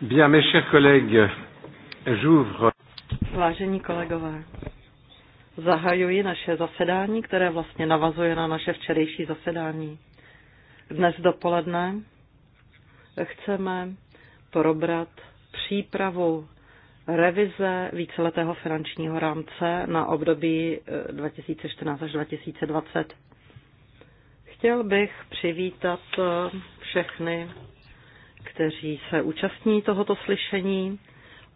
Bien, mes chers collègues, j'ouvre. Vážení kolegové, zahajuji naše zasedání, které vlastně navazuje na naše včerejší zasedání. Dnes dopoledne chceme probrat přípravu revize víceletého finančního rámce na období 2014 eh, až 2020. Chtěl bych přivítat eh, všechny kteří se účastní tohoto slyšení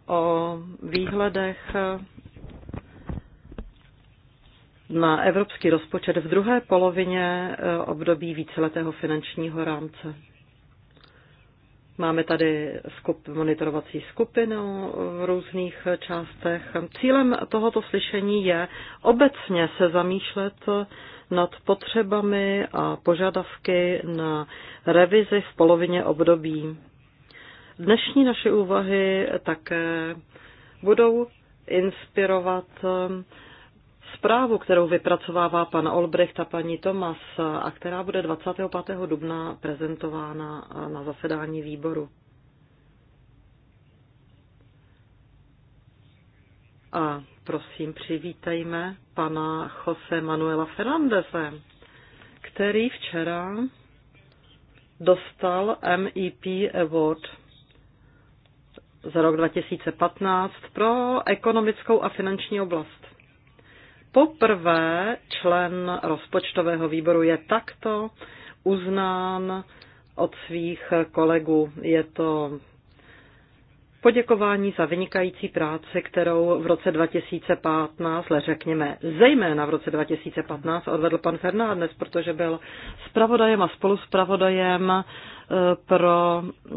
o výhledech na evropský rozpočet v druhé polovině eh, období víceletého finančního rámce. Máme tady skup, monitorovací skupinu v různých částech. Cílem tohoto slyšení je obecně se zamýšlet nad potřebami a požadavky na revizi v polovině období. Dnešní naše úvahy také budou inspirovat zprávu, kterou vypracovává pan Olbrecht a paní Tomas a která bude 25. dubna prezentována eh, na zasedání výboru. A prosím, přivítejme pana Jose Manuela Fernandeze, který včera dostal MEP Award za rok 2015 pro ekonomickou a finanční oblast poprvé člen rozpočtového výboru je takto uznán od svých kolegů. Je to poděkování za vynikající práci, kterou v roce 2015, ale řekněme zejména v roce 2015, odvedl pan Fernández, protože byl spravodajem a spoluspravodajem eh, pro eh,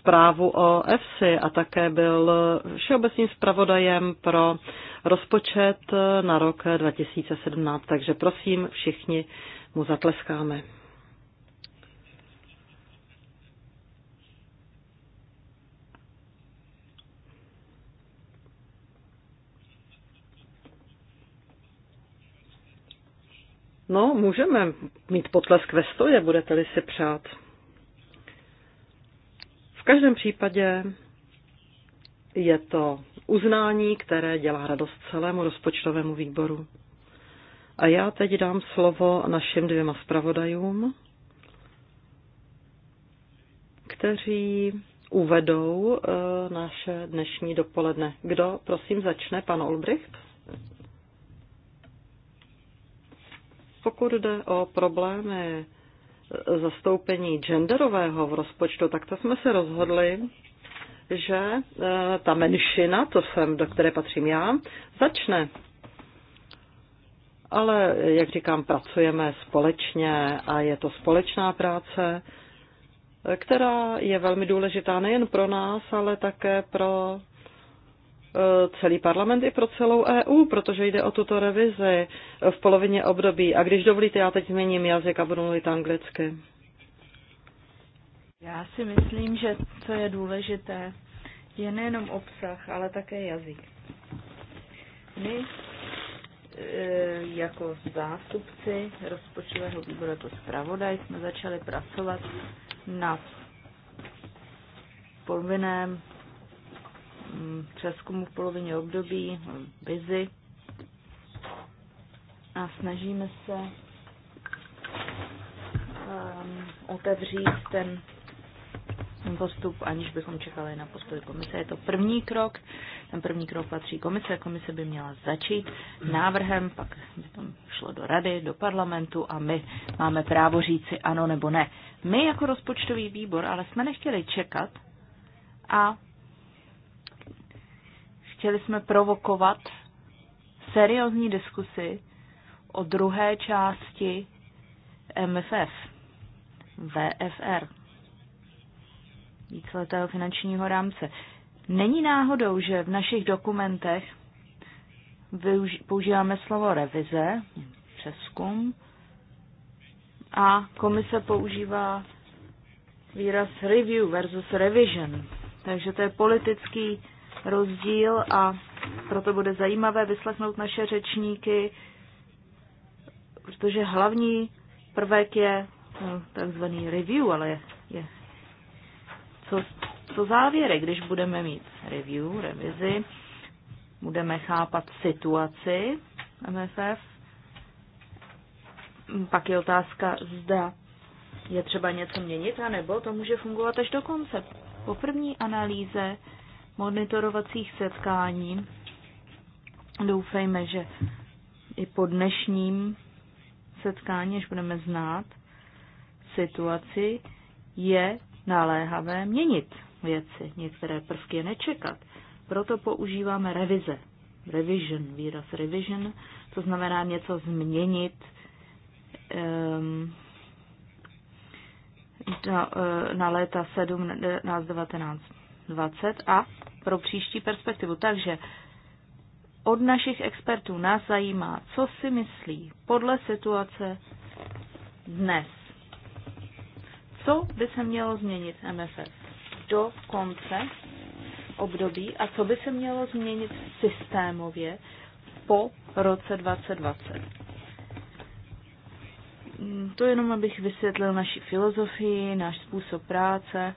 zprávu o EFSI a také byl eh, všeobecným spravodajem pro rozpočet na rok 2017, takže prosím, všichni mu zatleskáme. No, můžeme mít potlesk ve stoje, budete-li si přát. V každém případě je to uznání, které dělá radost celému rozpočtovému výboru. A já teď dám slovo našim dvěma zpravodajům, kteří uvedou eh, naše dnešní dopoledne. Kdo, prosím, začne? Pan Olbricht? Pokud jde o problémy eh, zastoupení genderového v rozpočtu, tak to jsme se rozhodli že eh, ta menšina, to jsem, do které patřím já, začne. Ale, jak říkám, pracujeme společně a je to společná práce, která je velmi důležitá nejen pro nás, ale také pro eh, celý parlament i pro celou EU, protože jde o tuto revizi v polovině období. A když dovolíte, já teď změním jazyk a budu mluvit anglicky. Já si myslím, že co je důležité, je nejenom obsah, ale také jazyk. My e, jako zástupci rozpočtového výboru jako zpravodaj jsme začali pracovat na povinném mm, přeskumu v polovině období, vizi a snažíme se um, otevřít ten postup, aniž bychom čekali na postoj komise. Je to první krok, ten první krok patří komise, komise by měla začít návrhem, pak by to šlo do rady, do parlamentu a my máme právo říci ano nebo ne. My jako rozpočtový výbor, ale jsme nechtěli čekat a chtěli jsme provokovat seriózní diskusy o druhé části MFF, VFR, víceletého finančního rámce. Není náhodou, že v našich dokumentech používáme slovo revize, přeskum, a komise používá výraz review versus revision. Takže to je politický rozdíl a proto bude zajímavé vyslechnout naše řečníky, protože hlavní prvek je no, takzvaný review, ale je, je co, co závěry, když budeme mít review, revizi, budeme chápat situaci MFF, pak je otázka, zda je třeba něco měnit, anebo to může fungovat až do konce. Po první analýze monitorovacích setkání doufejme, že i po dnešním setkání, až budeme znát situaci, je naléhavé měnit věci, některé prvky nečekat. Proto používáme revize. Revision, výraz revision, to znamená něco změnit, um, na, e, na léta 17, 19, 20 a pro příští perspektivu. Takže od našich expertů nás zajímá, co si myslí podle situace dnes co by se mělo změnit MFF do konce období a co by se mělo změnit systémově po roce 2020. Mm, to jenom, abych vysvětlil naši filozofii, náš způsob práce,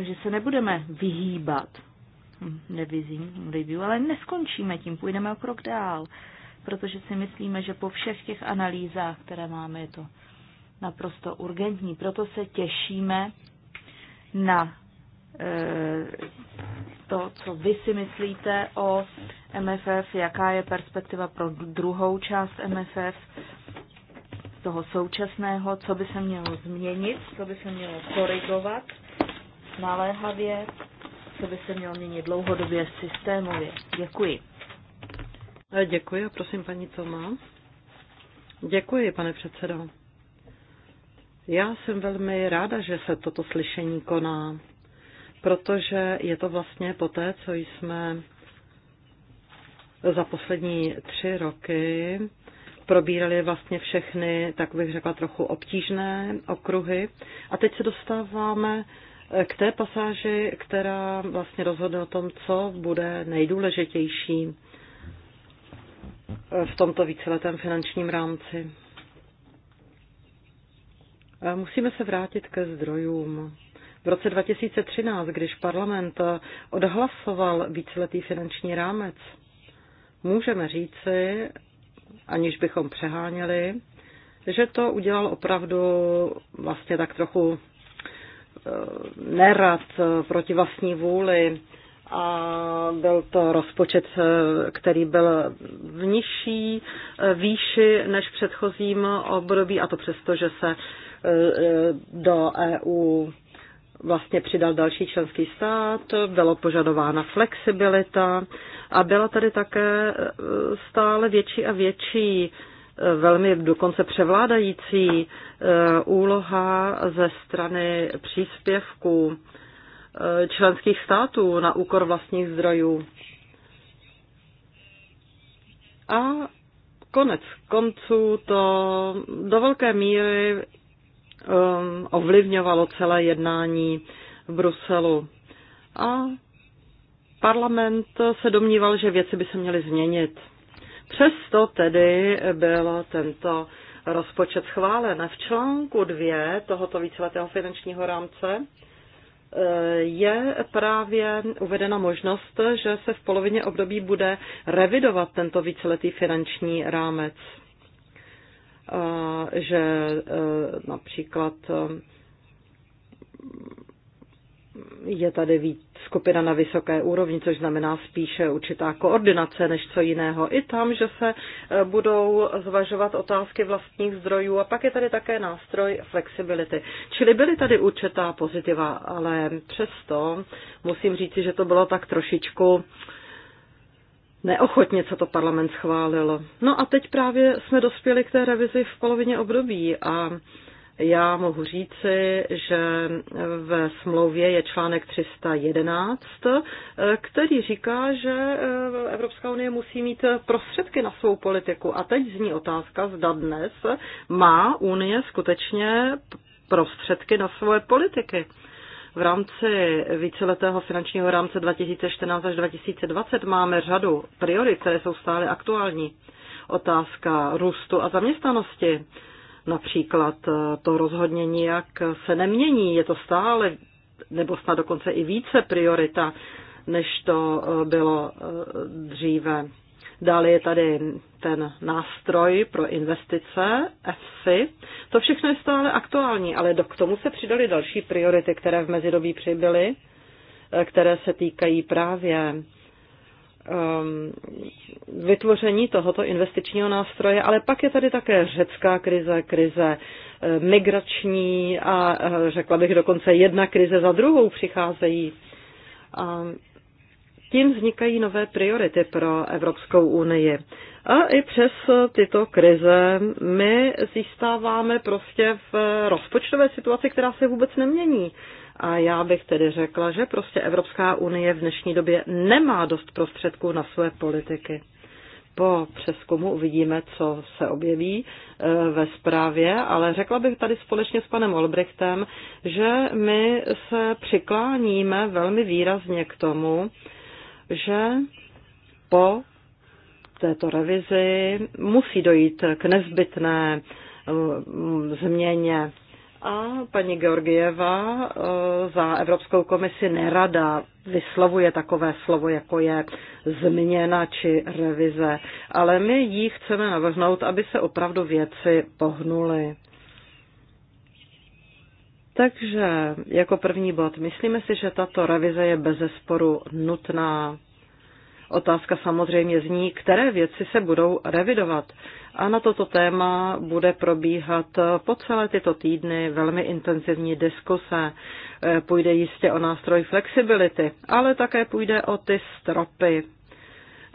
že se nebudeme vyhýbat hm, revizím, review, ale neskončíme tím, půjdeme o krok dál, protože si myslíme, že po všech těch analýzách, které máme, je to naprosto urgentní. Proto se těšíme na e, to, co vy si myslíte o MFF, jaká je perspektiva pro druhou část MFF, toho současného, co by se mělo změnit, co by se mělo korigovat naléhavě, co by se mělo měnit dlouhodobě systémově. Děkuji. E, děkuji a prosím paní Tomá. Děkuji, pane předsedo. Já jsem velmi ráda, že se toto slyšení koná, protože je to vlastně poté, co jsme za poslední tři roky probírali vlastně všechny, tak bych řekla, trochu obtížné okruhy. A teď se dostáváme k té pasáži, která vlastně rozhodne o tom, co bude nejdůležitější v tomto víceletém finančním rámci. Musíme se vrátit ke zdrojům. V roce 2013, když parlament odhlasoval víceletý finanční rámec, můžeme říci, aniž bychom přeháněli, že to udělal opravdu vlastně tak trochu eh, nerad eh, proti vlastní vůli a byl to rozpočet, eh, který byl v nižší výši než v předchozím období a to přesto, že se do EU vlastně přidal další členský stát, byla požadována flexibilita a byla tady také e, stále větší a větší e, velmi dokonce převládající e, úloha ze strany příspěvku členských států na úkor vlastních zdrojů. A konec konců to do velké míry um, ovlivňovalo celé jednání v Bruselu. A parlament se domníval, že věci by se měly změnit. Přesto tedy byl tento rozpočet schválen. V článku 2 tohoto víceletého finančního rámce eh, je právě uvedena možnost, že se v polovině období bude revidovat tento víceletý finanční rámec. Eh, že eh, například eh, je tady víc skupina na vysoké úrovni, což znamená spíše určitá koordinace než co jiného. I tam, že se budou zvažovat otázky vlastních zdrojů a pak je tady také nástroj flexibility. Čili byly tady určitá pozitiva, ale přesto musím říci, že to bylo tak trošičku uh, neochotně, co to parlament schválilo. No a teď právě jsme dospěli k té revizi v polovině období a já mohu říci, že ve smlouvě je článek 311, který říká, že eh, Evropská unie musí mít prostředky na svou politiku. A teď zní otázka, zda dnes má unie skutečně prostředky na svoje politiky. V rámci víceletého finančního rámce 2014 až 2020 máme řadu priorit, které jsou stále aktuální. Otázka růstu a zaměstnanosti. Například to rozhodně nijak se nemění, je to stále nebo snad dokonce i více priorita, než to bylo dříve. Dále je tady ten nástroj pro investice, EFSI. To všechno je stále aktuální, ale k tomu se přidaly další priority, které v mezidobí přibyly, eh, které se týkají právě ehm, vytvoření tohoto investičního nástroje, ale pak je tady také řecká krize, krize eh, migrační a eh, řekla bych dokonce jedna krize za druhou přicházejí. Tím vznikají nové priority pro Evropskou unii. A i přes tyto krize my zjistáváme prostě v rozpočtové situaci, která se vůbec nemění. A já bych tedy řekla, že prostě Evropská unie v dnešní době nemá dost prostředků na své politiky. Po přeskumu uvidíme, co se objeví eh, ve zprávě, ale řekla bych tady společně s panem Olbrichtem, že my se přikláníme velmi výrazně k tomu, že po této revizi musí dojít k nezbytné eh, změně. A paní Georgieva eh, za Evropskou komisi nerada vyslovuje takové slovo, jako je změna či revize, ale my jí chceme navrhnout, aby se opravdu věci pohnuly. Takže jako první bod, myslíme si, že tato revize je bezesporu nutná. Otázka samozřejmě zní, které věci se budou revidovat. A na toto téma bude probíhat po celé tyto týdny velmi intenzivní diskuse. Eh, půjde jistě o nástroj flexibility, ale také půjde o ty stropy.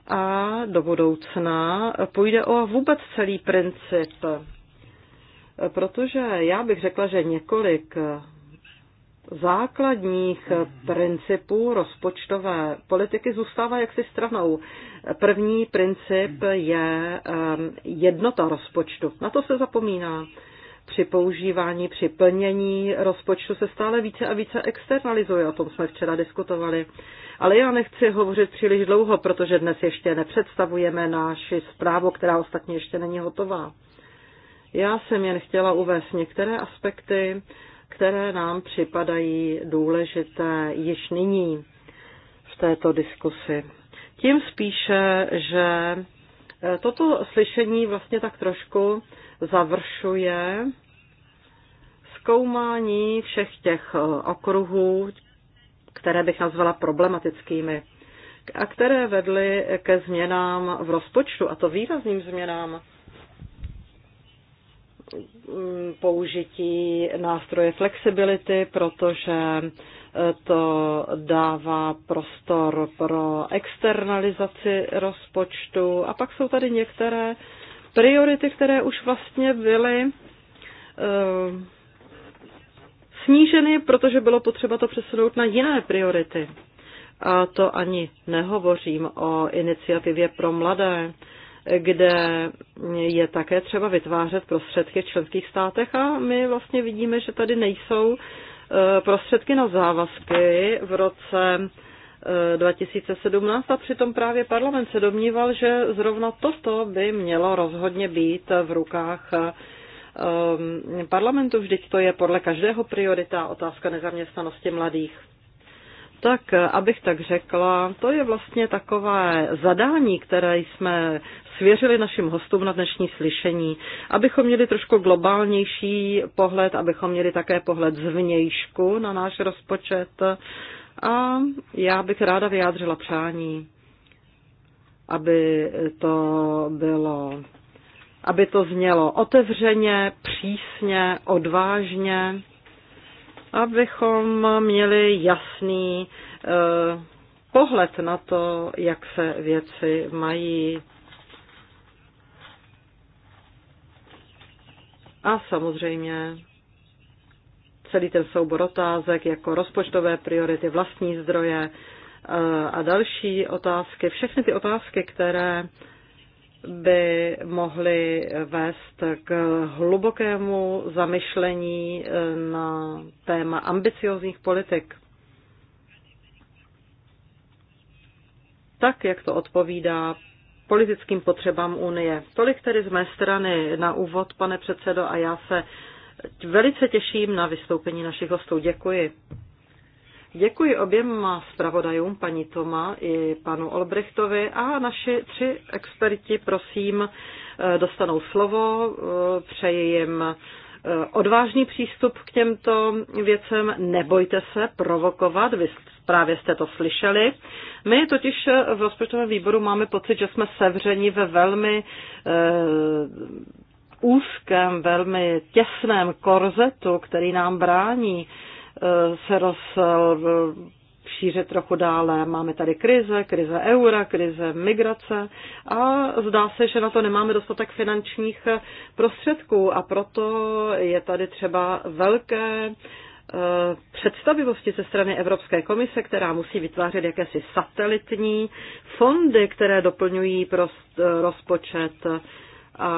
A do budoucna půjde o vůbec celý princip protože já bych řekla, že několik základních principů rozpočtové politiky zůstává jaksi stranou. První princip je jednota rozpočtu. Na to se zapomíná. Při používání, při plnění rozpočtu se stále více a více externalizuje, o tom jsme včera diskutovali. Ale já nechci hovořit příliš dlouho, protože dnes ještě nepředstavujeme naši zprávu, která ostatně ještě není hotová. Já jsem jen chtěla uvést některé aspekty, které nám připadají důležité již nyní v této diskusi. Tím spíše, že eh, toto slyšení vlastně tak trošku završuje zkoumání všech těch eh, okruhů, které bych nazvala problematickými a které vedly ke změnám v rozpočtu, a to výrazným změnám Mm, použití nástroje flexibility, protože eh, to dává prostor pro externalizaci rozpočtu. A pak jsou tady některé priority, které už vlastně byly eh, sníženy, protože bylo potřeba to přesunout na jiné priority. A to ani nehovořím o iniciativě pro mladé, kde je také třeba vytvářet prostředky v členských státech a my vlastně vidíme, že tady nejsou e, prostředky na závazky v roce 2017 e, a přitom právě parlament se domníval, že zrovna toto by mělo rozhodně být v rukách e, parlamentu. Vždyť to je podle každého priorita otázka nezaměstnanosti mladých tak abych tak řekla, to je vlastně takové zadání, které jsme svěřili našim hostům na dnešní slyšení, abychom měli trošku globálnější pohled, abychom měli také pohled zvnějšku na náš rozpočet. A já bych ráda vyjádřila přání, aby to bylo, aby to znělo otevřeně, přísně, odvážně abychom měli jasný eh, pohled na to, jak se věci mají. A samozřejmě celý ten soubor otázek jako rozpočtové priority, vlastní zdroje eh, a další otázky, všechny ty otázky, které by mohly vést k hlubokému zamyšlení eh, na téma ambiciozních politik. Tak, jak to odpovídá politickým potřebám Unie. Tolik tedy z mé strany na úvod, pane předsedo, a já se velice těším na vystoupení našich hostů. Děkuji. Děkuji oběma zpravodajům, paní Toma i panu Olbrechtovi a naši tři experti, prosím, eh, dostanou slovo, eh, přeji jim eh, odvážný přístup k těmto věcem, nebojte se provokovat, vy právě jste to slyšeli. My totiž v rozpočtovém výboru máme pocit, že jsme sevřeni ve velmi úzkém, velmi těsném korzetu, který nám brání Eh, se rozšířit eh, trochu dále. Máme tady krize, krize eura, krize migrace a zdá se, že na to nemáme dostatek finančních eh, prostředků a proto je tady třeba velké představivosti ze strany Evropské komise, která musí vytvářet jakési satelitní fondy, které doplňují prost, rozpočet. A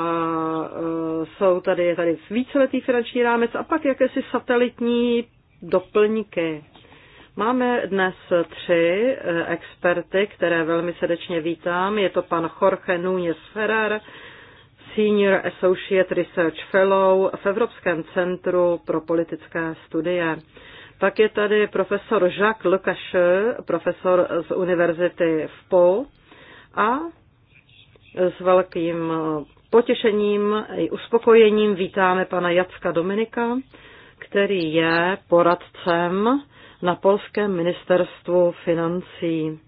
jsou tady, je tady víceletý finanční rámec a pak jakési satelitní doplňky. Máme dnes tři eh, experty, které velmi srdečně vítám. Je to pan Jorge Núñez Ferrer, Senior Associate Research Fellow v Evropském centru pro politické studie. Pak je tady profesor Jacques Lecache, profesor z univerzity v Po a s velkým potěšením i uspokojením vítáme pana Jacka Dominika, který je poradcem na polském ministerstvu financí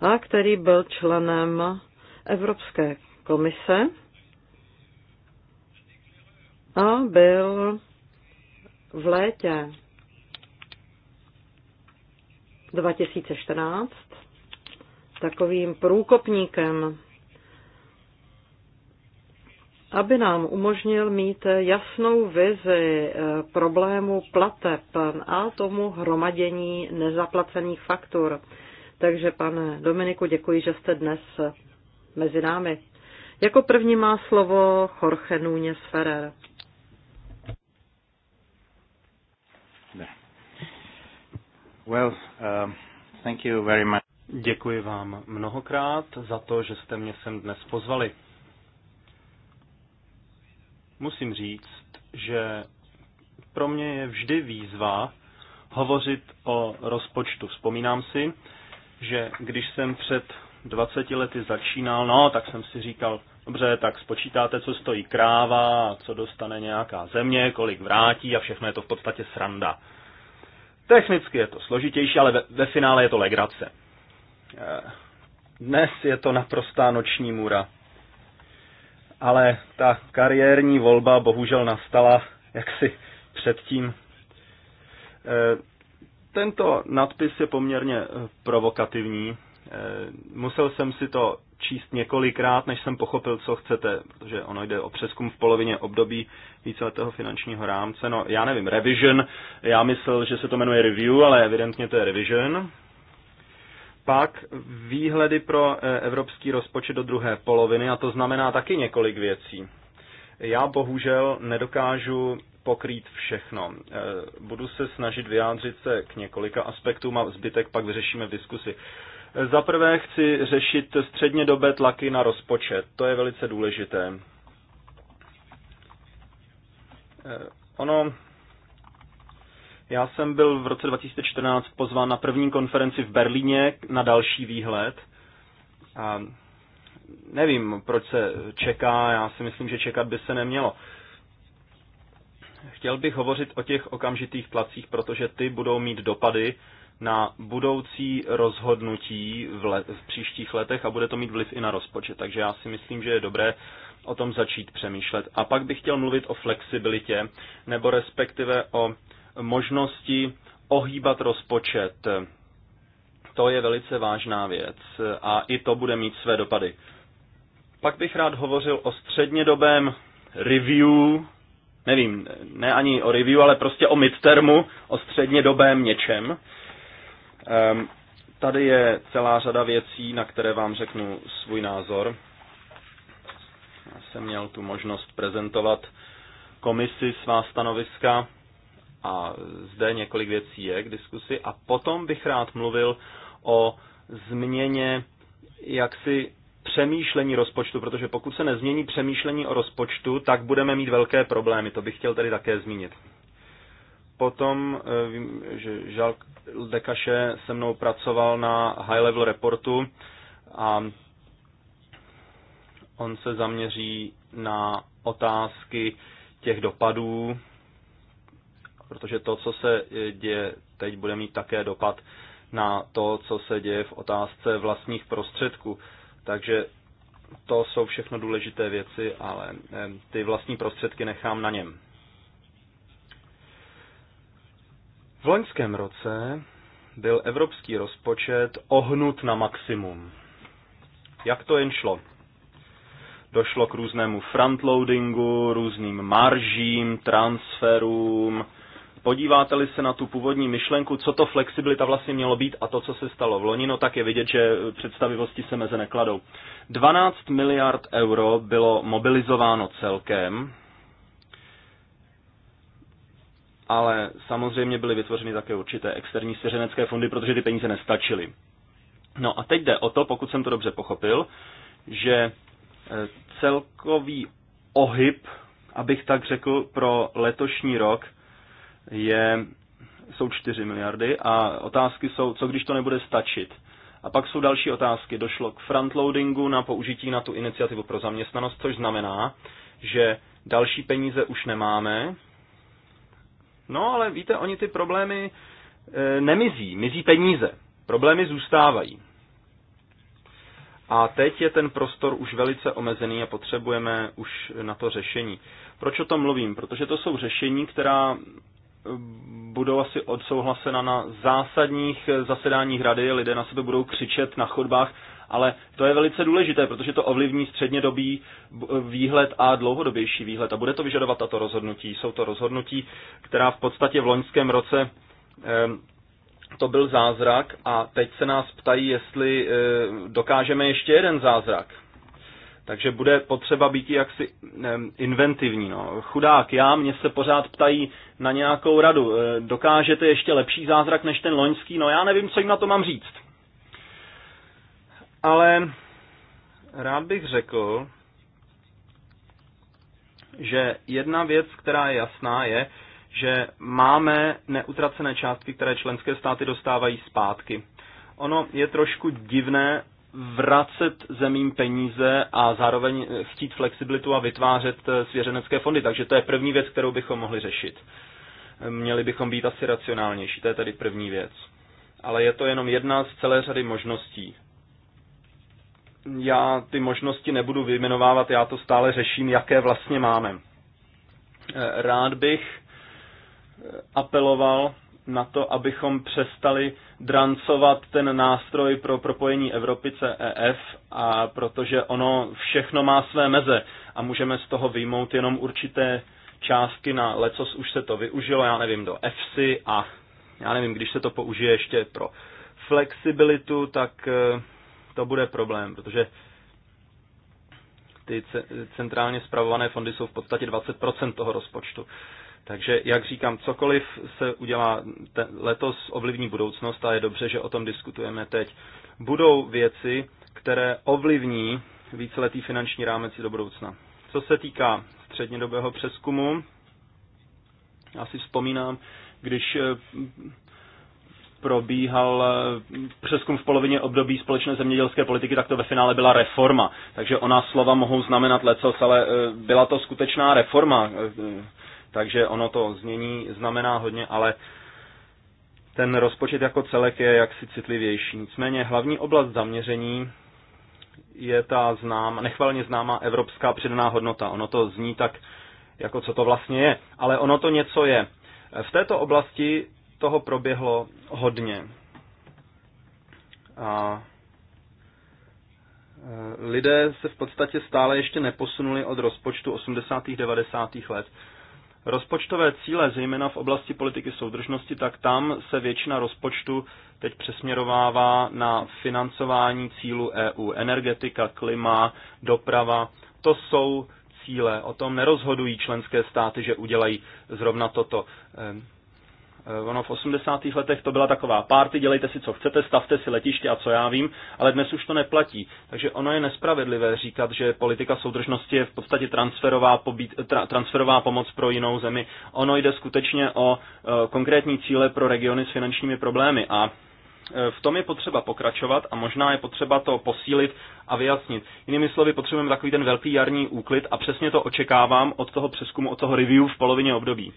a který byl členem Evropské komise a byl v létě 2014 takovým průkopníkem aby nám umožnil mít jasnou vizi eh, problému plateb a tomu hromadění nezaplacených faktur. Takže, pane Dominiku, děkuji, že jste dnes mezi námi. Jako první má slovo Jorge Núñez Ferrer. Well, um, thank you very much. Děkuji vám mnohokrát za to, že jste mě sem dnes pozvali musím říct, že pro mě je vždy výzva hovořit o rozpočtu. Vzpomínám si, že když jsem před 20 lety začínal, no, tak jsem si říkal, dobře, tak spočítáte, co stojí kráva, co dostane nějaká země, kolik vrátí a všechno je to v podstatě sranda. Technicky je to složitější, ale ve, ve finále je to legrace. Eh, dnes je to naprostá noční mura ale ta kariérní volba bohužel nastala jaksi předtím. E, tento nadpis je poměrně e, provokativní. E, musel jsem si to číst několikrát, než jsem pochopil, co chcete, protože ono jde o přeskum v polovině období víceletého finančního rámce. No, já nevím, revision, já myslel, že se to jmenuje review, ale evidentně to je revision. Pak výhledy pro e, evropský rozpočet do druhé poloviny, a to znamená taky několik věcí. Já bohužel nedokážu pokrýt všechno. E, budu se snažit vyjádřit se k několika aspektům a zbytek pak vyřešíme v diskusi. E, za prvé chci řešit střednědobé tlaky na rozpočet. To je velice důležité. Ono já jsem byl v roce 2014 pozván na první konferenci v Berlíně na další výhled. A nevím, proč se čeká, já si myslím, že čekat by se nemělo. Chtěl bych hovořit o těch okamžitých tlacích, protože ty budou mít dopady na budoucí rozhodnutí v, le- v příštích letech a bude to mít vliv i na rozpočet. Takže já si myslím, že je dobré o tom začít přemýšlet. A pak bych chtěl mluvit o flexibilitě, nebo respektive o možnosti ohýbat rozpočet. To je velice vážná věc a i to bude mít své dopady. Pak bych rád hovořil o střednědobém review, nevím, ne ani o review, ale prostě o midtermu, o střednědobém něčem. Um, tady je celá řada věcí, na které vám řeknu svůj názor. Já jsem měl tu možnost prezentovat komisi svá stanoviska a zde několik věcí je k diskusi. A potom bych rád mluvil o změně jaksi přemýšlení rozpočtu, protože pokud se nezmění přemýšlení o rozpočtu, tak budeme mít velké problémy. To bych chtěl tady také zmínit. Potom eh, vím, že žal Dekaše se mnou pracoval na high level reportu a on se zaměří na otázky těch dopadů protože to, co se e, děje teď, bude mít také dopad na to, co se děje v otázce vlastních prostředků. Takže to jsou všechno důležité věci, ale e, ty vlastní prostředky nechám na něm. V loňském roce byl evropský rozpočet ohnut na maximum. Jak to jen šlo? Došlo k různému frontloadingu, různým maržím, transferům, podíváte-li se na tu původní myšlenku, co to flexibilita vlastně mělo být a to, co se stalo v loni, no tak je vidět, že představivosti se meze nekladou. 12 miliard euro bylo mobilizováno celkem, ale samozřejmě byly vytvořeny také určité externí svěřenecké fondy, protože ty peníze nestačily. No a teď jde o to, pokud jsem to dobře pochopil, že e, celkový ohyb, abych tak řekl, pro letošní rok je, jsou 4 miliardy a otázky jsou, co když to nebude stačit. A pak jsou další otázky. Došlo k frontloadingu na použití na tu iniciativu pro zaměstnanost, což znamená, že další peníze už nemáme. No ale víte, oni ty problémy e, nemizí, mizí peníze. Problémy zůstávají. A teď je ten prostor už velice omezený a potřebujeme už na to řešení. Proč o tom mluvím? Protože to jsou řešení, která budou asi odsouhlasena na zásadních zasedáních rady, lidé na sebe budou křičet na chodbách, ale to je velice důležité, protože to ovlivní střednědobý výhled a dlouhodobější výhled a bude to vyžadovat tato rozhodnutí. Jsou to rozhodnutí, která v podstatě v loňském roce ehm, to byl zázrak a teď se nás ptají, jestli eh, dokážeme ještě jeden zázrak. Takže bude potřeba být jaksi ehm, inventivní. No. Chudák já, mě se pořád ptají, na nějakou radu. E, dokážete ještě lepší zázrak než ten loňský? No já nevím, co jim na to mám říct. Ale rád bych řekl, že jedna věc, která je jasná, je, že máme neutracené částky, které členské státy dostávají zpátky. Ono je trošku divné vracet zemím peníze a zároveň e, chtít flexibilitu a vytvářet e, svěřenecké fondy. Takže to je první věc, kterou bychom mohli řešit měli bychom být asi racionálnější. To je tedy první věc. Ale je to jenom jedna z celé řady možností. Já ty možnosti nebudu vyjmenovávat, já to stále řeším, jaké vlastně máme. Eh, rád bych eh, apeloval na to, abychom přestali drancovat ten nástroj pro propojení Evropy CEF, a protože ono všechno má své meze a můžeme z toho vyjmout jenom určité částky na lecos už se to využilo, já nevím, do FC a já nevím, když se to použije ještě pro flexibilitu, tak eh, to bude problém, protože ty centrálně zpravované fondy jsou v podstatě 20% toho rozpočtu. Takže, jak říkám, cokoliv se udělá ten letos ovlivní budoucnost a je dobře, že o tom diskutujeme teď. Budou věci, které ovlivní víceletý finanční rámec do budoucna. Co se týká střednědobého přeskumu. Já si vzpomínám, když eh, probíhal eh, přeskum v polovině období společné zemědělské politiky, tak to ve finále byla reforma. Takže ona slova mohou znamenat lecos, ale eh, byla to skutečná reforma. Takže ono to znění znamená hodně, ale ten rozpočet jako celek je jaksi citlivější. Nicméně hlavní oblast zaměření je ta známa, nechvalně známá evropská přidaná hodnota. Ono to zní tak, jako co to vlastně je, ale ono to něco je. V této oblasti toho proběhlo hodně. A e, lidé se v podstatě stále ještě neposunuli od rozpočtu 80. 90. let rozpočtové cíle, zejména v oblasti politiky soudržnosti, tak tam se většina rozpočtu teď přesměrovává na financování cílu e EU. Energetika, klima, doprava, to jsou cíle. O tom nerozhodují členské státy, že udělají zrovna toto. Ehm, Eh, ono v 80. letech to byla taková párty, dělejte si, co chcete, stavte si letiště a co já vím, ale dnes už to neplatí. Takže ono je nespravedlivé říkat, že politika soudržnosti je v podstatě transferová, pobít, tra, transferová pomoc pro jinou zemi. Ono jde skutečně o e, konkrétní cíle pro regiony s finančními problémy a eh, v tom je potřeba pokračovat a možná je potřeba to posílit a vyjasnit. Jinými slovy, potřebujeme takový ten velký jarní úklid a přesně to očekávám od toho přeskumu, od toho review v polovině období.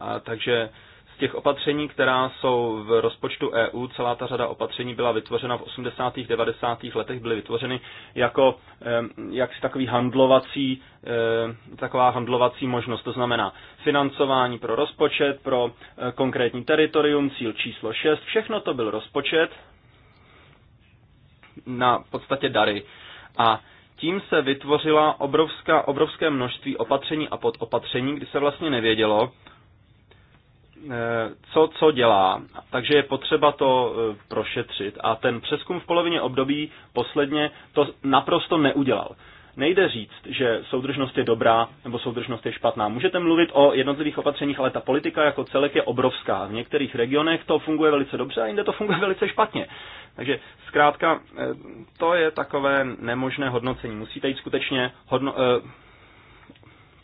A takže z těch opatření, která jsou v rozpočtu EU, celá ta řada opatření byla vytvořena v 80. 90. letech, byly vytvořeny jako jaksi takový handlovací, taková handlovací možnost, to znamená financování pro rozpočet, pro e, konkrétní teritorium, cíl číslo 6, všechno to byl rozpočet na podstatě dary. A tím se vytvořila obrovská, obrovské množství opatření a podopatření, kdy se vlastně nevědělo, Eh, co co dělá. Takže je potřeba to eh, prošetřit. A ten přeskum v polovině období posledně to naprosto neudělal. Nejde říct, že soudržnost je dobrá nebo soudržnost je špatná. Můžete mluvit o jednotlivých opatřeních, ale ta politika jako celek je obrovská. V některých regionech to funguje velice dobře a jinde to funguje velice špatně. Takže zkrátka, eh, to je takové nemožné hodnocení. Musíte jít skutečně hodno,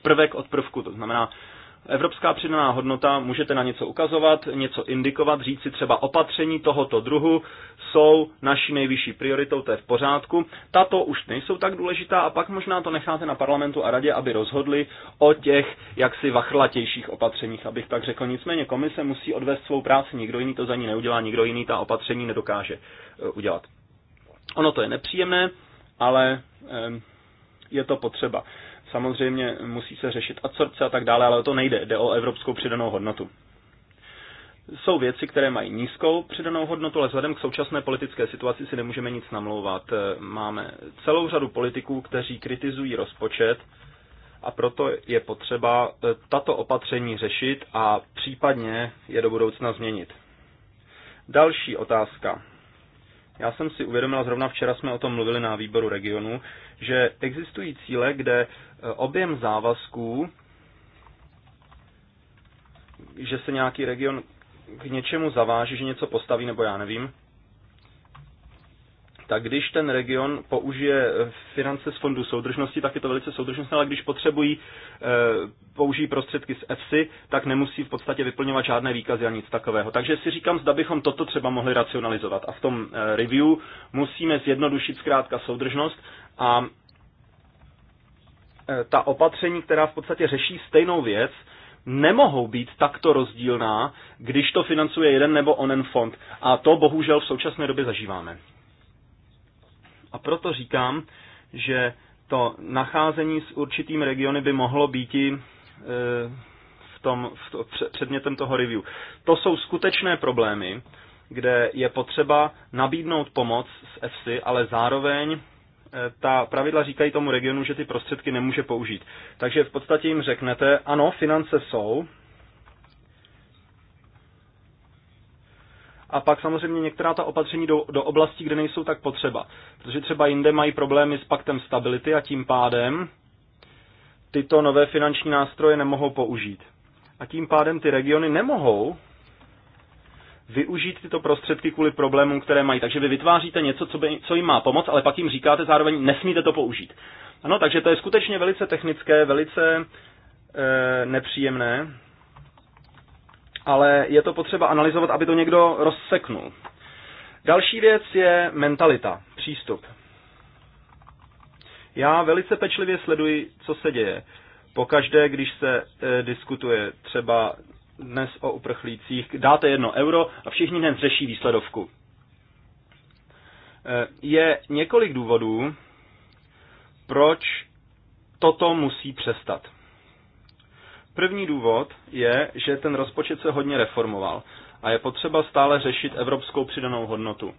prvek od prvku, to znamená Evropská přidaná hodnota, můžete na něco ukazovat, něco indikovat, říct si třeba opatření tohoto druhu jsou naší nejvyšší prioritou, to je v pořádku. Tato už nejsou tak důležitá a pak možná to necháte na parlamentu a radě, aby rozhodli o těch jaksi vachlatějších opatřeních, abych tak řekl. Nicméně komise musí odvést svou práci, nikdo jiný to za ní neudělá, nikdo jiný ta opatření nedokáže eh, udělat. Ono to je nepříjemné, ale eh, je to potřeba. Samozřejmě musí se řešit absorpce a tak dále, ale o to nejde, jde o evropskou přidanou hodnotu. Jsou věci, které mají nízkou přidanou hodnotu, ale vzhledem k současné politické situaci si nemůžeme nic namlouvat. Eh, máme celou řadu politiků, kteří kritizují rozpočet a proto je potřeba eh, tato opatření řešit a případně je do budoucna změnit. Další otázka. Já jsem si uvědomila, zrovna včera jsme o tom mluvili na výboru regionu, že existují cíle, kde e, objem závazků, že se nějaký region k něčemu zaváží, že něco postaví, nebo já nevím, tak když ten region použije eh, finance z fondu soudržnosti, tak je to velice soudržnostné, ale když potřebují eh, použijí prostředky z EFSI, tak nemusí v podstatě vyplňovat žádné výkazy a nic takového. Takže si říkám, zda bychom toto třeba mohli racionalizovat. A v tom eh, review musíme zjednodušit zkrátka soudržnost a ta opatření, která v podstatě řeší stejnou věc, nemohou být takto rozdílná, když to financuje jeden nebo onen fond. A to bohužel v současné době zažíváme. A proto říkám, že to nacházení s určitým regiony by mohlo být i e, v tom, v to, předmětem toho review. To jsou skutečné problémy, kde je potřeba nabídnout pomoc z EFSI, ale zároveň e, ta pravidla říkají tomu regionu, že ty prostředky nemůže použít. Takže v podstatě jim řeknete, ano, finance jsou, a pak samozřejmě některá ta opatření do, do oblastí, kde nejsou tak potřeba. Protože třeba jinde mají problémy s paktem stability a tím pádem tyto nové finanční nástroje nemohou použít. A tím pádem ty regiony nemohou využít tyto prostředky kvůli problémům, které mají. Takže vy vytváříte něco, co, by, co jim má pomoct, ale pak jim říkáte zároveň, nesmíte to použít. Ano, takže to je skutečně velice technické, velice e, nepříjemné ale je to potřeba analyzovat, aby to někdo rozseknul. Další věc je mentalita, přístup. Já velice pečlivě sleduji, co se děje. Pokaždé, když se e, diskutuje třeba dnes o uprchlících, dáte jedno euro a všichni hned řeší výsledovku. E, je několik důvodů, proč toto musí přestat. První důvod je, že ten rozpočet se hodně reformoval a je potřeba stále řešit evropskou přidanou hodnotu.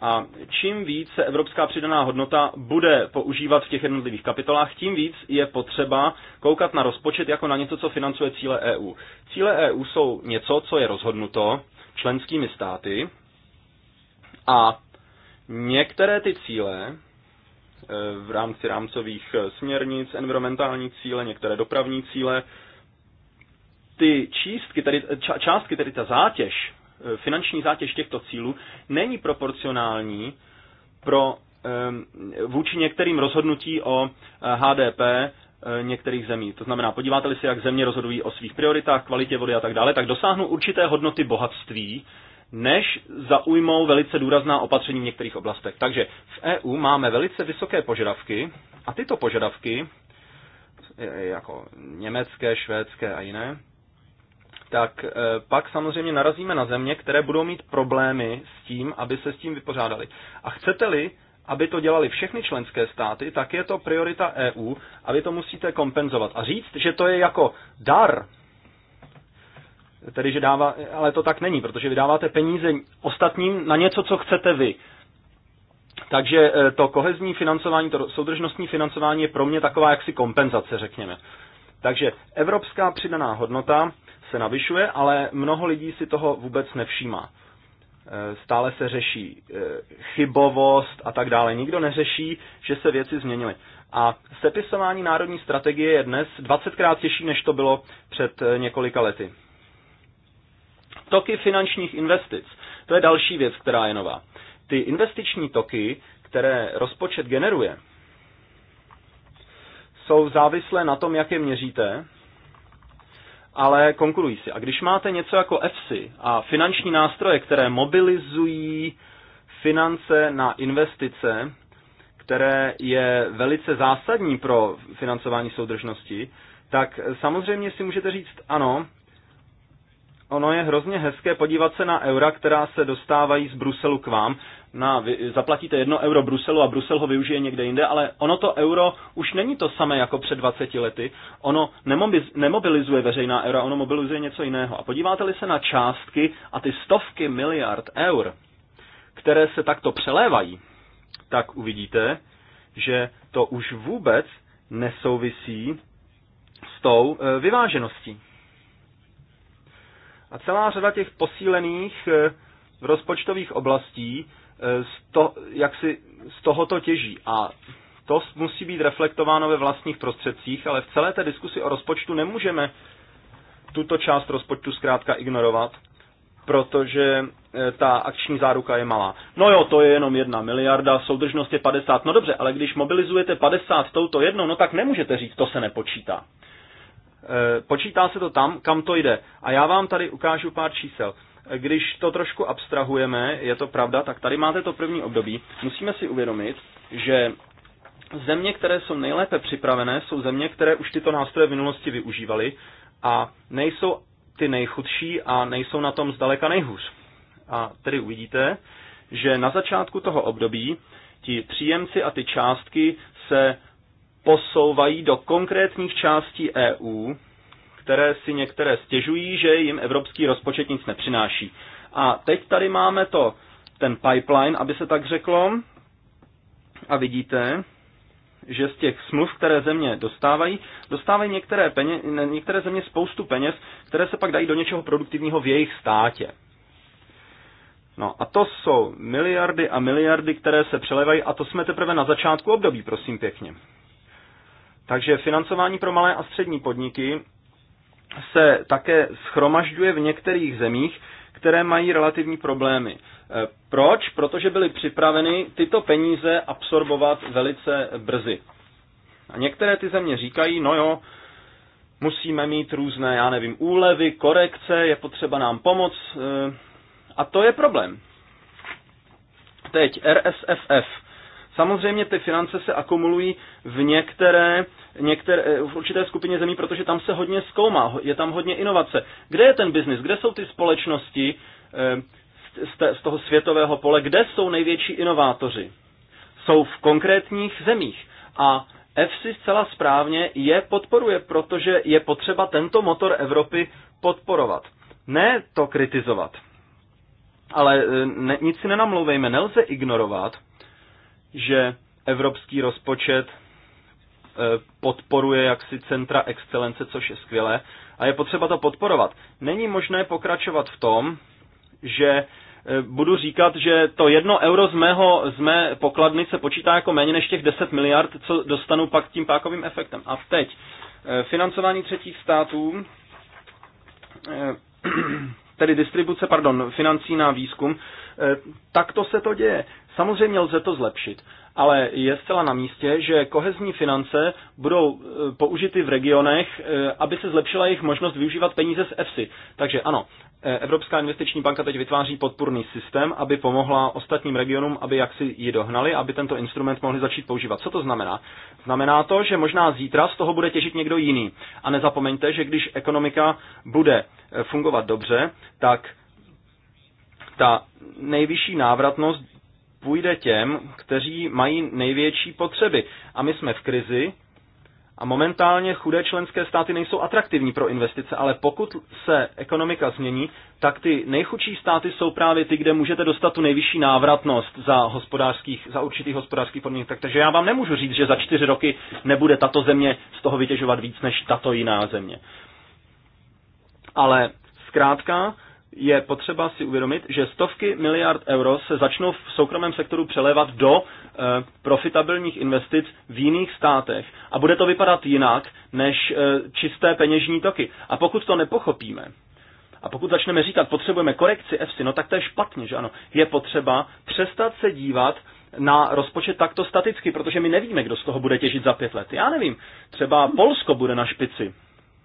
A čím víc se evropská přidaná hodnota bude používat v těch jednotlivých kapitolách, tím víc je potřeba koukat na rozpočet jako na něco, co financuje cíle EU. Cíle EU jsou něco, co je rozhodnuto členskými státy a některé ty cíle e, v rámci rámcových e, směrnic, environmentální cíle, některé dopravní cíle, ty čístky, tedy, ča, částky, tedy ta zátěž, eh, finanční zátěž těchto cílů, není proporcionální pro vůči některým rozhodnutí o HDP eh, eh, některých zemí. To znamená, podíváte-li se, jak země rozhodují o svých prioritách, kvalitě vody a tak dále, tak dosáhnou určité hodnoty bohatství, než zaujmou velice důrazná opatření v některých oblastech. Takže v EU máme velice vysoké požadavky a tyto požadavky, jako německé, švédské a jiné, tak eh, pak samozřejmě narazíme na země, které budou mít problémy s tím, aby se s tím vypořádali. A chcete-li, aby to dělali všechny členské státy, tak je to priorita EU a vy to musíte kompenzovat. A říct, že to je jako dar, tedy že dává, ale to tak není, protože vy dáváte peníze ostatním na něco, co chcete vy. Takže eh, to kohezní financování, to soudržnostní financování je pro mě taková jaksi kompenzace, řekněme. Takže evropská přidaná hodnota se navyšuje, ale mnoho lidí si toho vůbec nevšímá. E, stále se řeší e, chybovost a tak dále. Nikdo neřeší, že se věci změnily. A sepisování národní strategie je dnes 20krát těžší, než to bylo před e, několika lety. Toky finančních investic. To je další věc, která je nová. Ty investiční toky, které rozpočet generuje, jsou závislé na tom, jak je měříte ale konkurují si. A když máte něco jako EFSI a finanční nástroje, které mobilizují finance na investice, které je velice zásadní pro financování soudržnosti, tak samozřejmě si můžete říct, ano, Ono je hrozně hezké podívat se na eura, která se dostávají z Bruselu k vám. Na, zaplatíte jedno euro Bruselu a Brusel ho využije někde jinde, ale ono to euro už není to samé jako před 20 lety. Ono nemobilizuje veřejná eura, ono mobilizuje něco jiného. A podíváte-li se na částky a ty stovky miliard eur, které se takto přelévají, tak uvidíte, že to už vůbec nesouvisí s tou e, vyvážeností. A celá řada těch posílených eh, rozpočtových oblastí eh, z, to, jak si z tohoto těží. A to musí být reflektováno ve vlastních prostředcích, ale v celé té diskusi o rozpočtu nemůžeme tuto část rozpočtu zkrátka ignorovat, protože eh, ta akční záruka je malá. No jo, to je jenom jedna miliarda, soudržnost je 50. No dobře, ale když mobilizujete 50 touto jednou, no tak nemůžete říct, to se nepočítá. Eh, počítá se to tam, kam to jde. A já vám tady ukážu pár čísel. Eh, když to trošku abstrahujeme, je to pravda, tak tady máte to první období. Musíme si uvědomit, že země, které jsou nejlépe připravené, jsou země, které už tyto nástroje v minulosti využívaly a nejsou ty nejchudší a nejsou na tom zdaleka nejhůř. A tedy uvidíte, že na začátku toho období ti příjemci a ty částky se posouvají do konkrétních částí EU, které si některé stěžují, že jim evropský rozpočet nic nepřináší. A teď tady máme to, ten pipeline, aby se tak řeklo, a vidíte, že z těch smluv, které země dostávají, dostávají některé, peněz, některé země spoustu peněz, které se pak dají do něčeho produktivního v jejich státě. No a to jsou miliardy a miliardy, které se přelevají a to jsme teprve na začátku období, prosím pěkně. Takže financování pro malé a střední podniky se také schromažďuje v některých zemích, které mají relativní problémy. E, proč? Protože byly připraveny tyto peníze absorbovat velice brzy. A některé ty země říkají, no jo, musíme mít různé, já nevím, úlevy, korekce, je potřeba nám pomoc. E, a to je problém. Teď RSFF. Samozřejmě ty finance se akumulují v některé, některé, eh, v určité skupině zemí, protože tam se hodně zkoumá, je tam hodně inovace. Kde je ten biznis? Kde jsou ty společnosti eh, z toho světového pole? Kde jsou největší inovátoři? Jsou v konkrétních zemích. A EFSI zcela správně je podporuje, protože je potřeba tento motor Evropy podporovat. Ne to kritizovat. Ale eh, ne, nic si nenamlouvejme, nelze ignorovat, že evropský rozpočet e, podporuje jaksi centra excelence, což je skvělé. A je potřeba to podporovat. Není možné pokračovat v tom, že e, budu říkat, že to jedno euro z, mého, z mé pokladny se počítá jako méně než těch 10 miliard, co dostanu pak tím pákovým efektem. A teď, e, financování třetích států, tedy distribuce, pardon, financí na výzkum, Eh, Takto se to děje. Samozřejmě lze to zlepšit, ale je zcela na místě, že kohezní finance budou eh, použity v regionech, eh, aby se zlepšila jejich možnost využívat peníze z EFSI. Takže ano, Evropská investiční banka teď vytváří podpůrný systém, aby pomohla ostatním regionům, aby jaksi ji dohnali, aby tento instrument mohli začít používat. Co to znamená? Znamená to, že možná zítra z toho bude těžit někdo jiný. A nezapomeňte, že když ekonomika bude fungovat dobře, tak ta nejvyšší návratnost půjde těm, kteří mají největší potřeby. A my jsme v krizi a momentálně chudé členské státy nejsou atraktivní pro investice, ale pokud se ekonomika změní, tak ty nejchudší státy jsou právě ty, kde můžete dostat tu nejvyšší návratnost za, hospodářských, za určitých hospodářských podmínek. Tak, takže já vám nemůžu říct, že za čtyři roky nebude tato země z toho vytěžovat víc než tato jiná země. Ale zkrátka, je potřeba si uvědomit, že stovky miliard euro se začnou v soukromém sektoru přelévat do e, profitabilních investic v jiných státech a bude to vypadat jinak než e, čisté peněžní toky. A pokud to nepochopíme, a pokud začneme říkat, potřebujeme korekci EFSI, no tak to je špatně, že ano. Je potřeba přestat se dívat na rozpočet takto staticky, protože my nevíme, kdo z toho bude těžit za pět let. Já nevím, třeba Polsko bude na špici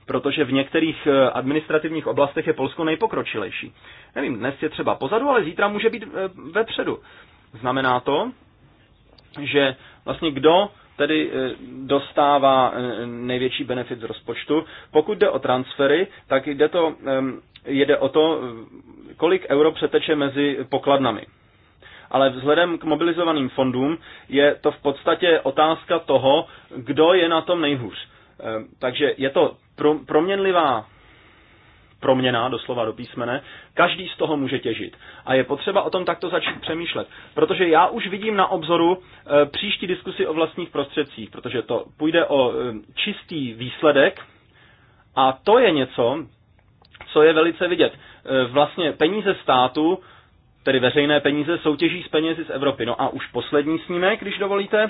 protože v některých eh, administrativních oblastech je Polsko nejpokročilejší. Nevím, dnes je třeba pozadu, ale zítra může být eh, vepředu. Znamená to, že vlastně kdo tedy eh, dostává největší benefit z rozpočtu. Pokud jde o transfery, tak jde, to, ehm, jde o to, kolik euro přeteče mezi pokladnami. Ale vzhledem k mobilizovaným fondům je to v podstatě otázka toho, kdo je na tom nejhůř. Ehm, takže je to pro, proměnlivá proměna, doslova do písmene, každý z toho může těžit. A je potřeba o tom takto začít přemýšlet. Protože já už vidím na obzoru e, příští diskusi o vlastních prostředcích, protože to půjde o e, čistý výsledek a to je něco, co je velice vidět. E, vlastně peníze státu, tedy veřejné peníze, soutěží s penězi z Evropy. No a už poslední snímek, když dovolíte,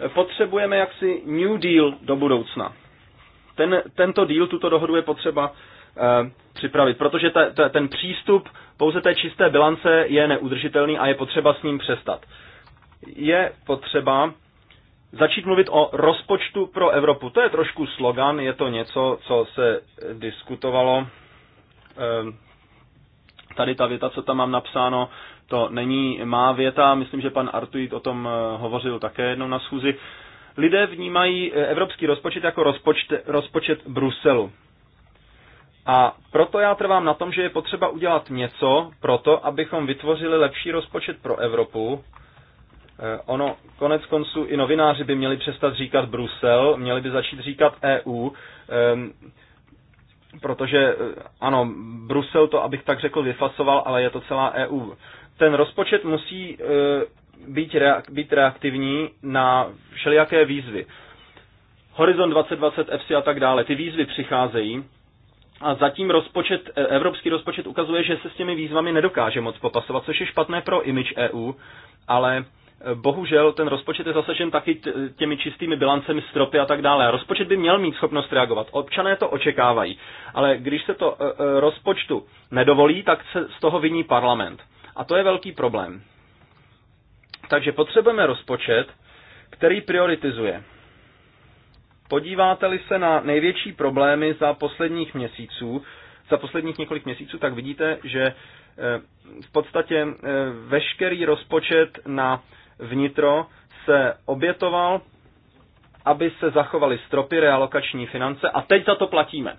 e, potřebujeme jaksi New Deal do budoucna ten, tento díl, tuto dohodu je potřeba eh, připravit, protože ta, ta, ten přístup pouze té čisté bilance je neudržitelný a je potřeba s ním přestat. Je potřeba začít mluvit o rozpočtu pro Evropu. To je trošku slogan, je to něco, co se diskutovalo. Ehm, tady ta věta, co tam mám napsáno, to není má věta, myslím, že pan Artuit o tom eh, hovořil také jednou na schůzi. Lidé vnímají eh, evropský rozpočet jako rozpočet, rozpočet Bruselu. A proto já trvám na tom, že je potřeba udělat něco pro to, abychom vytvořili lepší rozpočet pro Evropu. Eh, ono, konec konců, i novináři by měli přestat říkat Brusel, měli by začít říkat EU, ehm, protože, eh, ano, Brusel to, abych tak řekl, vyfasoval, ale je to celá EU. Ten rozpočet musí být, reak- být reaktivní na všelijaké výzvy. Horizon 2020, EFSI a tak dále. Ty výzvy přicházejí a zatím rozpočet, e, evropský rozpočet ukazuje, že se s těmi výzvami nedokáže moc popasovat, což je špatné pro image EU, ale e, bohužel ten rozpočet je zasažen taky těmi čistými bilancemi stropy a tak dále. A rozpočet by měl mít schopnost reagovat. Občané to očekávají, ale když se to e, rozpočtu nedovolí, tak se z toho viní parlament. A to je velký problém. Takže potřebujeme rozpočet, který prioritizuje. Podíváte-li se na největší problémy za posledních měsíců, za posledních několik měsíců, tak vidíte, že eh, v podstatě eh, veškerý rozpočet na vnitro se obětoval, aby se zachovaly stropy realokační finance a teď za to platíme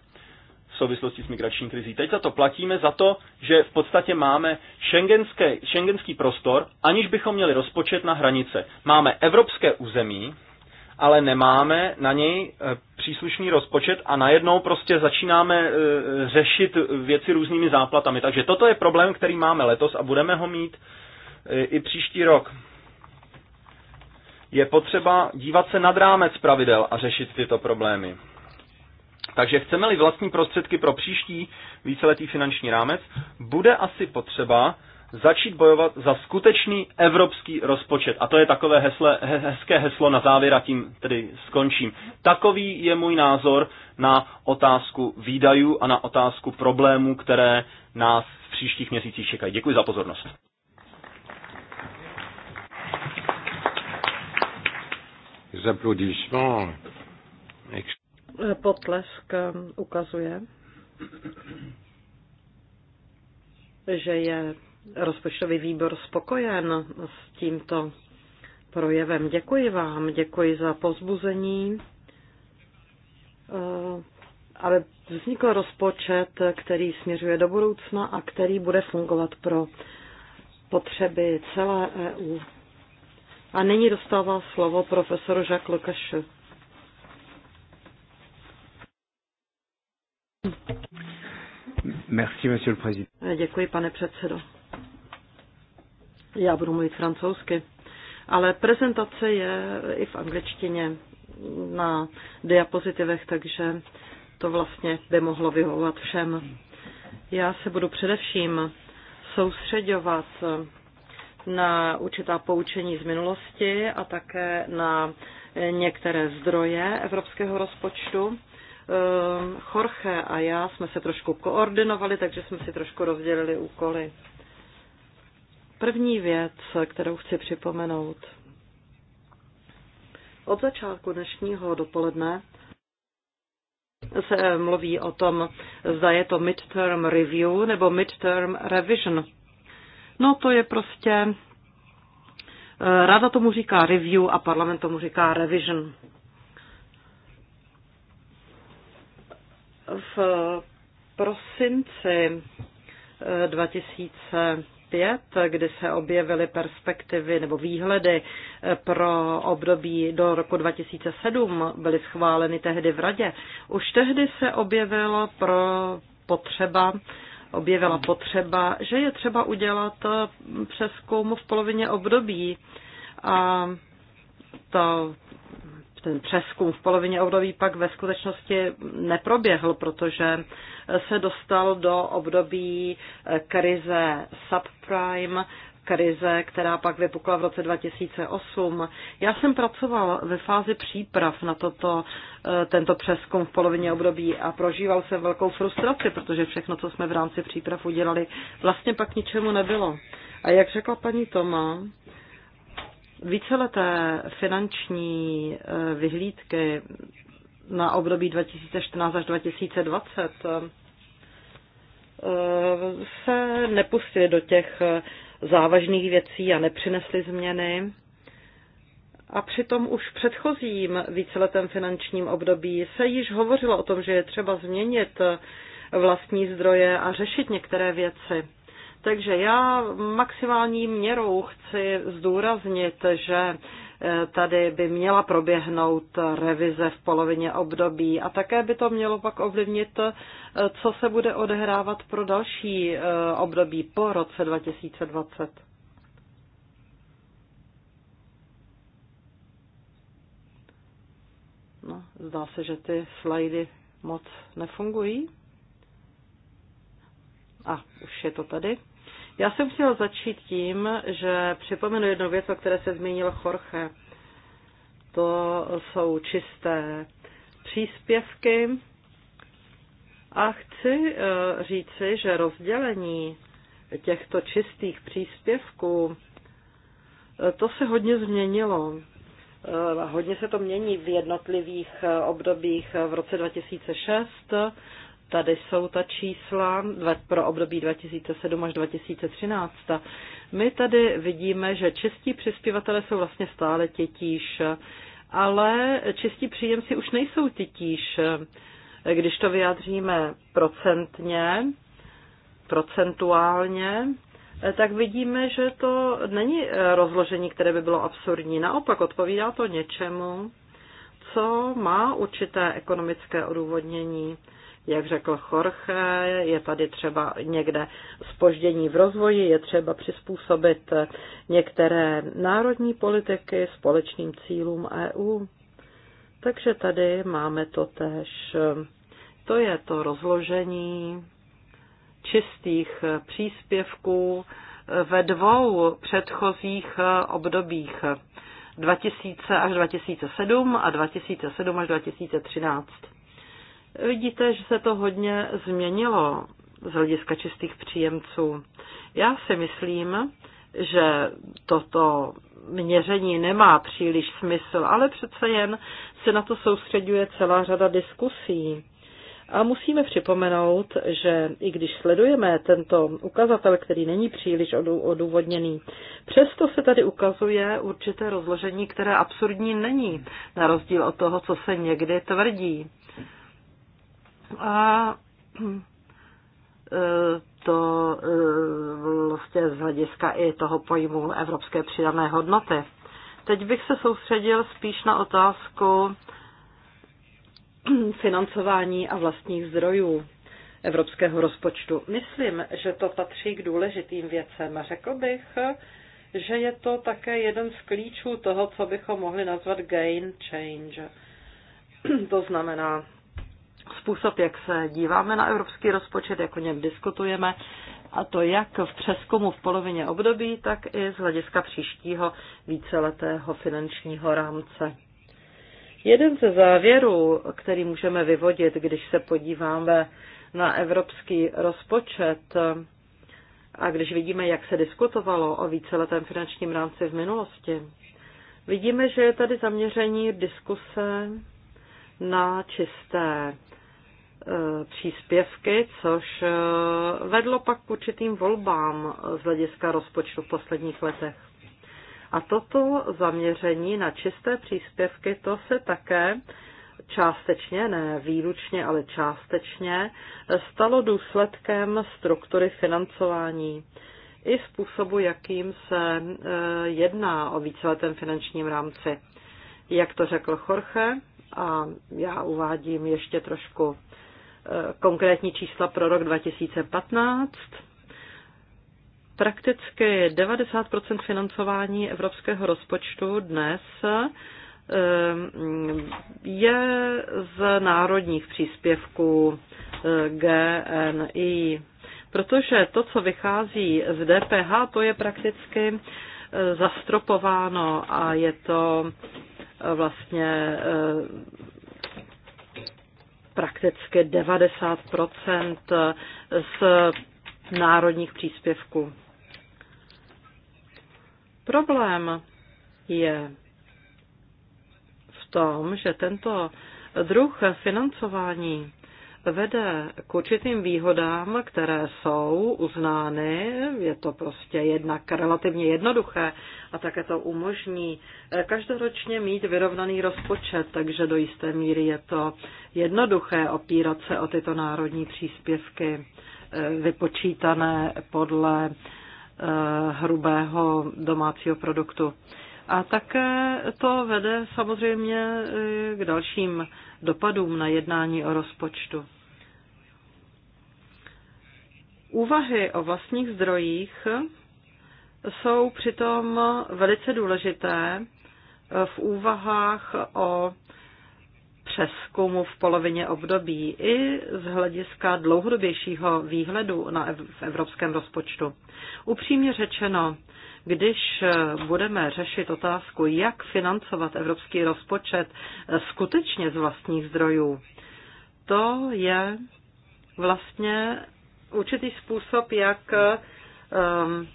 v souvislosti s migrační krizí. Teď za to platíme za to, že v podstatě máme šengenské, šengenský prostor, aniž bychom měli rozpočet na hranice. Máme evropské území, ale nemáme na něj eh, příslušný rozpočet a najednou prostě začínáme eh, řešit věci různými záplatami. Takže toto je problém, který máme letos a budeme ho mít eh, i příští rok. Je potřeba dívat se nad rámec pravidel a řešit tyto problémy. Takže chceme-li vlastní prostředky pro příští víceletý finanční rámec, bude asi potřeba začít bojovat za skutečný evropský rozpočet. A to je takové hesle, hezké heslo na závěr a tím tedy skončím. Takový je můj názor na otázku výdajů a na otázku problémů, které nás v příštích měsících čekají. Děkuji za pozornost. Les Eh, potlesk eh, ukazuje, že je rozpočtový výbor spokojen s tímto projevem. Děkuji vám, děkuji za pozbuzení, eh, aby vznikl rozpočet, který směřuje do budoucna a který bude fungovat pro potřeby celé EU. A nyní dostává slovo profesor Jacques Lukáš. Merci, monsieur le président. Eh, děkuji, pane předsedo. Já budu mluvit francouzsky, ale prezentace je i v angličtině na diapozitivech, takže to vlastně by mohlo vyhovovat všem. Já se budu především soustředovat na určitá poučení z minulosti a také na některé zdroje evropského rozpočtu Ehm, Jorge a já jsme se trošku koordinovali, takže jsme si trošku rozdělili úkoly. První věc, kterou chci připomenout. Od začátku dnešního dopoledne se eh, mluví o tom, zda je to midterm review nebo midterm revision. No to je prostě, eh, rada tomu říká review a parlament tomu říká revision. V prosinci 2005, eh, kdy se objevily perspektivy nebo výhledy eh, pro období do roku 2007, byly schváleny tehdy v Radě, už tehdy se objevilo pro potřeba objevila potřeba, že je třeba udělat eh, přeskoum v polovině období. A to ten přeskum v polovině období pak ve skutečnosti neproběhl, protože se dostal do období eh, krize subprime, krize, která pak vypukla v roce 2008. Já jsem pracoval ve fázi příprav na toto, eh, tento přeskum v polovině období a prožíval jsem velkou frustraci, protože všechno, co jsme v rámci příprav udělali, vlastně pak ničemu nebylo. A jak řekla paní Toma, Víceleté finanční eh, vyhlídky na období 2014 až 2020 eh, se nepustili do těch eh, závažných věcí a nepřinesli změny. A přitom už v předchozím víceletém finančním období se již hovořilo o tom, že je třeba změnit vlastní zdroje a řešit některé věci. Takže já maximální měrou chci zdůraznit, že eh, tady by měla proběhnout revize v polovině období a také by to mělo pak ovlivnit, eh, co se bude odehrávat pro další eh, období po roce 2020. No, zdá se, že ty slajdy moc nefungují. A už je to tady. Já jsem chtěla začít tím, že připomenu jednu věc, o které se zmínil Jorge. To jsou čisté příspěvky. A chci eh, říci, že rozdělení těchto čistých příspěvků, eh, to se hodně změnilo. Eh, hodně se to mění v jednotlivých obdobích. V roce 2006 Tady jsou ta čísla pro období 2007 až 2013. My tady vidíme, že čistí přispěvatele jsou vlastně stále tětíž, ale čistí příjemci už nejsou tětíž. Když to vyjádříme procentně, procentuálně, tak vidíme, že to není rozložení, které by bylo absurdní. Naopak odpovídá to něčemu, co má určité ekonomické odůvodnění. Jak řekl Jorge, je tady třeba někde spoždění v rozvoji, je třeba přizpůsobit některé národní politiky společným cílům EU. Takže tady máme to tež. To je to rozložení čistých příspěvků ve dvou předchozích obdobích 2000 až 2007 a 2007 až 2013. Vidíte, že se to hodně změnilo z hlediska čistých příjemců. Já si myslím, že toto měření nemá příliš smysl, ale přece jen se na to soustředuje celá řada diskusí. A musíme připomenout, že i když sledujeme tento ukazatel, který není příliš odůvodněný, přesto se tady ukazuje určité rozložení, které absurdní není, na rozdíl od toho, co se někdy tvrdí. A e, to e, vlastně z hlediska i toho pojmu evropské přidané hodnoty. Teď bych se soustředil spíš na otázku financování a vlastních zdrojů evropského rozpočtu. Myslím, že to patří k důležitým věcem. Řekl bych, že je to také jeden z klíčů toho, co bychom mohli nazvat gain change. To znamená způsob, jak se díváme na evropský rozpočet, jak o něm diskutujeme, a to jak v přeskumu v polovině období, tak i z hlediska příštího víceletého finančního rámce. Jeden ze závěrů, který můžeme vyvodit, když se podíváme na evropský rozpočet a když vidíme, jak se diskutovalo o víceletém finančním rámci v minulosti, vidíme, že je tady zaměření diskuse na čisté Eh, příspěvky, což eh, vedlo pak k určitým volbám z hlediska rozpočtu v posledních letech. A toto zaměření na čisté příspěvky, to se také částečně, ne výlučně, ale částečně, eh, stalo důsledkem struktury financování i způsobu, jakým se jedná o víceletém finančním rámci. Jak to řekl Jorge, a já uvádím ještě trošku konkrétní čísla pro rok 2015. Prakticky 90 financování evropského rozpočtu dnes eh, je z národních příspěvků eh, GNI, protože to, co vychází z DPH, to je prakticky eh, zastropováno a je to vlastně prakticky 90 z národních příspěvků. Problém je v tom, že tento druh financování vede k určitým výhodám, které jsou uznány. Je to prostě jednak relativně jednoduché a také to umožní eh, každoročně mít vyrovnaný rozpočet, takže do jisté míry je to jednoduché opírat se o tyto národní příspěvky eh, vypočítané podle eh, hrubého domácího produktu. A také to vede samozřejmě k dalším dopadům na jednání o rozpočtu. Úvahy o vlastních zdrojích jsou přitom velice důležité v úvahách o přeskumu v polovině období i z hlediska dlouhodobějšího výhledu na ev- v evropském rozpočtu. Upřímně řečeno, když eh, budeme řešit otázku, jak financovat evropský rozpočet eh, skutečně z vlastních zdrojů, to je vlastně určitý způsob, jak um,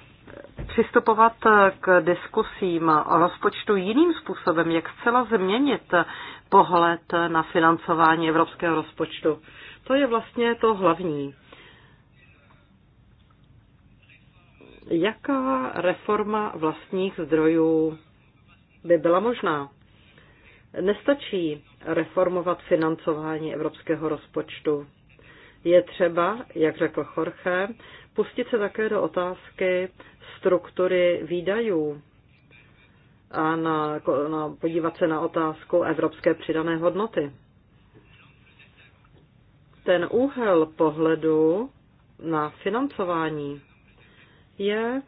přistupovat eh, k diskusím o rozpočtu jiným způsobem, jak zcela změnit pohled na financování evropského rozpočtu. To je vlastně to hlavní. jaká reforma vlastních zdrojů by byla možná. Nestačí reformovat financování evropského rozpočtu. Je třeba, jak řekl Jorge, pustit se také do otázky struktury výdajů a na, na, podívat se na otázku evropské přidané hodnoty. Ten úhel pohledu na financování je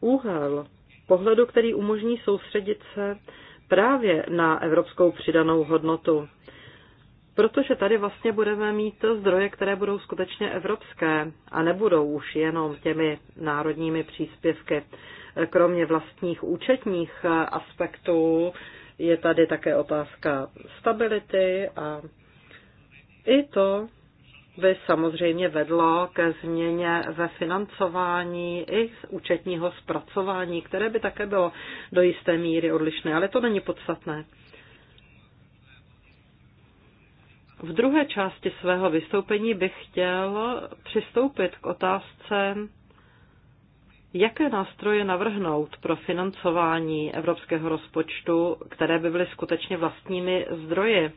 úhel pohledu, který umožní soustředit se právě na evropskou přidanou hodnotu. Protože tady vlastně budeme mít zdroje, které budou skutečně evropské a nebudou už jenom těmi národními příspěvky. Kromě vlastních účetních aspektů je tady také otázka stability a i to, by samozřejmě vedlo ke změně ve financování i z účetního zpracování, které by také bylo do jisté míry odlišné, ale to není podstatné. V druhé části svého vystoupení bych chtěl přistoupit k otázce, jaké nástroje navrhnout pro financování evropského rozpočtu, které by byly skutečně vlastními zdroji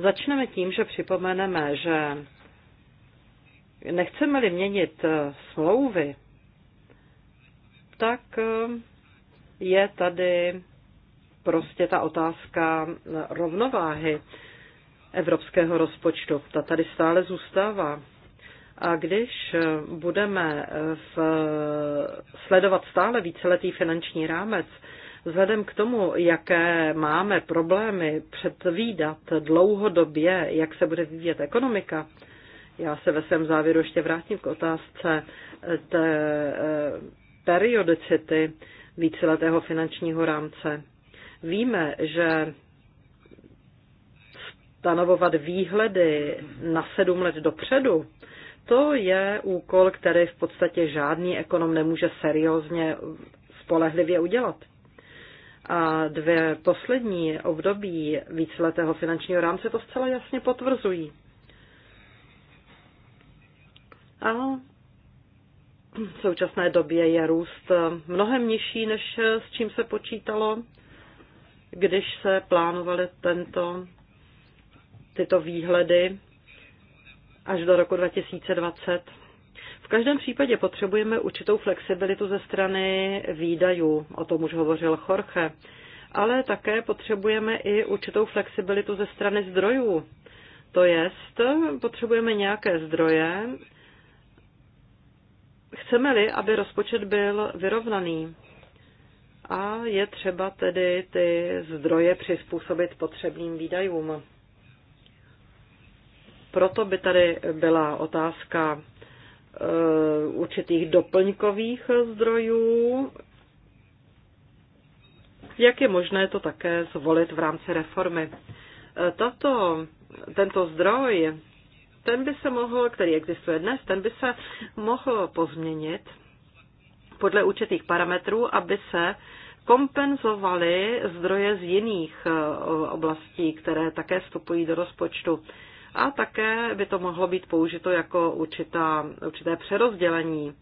Začneme tím, že připomeneme, že nechceme-li měnit eh, smlouvy, tak eh, je tady prostě ta otázka eh, rovnováhy evropského rozpočtu. Ta tady stále zůstává. A když budeme v, sledovat stále víceletý finanční rámec, Vzhledem k tomu, jaké máme problémy předvídat dlouhodobě, jak se bude vyvíjet ekonomika, já se ve svém závěru ještě vrátím k otázce té eh, periodicity víceletého finančního rámce. Víme, že stanovovat výhledy na sedm let dopředu, to je úkol, který v podstatě žádný ekonom nemůže seriózně spolehlivě udělat. A dvě poslední období víceletého finančního rámce to zcela jasně potvrzují. A v současné době je růst mnohem nižší, než s čím se počítalo, když se plánovaly tento, tyto výhledy až do roku 2020. V každém případě potřebujeme určitou flexibilitu ze strany výdajů, o tom už hovořil Jorge, ale také potřebujeme i určitou flexibilitu ze strany zdrojů. To jest, potřebujeme nějaké zdroje, chceme-li, aby rozpočet byl vyrovnaný. A je třeba tedy ty zdroje přizpůsobit potřebným výdajům. Proto by tady byla otázka Eh, určitých doplňkových zdrojů. Jak je možné to také zvolit v rámci reformy? Eh, tato, tento zdroj, ten by se mohl, který existuje dnes, ten by se mohl pozměnit podle určitých parametrů, aby se kompenzovaly zdroje z jiných eh, oblastí, které také vstupují do rozpočtu a také by to mohlo být použito jako určitá, určité přerozdělení,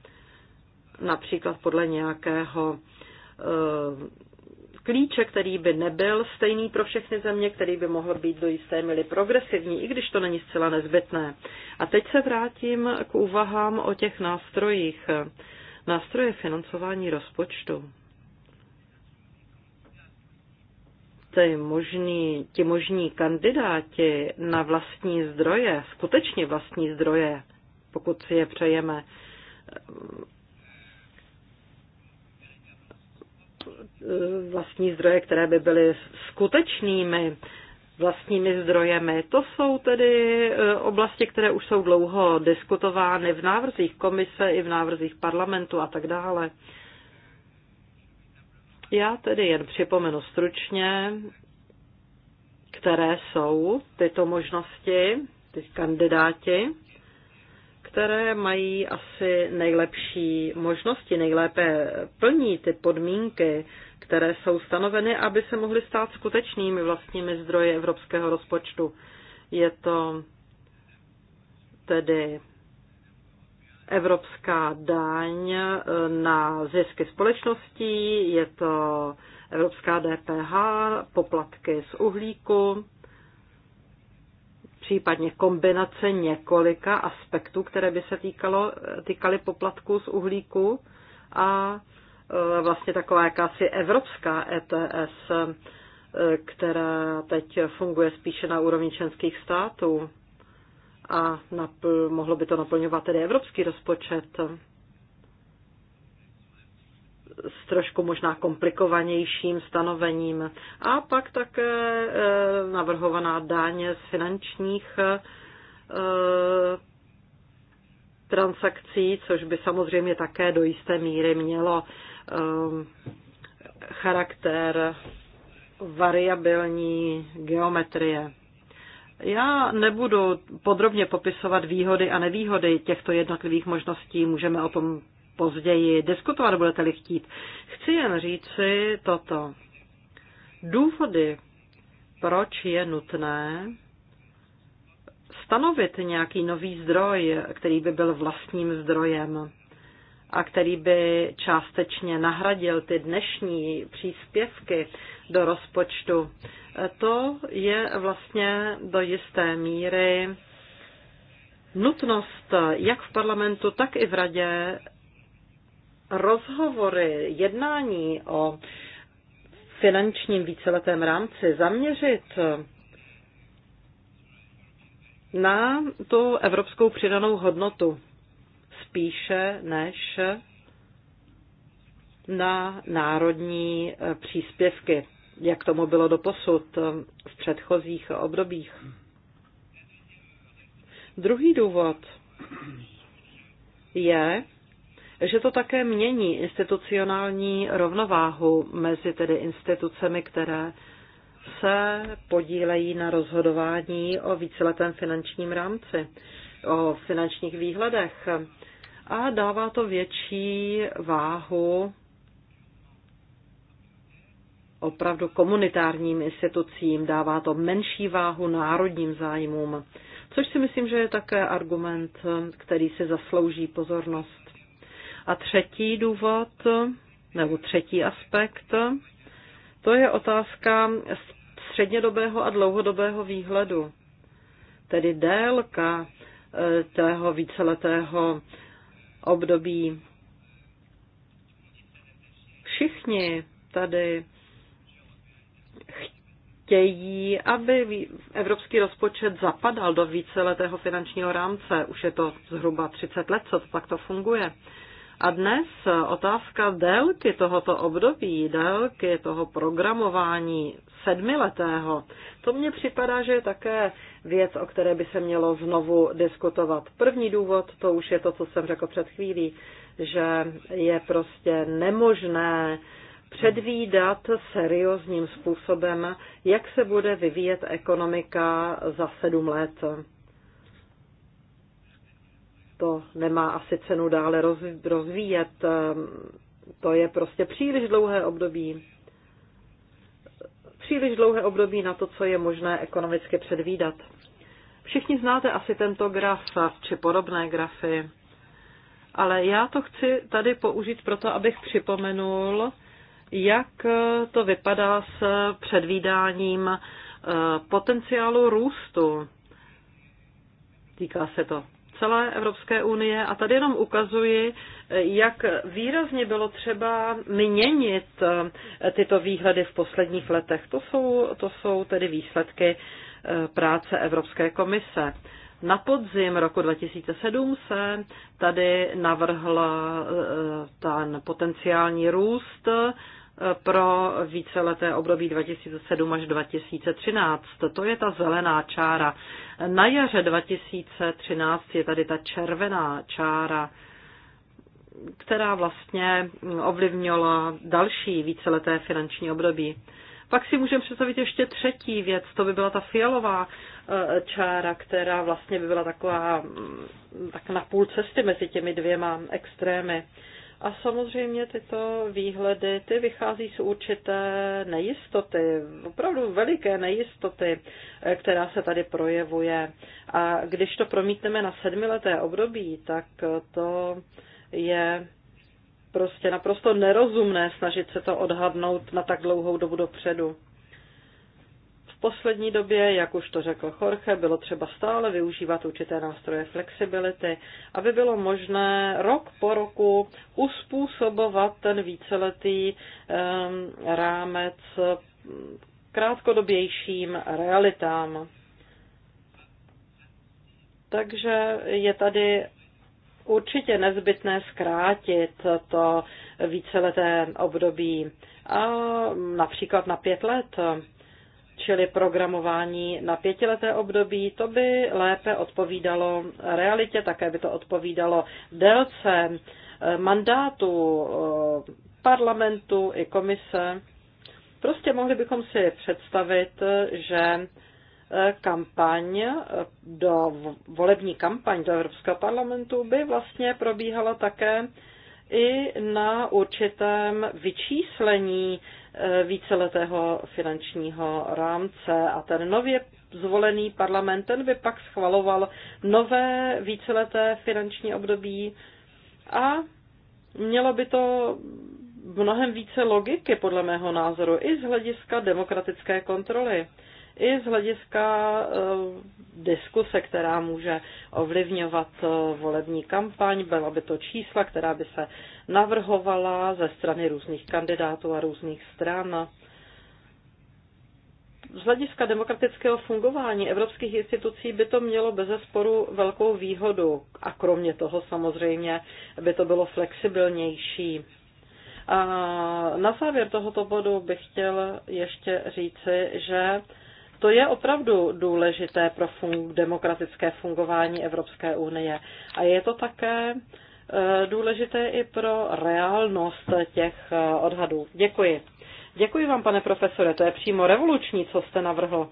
například podle nějakého eh, klíče, který by nebyl stejný pro všechny země, který by mohl být do jisté míry progresivní, i když to není zcela nezbytné. A teď se vrátím k úvahám o těch nástrojích. Nástroje financování rozpočtu. ty možní, ti možní kandidáti na vlastní zdroje, skutečně vlastní zdroje, pokud si je přejeme, vlastní zdroje, které by byly skutečnými vlastními zdrojemi. To jsou tedy e, oblasti, které už jsou dlouho diskutovány v návrzích komise i v návrzích parlamentu a tak dále. Já tedy jen připomenu stručně, které jsou tyto možnosti, ty kandidáti, které mají asi nejlepší možnosti, nejlépe plní ty podmínky, které jsou stanoveny, aby se mohly stát skutečnými vlastními zdroje evropského rozpočtu. Je to tedy evropská daň eh, na zisky společností, je to evropská DPH, poplatky z uhlíku, případně kombinace několika aspektů, které by se týkalo, týkaly poplatků z uhlíku a eh, vlastně taková jakási evropská ETS, eh, která teď funguje spíše na úrovni členských států a napl- mohlo by to naplňovat tedy evropský rozpočet s trošku možná komplikovanějším stanovením. A pak také e, navrhovaná dáně z finančních e, transakcí, což by samozřejmě také do jisté míry mělo e, charakter variabilní geometrie. Já nebudu podrobně popisovat výhody a nevýhody těchto jednotlivých možností, můžeme o tom později diskutovat, budete-li chtít. Chci jen říci toto. Důvody, proč je nutné stanovit nějaký nový zdroj, který by byl vlastním zdrojem a který by částečně nahradil ty dnešní příspěvky do rozpočtu, to je vlastně do jisté míry nutnost jak v parlamentu, tak i v radě rozhovory, jednání o finančním víceletém rámci zaměřit na tu evropskou přidanou hodnotu spíše než na národní eh, příspěvky, jak tomu bylo doposud eh, v předchozích obdobích. Druhý důvod je, že to také mění institucionální rovnováhu mezi tedy institucemi, které se podílejí na rozhodování o víceletém finančním rámci, o finančních výhledech a dává to větší váhu opravdu komunitárním institucím, dává to menší váhu národním zájmům, což si myslím, že je také argument, který si zaslouží pozornost. A třetí důvod, nebo třetí aspekt, to je otázka střednědobého a dlouhodobého výhledu, tedy délka eh, tého víceletého období. Všichni tady chtějí, aby evropský rozpočet zapadal do víceletého finančního rámce. Už je to zhruba 30 let, co to takto funguje. A dnes otázka délky tohoto období, délky toho programování sedmiletého, to mně připadá, že je také věc, o které by se mělo znovu diskutovat. První důvod, to už je to, co jsem řekl před chvílí, že je prostě nemožné předvídat seriózním způsobem, jak se bude vyvíjet ekonomika za sedm let to nemá asi cenu dále rozvíjet. Ehm, to je prostě příliš dlouhé období. Příliš dlouhé období na to, co je možné ekonomicky předvídat. Všichni znáte asi tento graf či podobné grafy, ale já to chci tady použít proto, abych připomenul, jak to vypadá s předvídáním eh, potenciálu růstu. Týká se to celé Evropské unie. A tady jenom ukazuji, jak výrazně bylo třeba měnit eh, tyto výhledy v posledních letech. To jsou, to jsou tedy výsledky eh, práce Evropské komise. Na podzim roku 2007 se tady navrhl eh, ten potenciální růst pro víceleté období 2007 až 2013. To je ta zelená čára. Na jaře 2013 je tady ta červená čára, která vlastně ovlivnila další víceleté finanční období. Pak si můžeme představit ještě třetí věc, to by byla ta fialová eh, čára, která vlastně by byla taková mm, tak na půl cesty mezi těmi dvěma extrémy. A samozřejmě tyto výhledy, ty vychází z určité nejistoty, opravdu veliké nejistoty, eh, která se tady projevuje. A když to promítneme na sedmileté období, tak eh, to je prostě naprosto nerozumné snažit se to odhadnout na tak dlouhou dobu dopředu. V poslední době, jak už to řekl Jorge, bylo třeba stále využívat určité nástroje flexibility, aby bylo možné rok po roku uspůsobovat ten víceletý um, rámec krátkodobějším realitám. Takže je tady určitě nezbytné zkrátit to víceleté období a například na pět let čili programování na pětileté období, to by lépe odpovídalo realitě, také by to odpovídalo délce eh, mandátu eh, parlamentu i komise. Prostě mohli bychom si představit, že eh, kampaň do volební kampaň do Evropského parlamentu by vlastně probíhala také i na určitém vyčíslení víceletého finančního rámce a ten nově zvolený parlament, ten by pak schvaloval nové víceleté finanční období a mělo by to mnohem více logiky, podle mého názoru, i z hlediska demokratické kontroly, i z hlediska uh, diskuse, která může ovlivňovat uh, volební kampaň, byla by to čísla, která by se navrhovala ze strany různých kandidátů a různých stran. Z hlediska demokratického fungování evropských institucí by to mělo bez zesporu velkou výhodu a kromě toho samozřejmě by to bylo flexibilnější. A na závěr tohoto bodu bych chtěl ještě říci, že to je opravdu důležité pro fun- demokratické fungování Evropské unie a je to také Eh, důležité i pro reálnost těch eh, odhadů. Děkuji. Děkuji vám, pane profesore, to je přímo revoluční, co jste navrhl.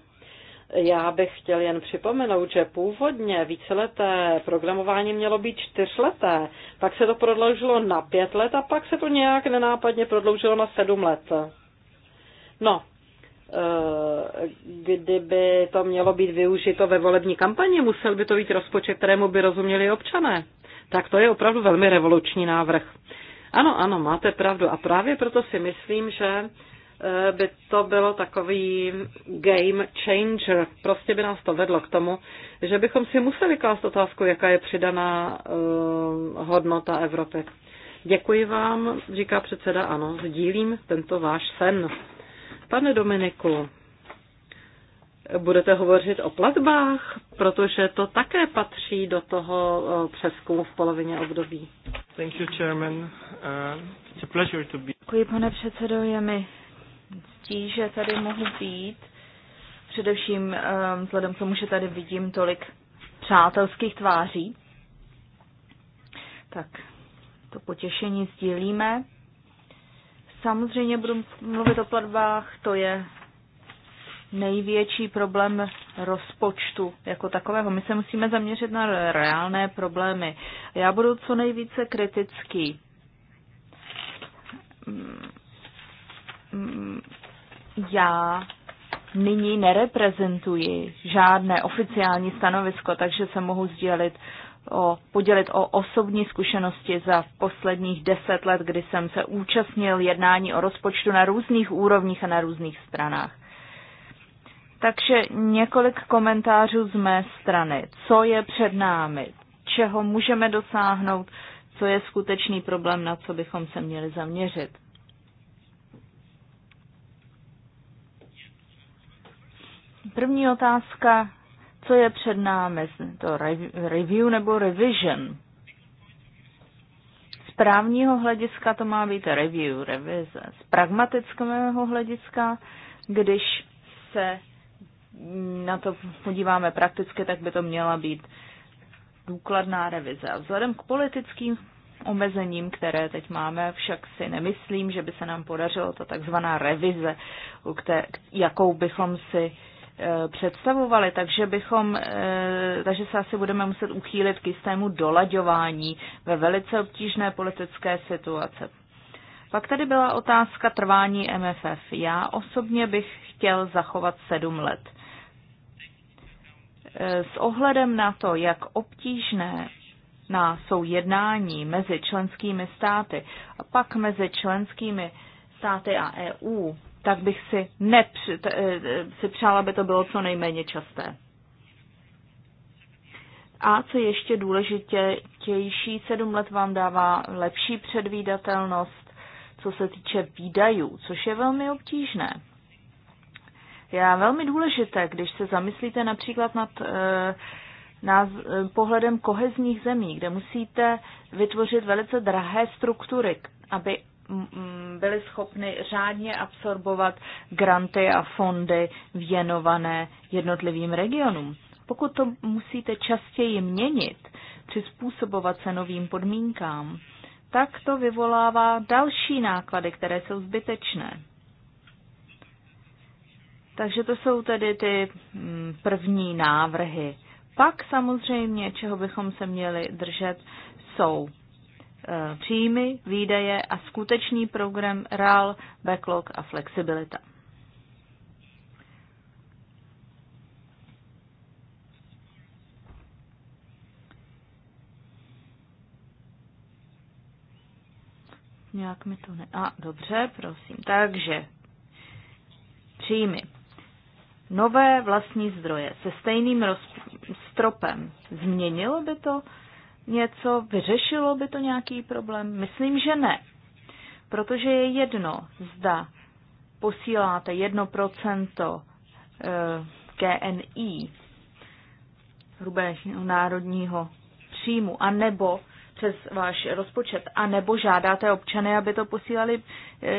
Já bych chtěl jen připomenout, že původně víceleté programování mělo být čtyřleté, pak se to prodloužilo na pět let a pak se to nějak nenápadně prodloužilo na sedm let. No, eh, kdyby to mělo být využito ve volební kampani, musel by to být rozpočet, kterému by rozuměli občané tak to je opravdu velmi revoluční návrh. Ano, ano, máte pravdu. A právě proto si myslím, že eh, by to bylo takový game changer. Prostě by nás to vedlo k tomu, že bychom si museli klást otázku, jaká je přidaná uh, hodnota Evropy. Děkuji vám, říká předseda, ano, sdílím tento váš sen. Pane Dominiku, budete hovořit o platbách, protože to také patří do toho eh, přeskumu v polovině období. Thank you, Chairman. Uh, it's a pleasure to be... Děkuji, pane předsedo, je mi ctí, že tady mohu být. Především um, vzhledem k tomu, že tady vidím tolik přátelských tváří. Tak to potěšení sdílíme. Samozřejmě budu mluvit o platbách, to je největší problém rozpočtu jako takového. My se musíme zaměřit na reálné problémy. Já budu co nejvíce kritický. Já nyní nereprezentuji žádné oficiální stanovisko, takže se mohu sdělit o, podělit o osobní zkušenosti za posledních deset let, kdy jsem se účastnil jednání o rozpočtu na různých úrovních a na různých stranách. Takže několik komentářů z mé strany. Co je před námi? Čeho můžeme dosáhnout? Co je skutečný problém, na co bychom se měli zaměřit? První otázka, co je před námi, to review nebo revision. Z právního hlediska to má být review, revize. Z pragmatického hlediska, když se na to podíváme prakticky, tak by to měla být důkladná revize. A vzhledem k politickým omezením, které teď máme, však si nemyslím, že by se nám podařilo ta takzvaná revize, jakou bychom si e, představovali, takže bychom, e, takže se asi budeme muset uchýlit k jistému dolaďování ve velice obtížné politické situace. Pak tady byla otázka trvání MFF. Já osobně bych chtěl zachovat sedm let. Eh, s ohledem na to, jak obtížné na jsou jednání mezi členskými státy a pak mezi členskými státy a EU, tak bych si, nepři, eh, si přála, aby to bylo co nejméně časté. A co ještě důležitější, sedm let vám dává lepší předvídatelnost, co se týče výdajů, což je velmi obtížné. Je velmi důležité, když se zamyslíte například nad eh, náz, eh, pohledem kohezních zemí, kde musíte vytvořit velice drahé struktury, aby byly schopny řádně absorbovat granty a fondy věnované jednotlivým regionům. Pokud to musíte častěji měnit, přizpůsobovat se novým podmínkám, tak to vyvolává další náklady, které jsou zbytečné. Takže to jsou tedy ty mm, první návrhy. Pak samozřejmě, čeho bychom se měli držet, jsou e, příjmy, výdaje a skutečný program RAL, backlog a flexibilita. Nějak mi to ne... A, dobře, prosím. Takže příjmy nové vlastní zdroje se stejným roz, stropem. Změnilo by to něco? Vyřešilo by to nějaký problém? Myslím, že ne. Protože je jedno, zda posíláte 1% KNI, hrubého národního příjmu, anebo přes váš rozpočet, anebo žádáte občany, aby to posílali eh,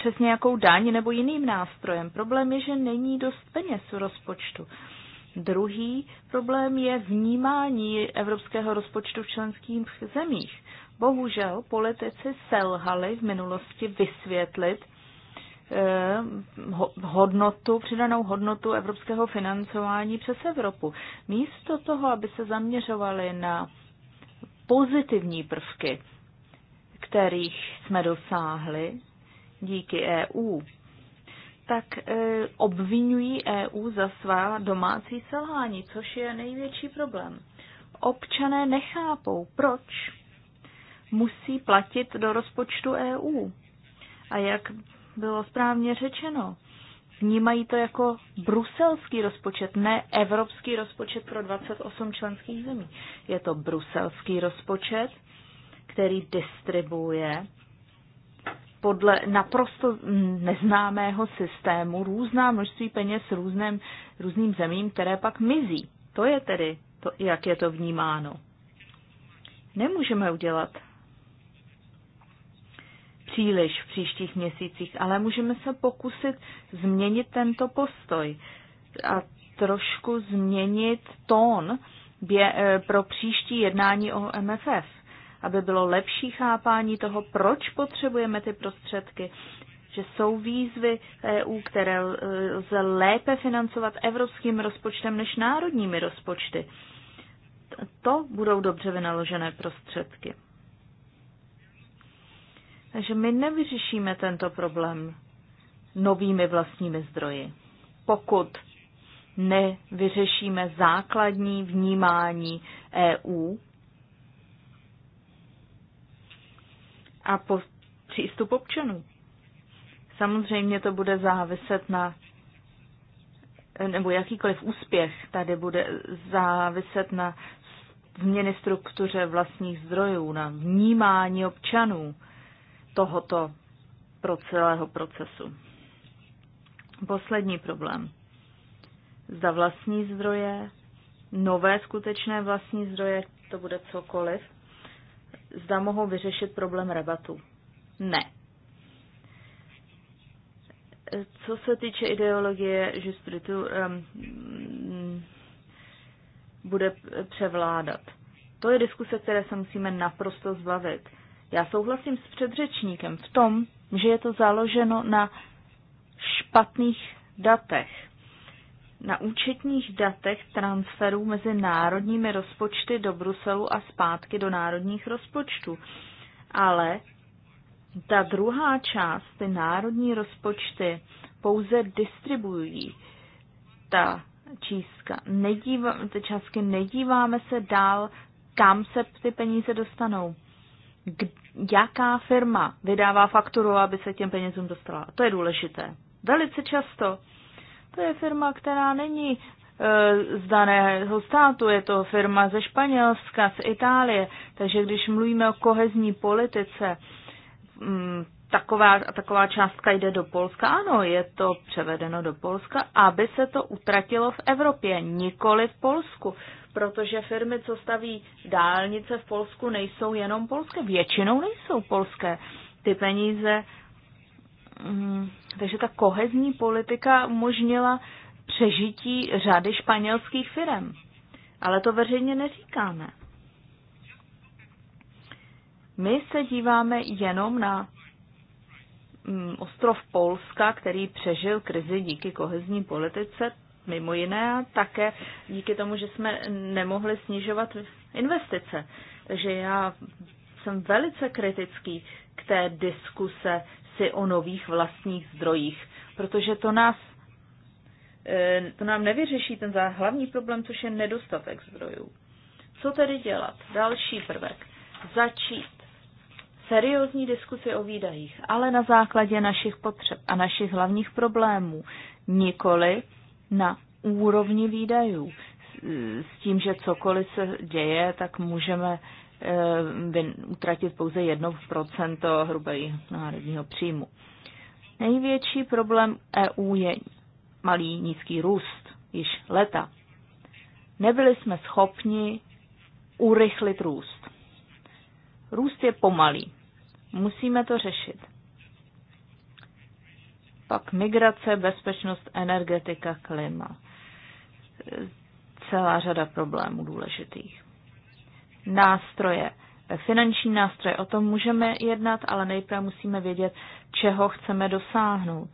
přes nějakou daň nebo jiným nástrojem. Problém je, že není dost peněz v rozpočtu. Druhý problém je vnímání evropského rozpočtu v členských zemích. Bohužel politici selhali v minulosti vysvětlit eh, hodnotu, přidanou hodnotu evropského financování přes Evropu. Místo toho, aby se zaměřovali na pozitivní prvky, kterých jsme dosáhli, díky EU, tak e, obvinují EU za svá domácí selhání, což je největší problém. Občané nechápou, proč musí platit do rozpočtu EU. A jak bylo správně řečeno, vnímají to jako bruselský rozpočet, ne evropský rozpočet pro 28 členských zemí. Je to bruselský rozpočet, který distribuje podle naprosto mm, neznámého systému různá množství peněz různém, různým zemím, které pak mizí. To je tedy, to, jak je to vnímáno. Nemůžeme udělat příliš v příštích měsících, ale můžeme se pokusit změnit tento postoj a trošku změnit tón bě, eh, pro příští jednání o MFF aby bylo lepší chápání toho, proč potřebujeme ty prostředky, že jsou výzvy EU, které lze lépe financovat evropským rozpočtem než národními rozpočty. To budou dobře vynaložené prostředky. Takže my nevyřešíme tento problém novými vlastními zdroji, pokud nevyřešíme základní vnímání EU a po přístup občanů. Samozřejmě to bude záviset na, nebo jakýkoliv úspěch tady bude záviset na změny struktuře vlastních zdrojů, na vnímání občanů tohoto pro celého procesu. Poslední problém. Zda vlastní zdroje, nové skutečné vlastní zdroje, to bude cokoliv, zda mohou vyřešit problém rabatu. Ne. Co se týče ideologie spiritu um, bude převládat. To je diskuse, které se musíme naprosto zbavit. Já souhlasím s předřečníkem v tom, že je to založeno na špatných datech na účetních datech transferů mezi národními rozpočty do Bruselu a zpátky do národních rozpočtů. Ale ta druhá část, ty národní rozpočty, pouze distribuují ta čístka. Nedívá, ty částky nedíváme se dál, kam se ty peníze dostanou. K, jaká firma vydává fakturu, aby se těm penězům dostala. To je důležité. Velice často to je firma, která není e, z daného státu, je to firma ze Španělska, z Itálie, takže když mluvíme o kohezní politice, mm, taková, taková částka jde do Polska, ano, je to převedeno do Polska, aby se to utratilo v Evropě, nikoli v Polsku, protože firmy, co staví dálnice v Polsku, nejsou jenom polské, většinou nejsou polské. Ty peníze mm, takže ta kohezní politika umožnila přežití řady španělských firm. Ale to veřejně neříkáme. My se díváme jenom na mm, ostrov Polska, který přežil krizi díky kohezní politice, mimo jiné a také díky tomu, že jsme nemohli snižovat investice. Takže já jsem velice kritický k té diskuse si o nových vlastních zdrojích, protože to nás e, to nám nevyřeší ten hlavní problém, což je nedostatek zdrojů. Co tedy dělat? Další prvek. Začít seriózní diskusi o výdajích, ale na základě našich potřeb a našich hlavních problémů, nikoli na úrovni výdajů. S tím, že cokoliv se děje, tak můžeme Eh, utratit pouze 1% hrubého národního příjmu. Největší problém EU je malý nízký růst již leta. Nebyli jsme schopni urychlit růst. Růst je pomalý. Musíme to řešit. Pak migrace, bezpečnost, energetika, klima. Celá řada problémů důležitých nástroje, finanční nástroje. O tom můžeme jednat, ale nejprve musíme vědět, čeho chceme dosáhnout.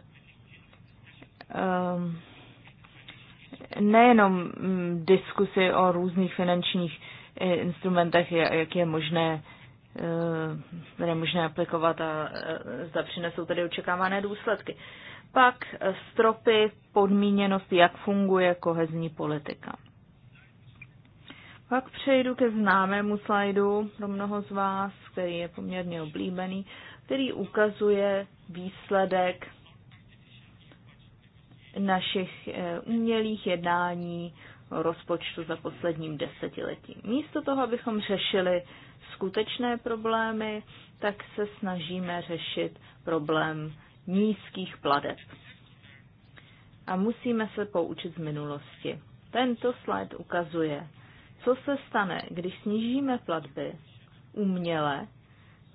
Ehm, nejenom mm, diskusy o různých finančních eh, instrumentech, jak je možné eh, které možné aplikovat a eh, zda přinesou tady očekávané důsledky. Pak stropy, podmíněnost, jak funguje kohezní politika. Pak přejdu ke známému slajdu pro mnoho z vás, který je poměrně oblíbený, který ukazuje výsledek našich eh, umělých jednání rozpočtu za posledním desetiletí. Místo toho, abychom řešili skutečné problémy, tak se snažíme řešit problém nízkých pladeb. A musíme se poučit z minulosti. Tento slide ukazuje co se stane, když snížíme platby uměle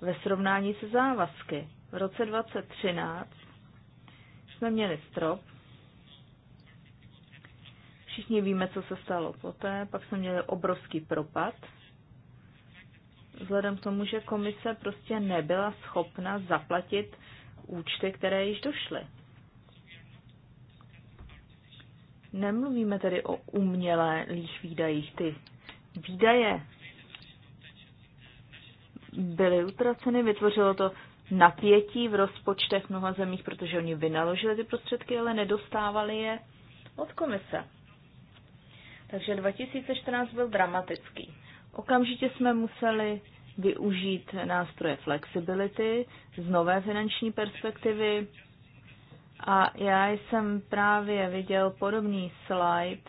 ve srovnání se závazky. V roce 2013 jsme měli strop. Všichni víme, co se stalo poté. Pak jsme měli obrovský propad. Vzhledem k tomu, že komise prostě nebyla schopna zaplatit účty, které již došly. Nemluvíme tedy o umělé výdajích, ty výdaje byly utraceny, vytvořilo to napětí v rozpočtech mnoha zemích, protože oni vynaložili ty prostředky, ale nedostávali je od komise. Takže 2014 byl dramatický. Okamžitě jsme museli využít nástroje flexibility z nové finanční perspektivy. A já jsem právě viděl podobný slide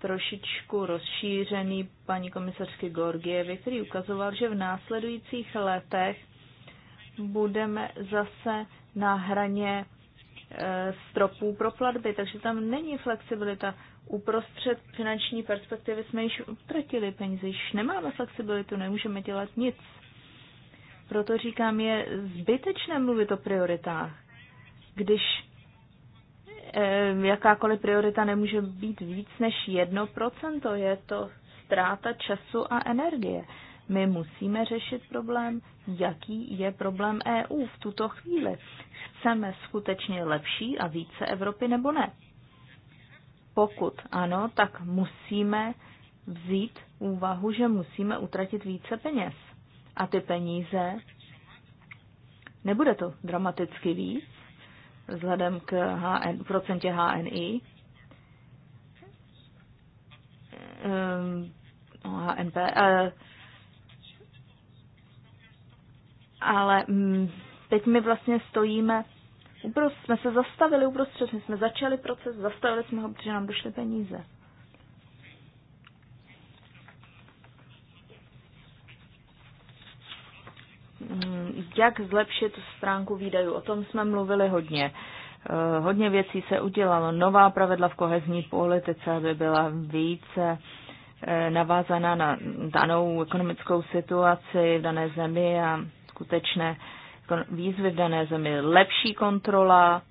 trošičku rozšířený paní komisařky Gorgievy, který ukazoval, že v následujících letech budeme zase na hraně e, stropů pro platby, takže tam není flexibilita. Uprostřed finanční perspektivy jsme již utratili peníze, již nemáme flexibilitu, nemůžeme dělat nic. Proto říkám, je zbytečné mluvit o prioritách, když Ehm, jakákoliv priorita nemůže být víc než jedno procento. je to ztráta času a energie. My musíme řešit problém, jaký je problém EU v tuto chvíli. Chceme skutečně lepší a více Evropy nebo ne? Pokud ano, tak musíme vzít úvahu, že musíme utratit více peněz. A ty peníze, nebude to dramaticky víc, vzhledem k HN, procentě HNI. HNP. Ehm, no, eh, ale hm, teď my vlastně stojíme, uprost, jsme se zastavili uprostřed, jsme začali proces, zastavili jsme ho, protože nám došly peníze. jak zlepšit stránku výdajů. O tom jsme mluvili hodně. Eh, hodně věcí se udělalo. Nová pravidla v kohezní politice by byla více eh, navázaná na danou ekonomickou situaci v dané zemi a skutečné výzvy v dané zemi. Lepší kontrola.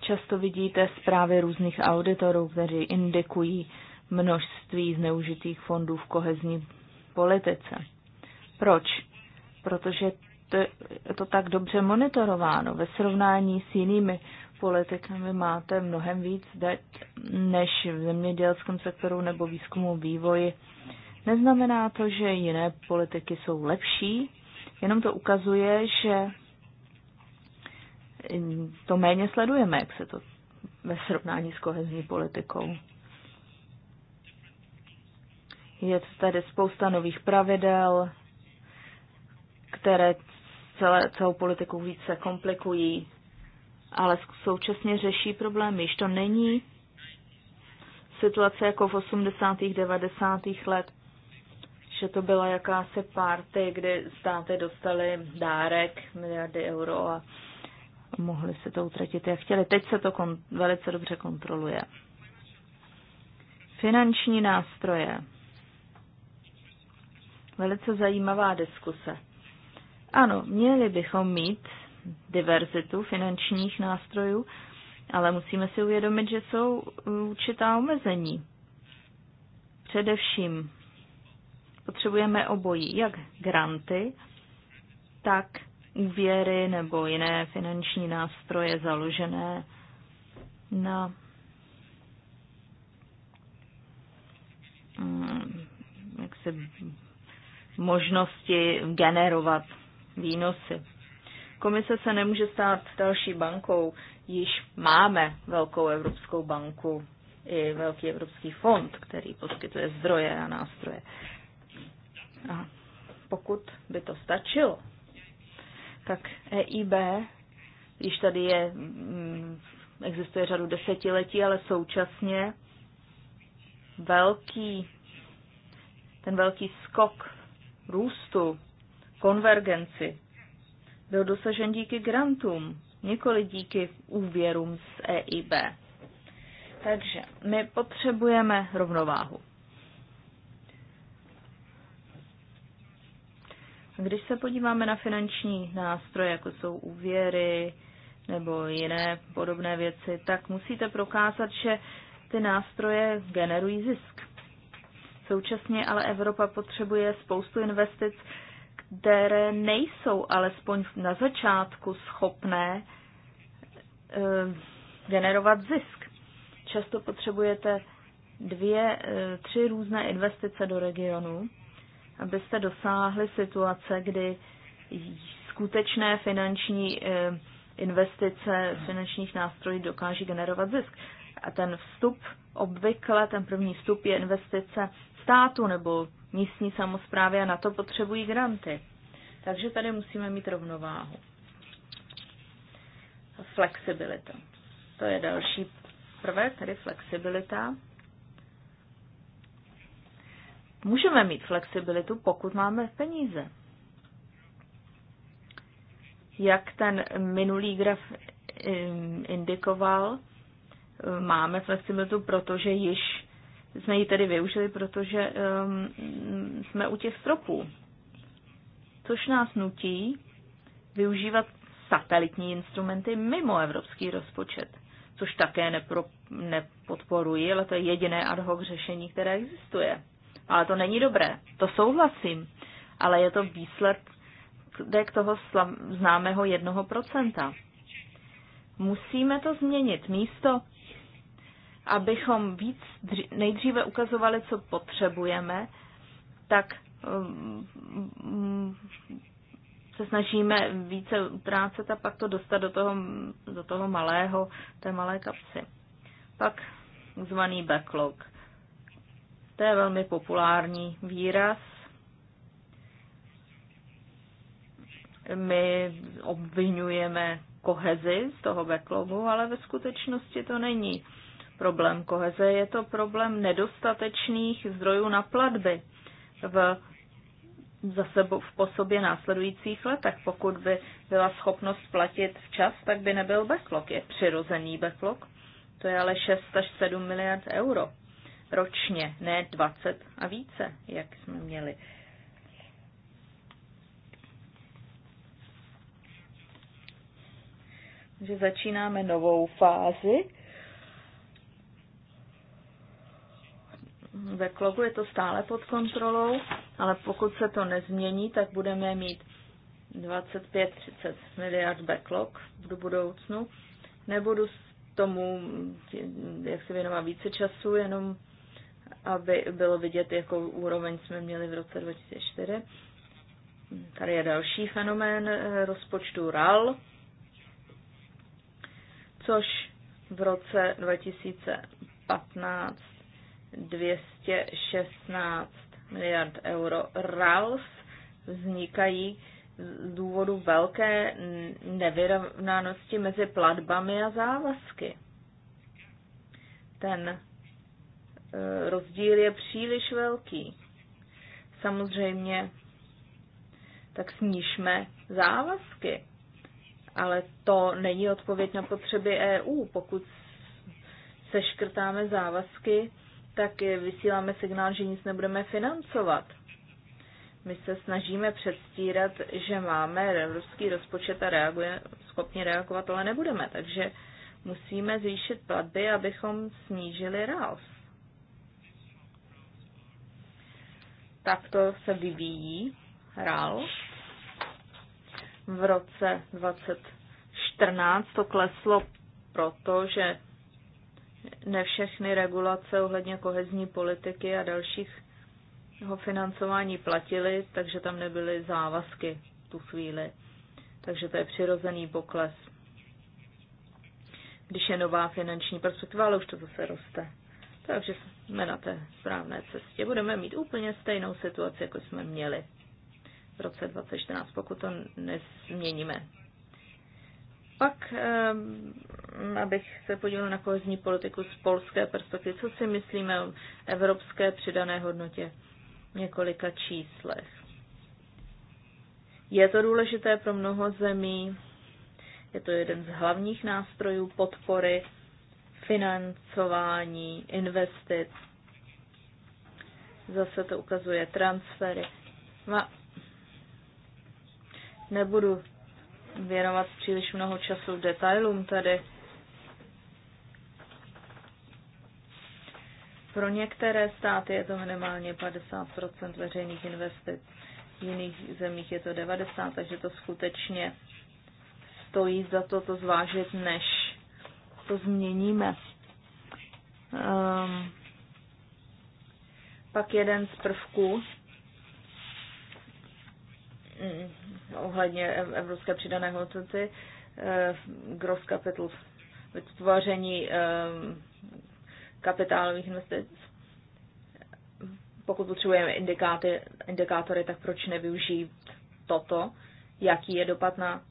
Často vidíte zprávy různých auditorů, kteří indikují množství zneužitých fondů v kohezní politice. Proč? Protože to tak dobře monitorováno. Ve srovnání s jinými politikami máte mnohem víc dat než v zemědělském sektoru nebo výzkumu vývoji. Neznamená to, že jiné politiky jsou lepší, jenom to ukazuje, že to méně sledujeme, jak se to ve srovnání s kohezní politikou. Je tady spousta nových pravidel, které celé, celou politiku více komplikují, ale současně řeší problémy. Již to není situace jako v 80. 90. let, že to byla jakási party, kdy státy dostali dárek miliardy euro a mohli se to utratit, jak chtěli. Teď se to kon- velice dobře kontroluje. Finanční nástroje. Velice zajímavá diskuse. Ano, měli bychom mít diverzitu finančních nástrojů, ale musíme si uvědomit, že jsou určitá omezení. Především potřebujeme obojí, jak granty, tak úvěry nebo jiné finanční nástroje založené na mm, jak se možnosti generovat výnosy. Komise se nemůže stát další bankou, již máme velkou Evropskou banku i Velký Evropský fond, který poskytuje zdroje a nástroje. A pokud by to stačilo, tak EIB, již tady je, mm, existuje řadu desetiletí, ale současně velký, ten velký skok růstu konvergenci. Byl dosažen díky grantům, nikoli díky úvěrům z EIB. Takže my potřebujeme rovnováhu. Když se podíváme na finanční nástroje, jako jsou úvěry nebo jiné podobné věci, tak musíte prokázat, že ty nástroje generují zisk. Současně ale Evropa potřebuje spoustu investic které nejsou alespoň na začátku schopné eh, generovat zisk. Často potřebujete dvě, eh, tři různé investice do regionu, abyste dosáhli situace, kdy skutečné finanční eh, investice finančních nástrojů dokáží generovat zisk. A ten vstup, obvykle ten první vstup je investice státu nebo místní samozprávy a na to potřebují granty. Takže tady musíme mít rovnováhu. Flexibilita. To je další prvek, tedy flexibilita. Můžeme mít flexibilitu, pokud máme peníze. Jak ten minulý graf indikoval, máme flexibilitu, protože již jsme ji tedy využili, protože um, jsme u těch stropů, což nás nutí využívat satelitní instrumenty mimo evropský rozpočet, což také nepro, nepodporuji, ale to je jediné ad hoc řešení, které existuje. Ale to není dobré, to souhlasím, ale je to výsledek toho známého jednoho procenta. Musíme to změnit. Místo abychom víc nejdříve ukazovali, co potřebujeme, tak mm, se snažíme více utrácet a pak to dostat do toho, do toho malého, té malé kapsy. Pak zvaný backlog. To je velmi populární výraz. My obvinujeme kohezi z toho backlogu, ale ve skutečnosti to není problém koheze, je to problém nedostatečných zdrojů na platby v, za sebou, v posobě sobě následujících letech. Pokud by byla schopnost platit včas, tak by nebyl backlog. Je přirozený backlog, to je ale 6 až 7 miliard euro ročně, ne 20 a více, jak jsme měli. že začínáme novou fázi backlogu, je to stále pod kontrolou, ale pokud se to nezmění, tak budeme mít 25-30 miliard backlog do budoucnu. Nebudu tomu, jak se věnovat více času, jenom aby bylo vidět, jakou úroveň jsme měli v roce 2004. Tady je další fenomén eh, rozpočtu RAL, což v roce 2015 216 miliard euro. RALS vznikají z důvodu velké nevyrovnanosti mezi platbami a závazky. Ten eh, rozdíl je příliš velký. Samozřejmě tak snížme závazky, ale to není odpověď na potřeby EU. Pokud seškrtáme závazky, tak vysíláme signál, že nic nebudeme financovat. My se snažíme předstírat, že máme evropský rozpočet a reaguje, schopni reagovat, ale nebudeme. Takže musíme zvýšit platby, abychom snížili ráz. Takto se vyvíjí rál. V roce 2014 to kleslo proto, že ne všechny regulace ohledně kohezní politiky a dalších jeho financování platily, takže tam nebyly závazky tu chvíli. Takže to je přirozený pokles. Když je nová finanční perspektiva, ale už to zase roste. Takže jsme na té správné cestě. Budeme mít úplně stejnou situaci, jako jsme měli v roce 2014, pokud to nezměníme. Pak, ehm, abych se podíval na kohezní politiku z polské perspektivy, co si myslíme o evropské přidané hodnotě v několika číslech. Je to důležité pro mnoho zemí, je to jeden z hlavních nástrojů podpory financování, investic. Zase to ukazuje transfery. Ma... Nebudu věnovat příliš mnoho času detailům tady. Pro některé státy je to minimálně 50 veřejných investic, v jiných zemích je to 90, takže to skutečně stojí za to to zvážit, než to změníme. Um, pak jeden z prvků, mm ohledně evropské přidané hodnoty, eh, gross capital, vytvoření eh, kapitálových investic. Pokud potřebujeme indikáty, indikátory, tak proč nevyužít toto, jaký je dopad na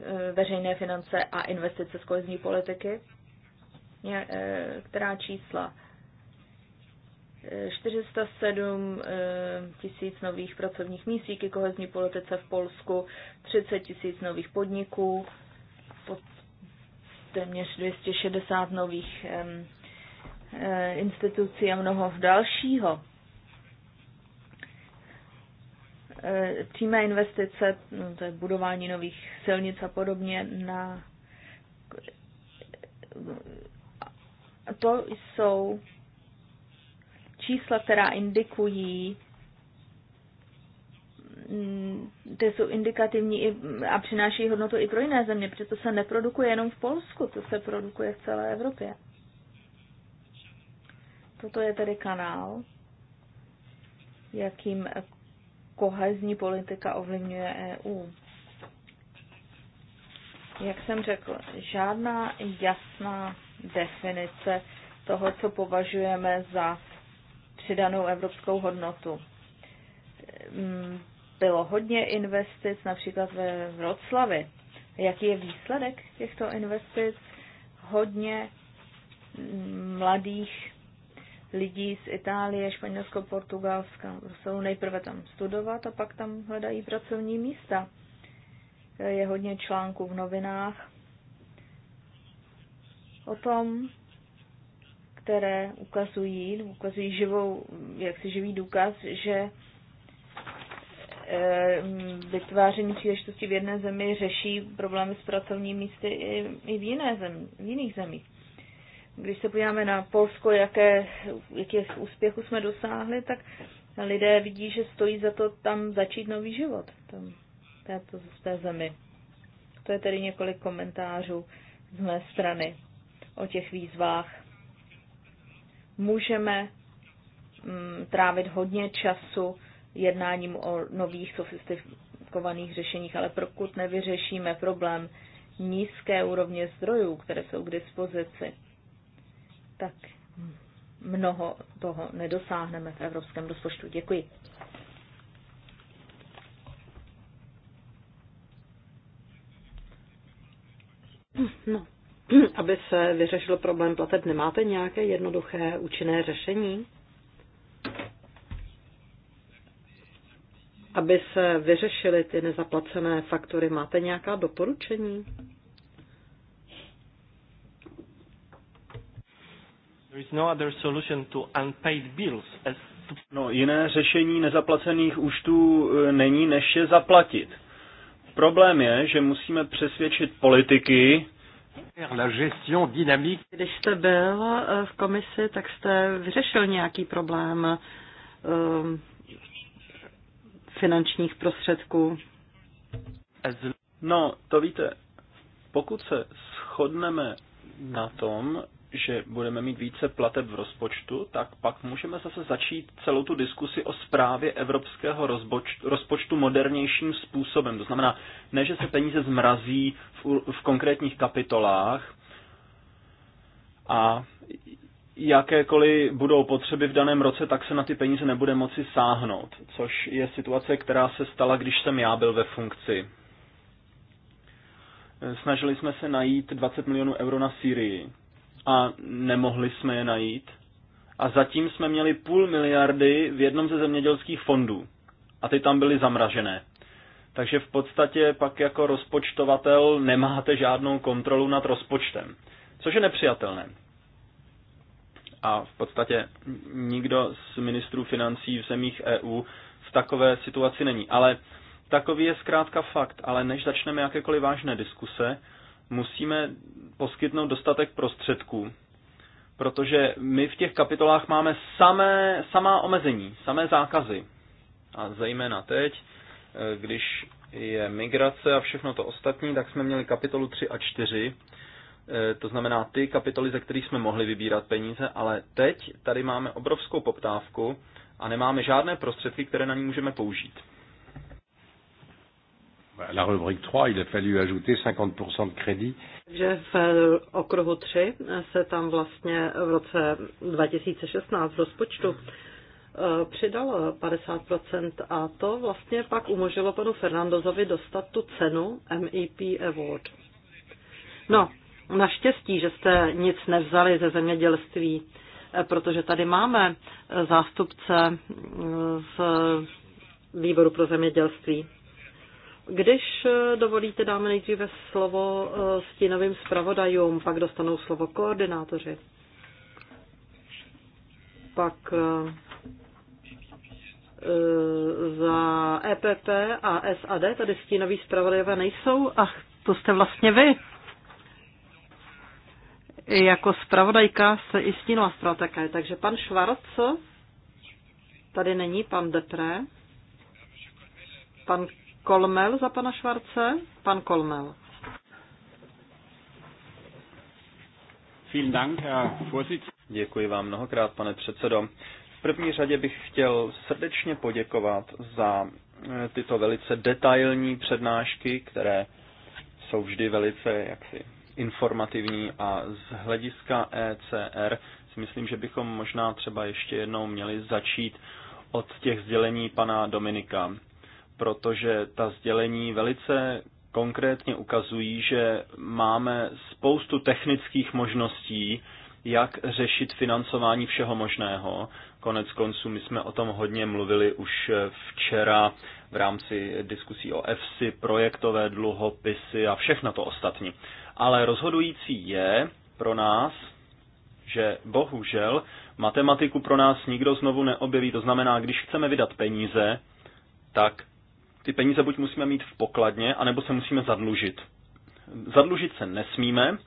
eh, veřejné finance a investice z kohezní politiky, která čísla 407 eh, tisíc nových pracovních míst díky kohezní politice v Polsku, 30 tisíc nových podniků, téměř 260 nových eh, institucí a mnoho dalšího. Eh, přímé investice, no, to je budování nových silnic a podobně, na to jsou čísla, která indikují, mm, ty jsou indikativní a přináší hodnotu i pro jiné země, protože to se neprodukuje jenom v Polsku, to se produkuje v celé Evropě. Toto je tedy kanál, jakým kohezní politika ovlivňuje EU. Jak jsem řekl, žádná jasná definice toho, co považujeme za přidanou evropskou hodnotu. Mm, bylo hodně investic, například ve Vroclavi. Jaký je výsledek těchto investic? Hodně mm, mladých lidí z Itálie, Španělsko, Portugalska. Jsou nejprve tam studovat a pak tam hledají pracovní místa. Je hodně článků v novinách o tom, které ukazují, ukazují živou, si živý důkaz, že eh, mm, vytváření příležitosti v jedné zemi řeší problémy s pracovní místy i v, jiné zemi, v jiných zemích. Když se podíváme na Polsko, jaké, jakých úspěchů jsme dosáhli, tak lidé vidí, že stojí za to tam začít nový život tam, této, v té zemi. To je tedy několik komentářů z mé strany o těch výzvách můžeme mm, trávit hodně času jednáním o nových sofistikovaných řešeních, ale pokud nevyřešíme problém nízké úrovně zdrojů, které jsou k dispozici, tak mnoho toho nedosáhneme v evropském rozpočtu. Děkuji. No, aby se vyřešil problém plateb. Nemáte nějaké jednoduché účinné řešení? Aby se vyřešily ty nezaplacené faktury, máte nějaká doporučení? No, no, jiné řešení nezaplacených účtů e, není, než je zaplatit. Problém je, že musíme přesvědčit politiky, když jste byl eh, v komisi, tak jste vyřešil nějaký problém ehm, finančních prostředků. No, to víte, pokud se shodneme na tom, že budeme mít více plateb v rozpočtu, tak pak můžeme zase začít celou tu diskusi o správě evropského rozpočtu, rozpočtu modernějším způsobem. To znamená, ne, že se peníze zmrazí v, v konkrétních kapitolách a jakékoliv budou potřeby v daném roce, tak se na ty peníze nebude moci sáhnout, což je situace, která se stala, když jsem já byl ve funkci. Snažili jsme se najít 20 milionů euro na Syrii, a nemohli jsme je najít. A zatím jsme měli půl miliardy v jednom ze zemědělských fondů. A ty tam byly zamražené. Takže v podstatě pak jako rozpočtovatel nemáte žádnou kontrolu nad rozpočtem, což je nepřijatelné. A v podstatě nikdo z ministrů financí v zemích EU v takové situaci není. Ale takový je zkrátka fakt. Ale než začneme jakékoliv vážné diskuse, musíme poskytnout dostatek prostředků, protože my v těch kapitolách máme samé, samá omezení, samé zákazy. A zejména teď, eh, když je migrace a všechno to ostatní, tak jsme měli kapitolu 3 a 4, eh, to znamená ty kapitoly, ze kterých jsme mohli vybírat peníze, ale teď tady máme obrovskou poptávku a nemáme žádné prostředky, které na ní můžeme použít la rubrique 3, il a fallu ajouter 50% de crédit. Takže v eh, okruhu 3 se tam vlastně v roce 2016 v rozpočtu eh, přidal 50% a to vlastně pak umožilo panu Fernandozovi dostat tu cenu MEP Award. No, naštěstí, že jste nic nevzali ze zemědělství, eh, protože tady máme zástupce mm, z výboru pro zemědělství. Když eh, dovolíte, dáme nejdříve slovo eh, stínovým zpravodajům, pak dostanou slovo koordinátoři. Pak eh, za EPP a SAD, tady stínoví zpravodajové nejsou. Ach, to jste vlastně vy. Jako zpravodajka se i stínová zpravodajka. Takže pan Švarc, tady není pan Depré, pan Kolmel za pana Švarce? Pan Kolmel. Děkuji vám mnohokrát, pane předsedo. V první řadě bych chtěl srdečně poděkovat za eh, tyto velice detailní přednášky, které jsou vždy velice jaksi informativní a z hlediska ECR si myslím, že bychom možná třeba ještě jednou měli začít od těch sdělení pana Dominika protože ta sdělení velice konkrétně ukazují, že máme spoustu technických možností, jak řešit financování všeho možného. Konec konců, my jsme o tom hodně mluvili už včera v rámci diskusí o EFSI, projektové dluhopisy a všechno to ostatní. Ale rozhodující je pro nás, že bohužel matematiku pro nás nikdo znovu neobjeví. To znamená, když chceme vydat peníze, tak ty peníze buď musíme mít v pokladně, anebo se musíme zadlužit. Zadlužit se nesmíme,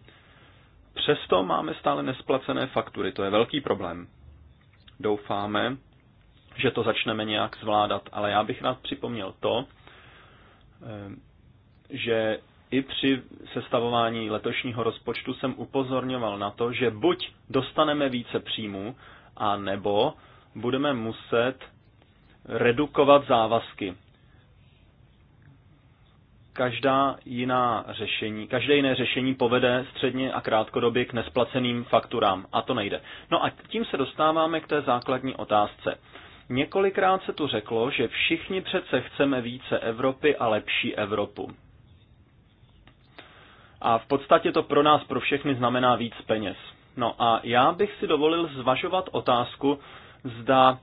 přesto máme stále nesplacené faktury, to je velký problém. Doufáme, že to začneme nějak zvládat, ale já bych rád připomněl to, eh, že i při sestavování letošního rozpočtu jsem upozorňoval na to, že buď dostaneme více příjmů, a nebo budeme muset redukovat závazky každá jiná řešení, každé jiné řešení povede středně a krátkodobě k nesplaceným fakturám. A to nejde. No a tím se dostáváme k té základní otázce. Několikrát se tu řeklo, že všichni přece chceme více Evropy a lepší Evropu. A v podstatě to pro nás, pro všechny znamená víc peněz. No a já bych si dovolil zvažovat otázku, zda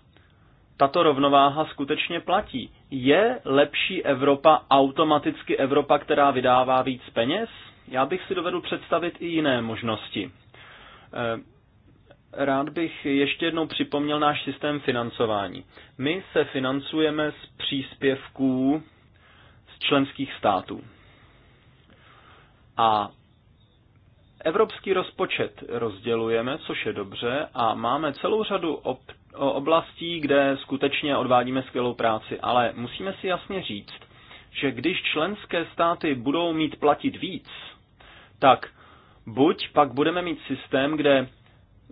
tato rovnováha skutečně platí. Je lepší Evropa automaticky Evropa, která vydává víc peněz? Já bych si dovedl představit i jiné možnosti. Eh, rád bych ještě jednou připomněl náš systém financování. My se financujeme z příspěvků z členských států. A evropský rozpočet rozdělujeme, což je dobře, a máme celou řadu opt oblastí, kde skutečně odvádíme skvělou práci, ale musíme si jasně říct, že když členské státy budou mít platit víc, tak buď pak budeme mít systém, kde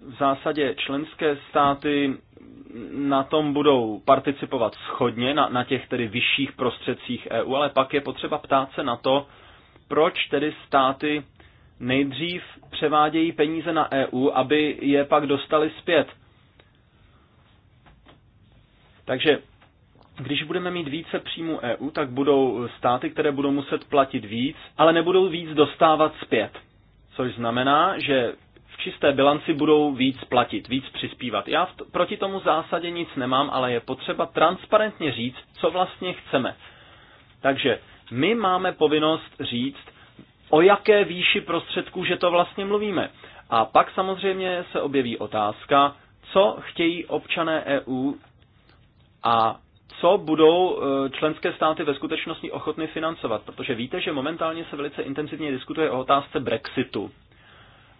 v zásadě členské státy na tom budou participovat schodně, na, na těch tedy vyšších prostředcích EU, ale pak je potřeba ptát se na to, proč tedy státy nejdřív převádějí peníze na EU, aby je pak dostali zpět. Takže když budeme mít více příjmu e EU, tak budou státy, které budou muset platit víc, ale nebudou víc dostávat zpět. Což znamená, že v čisté bilanci budou víc platit, víc přispívat. Já t- proti tomu zásadě nic nemám, ale je potřeba transparentně říct, co vlastně chceme. Takže my máme povinnost říct, o jaké výši prostředků, že to vlastně mluvíme. A pak samozřejmě se objeví otázka, co chtějí občané EU a co budou e, členské státy ve skutečnosti ochotny financovat, protože víte, že momentálně se velice intenzivně diskutuje o otázce Brexitu.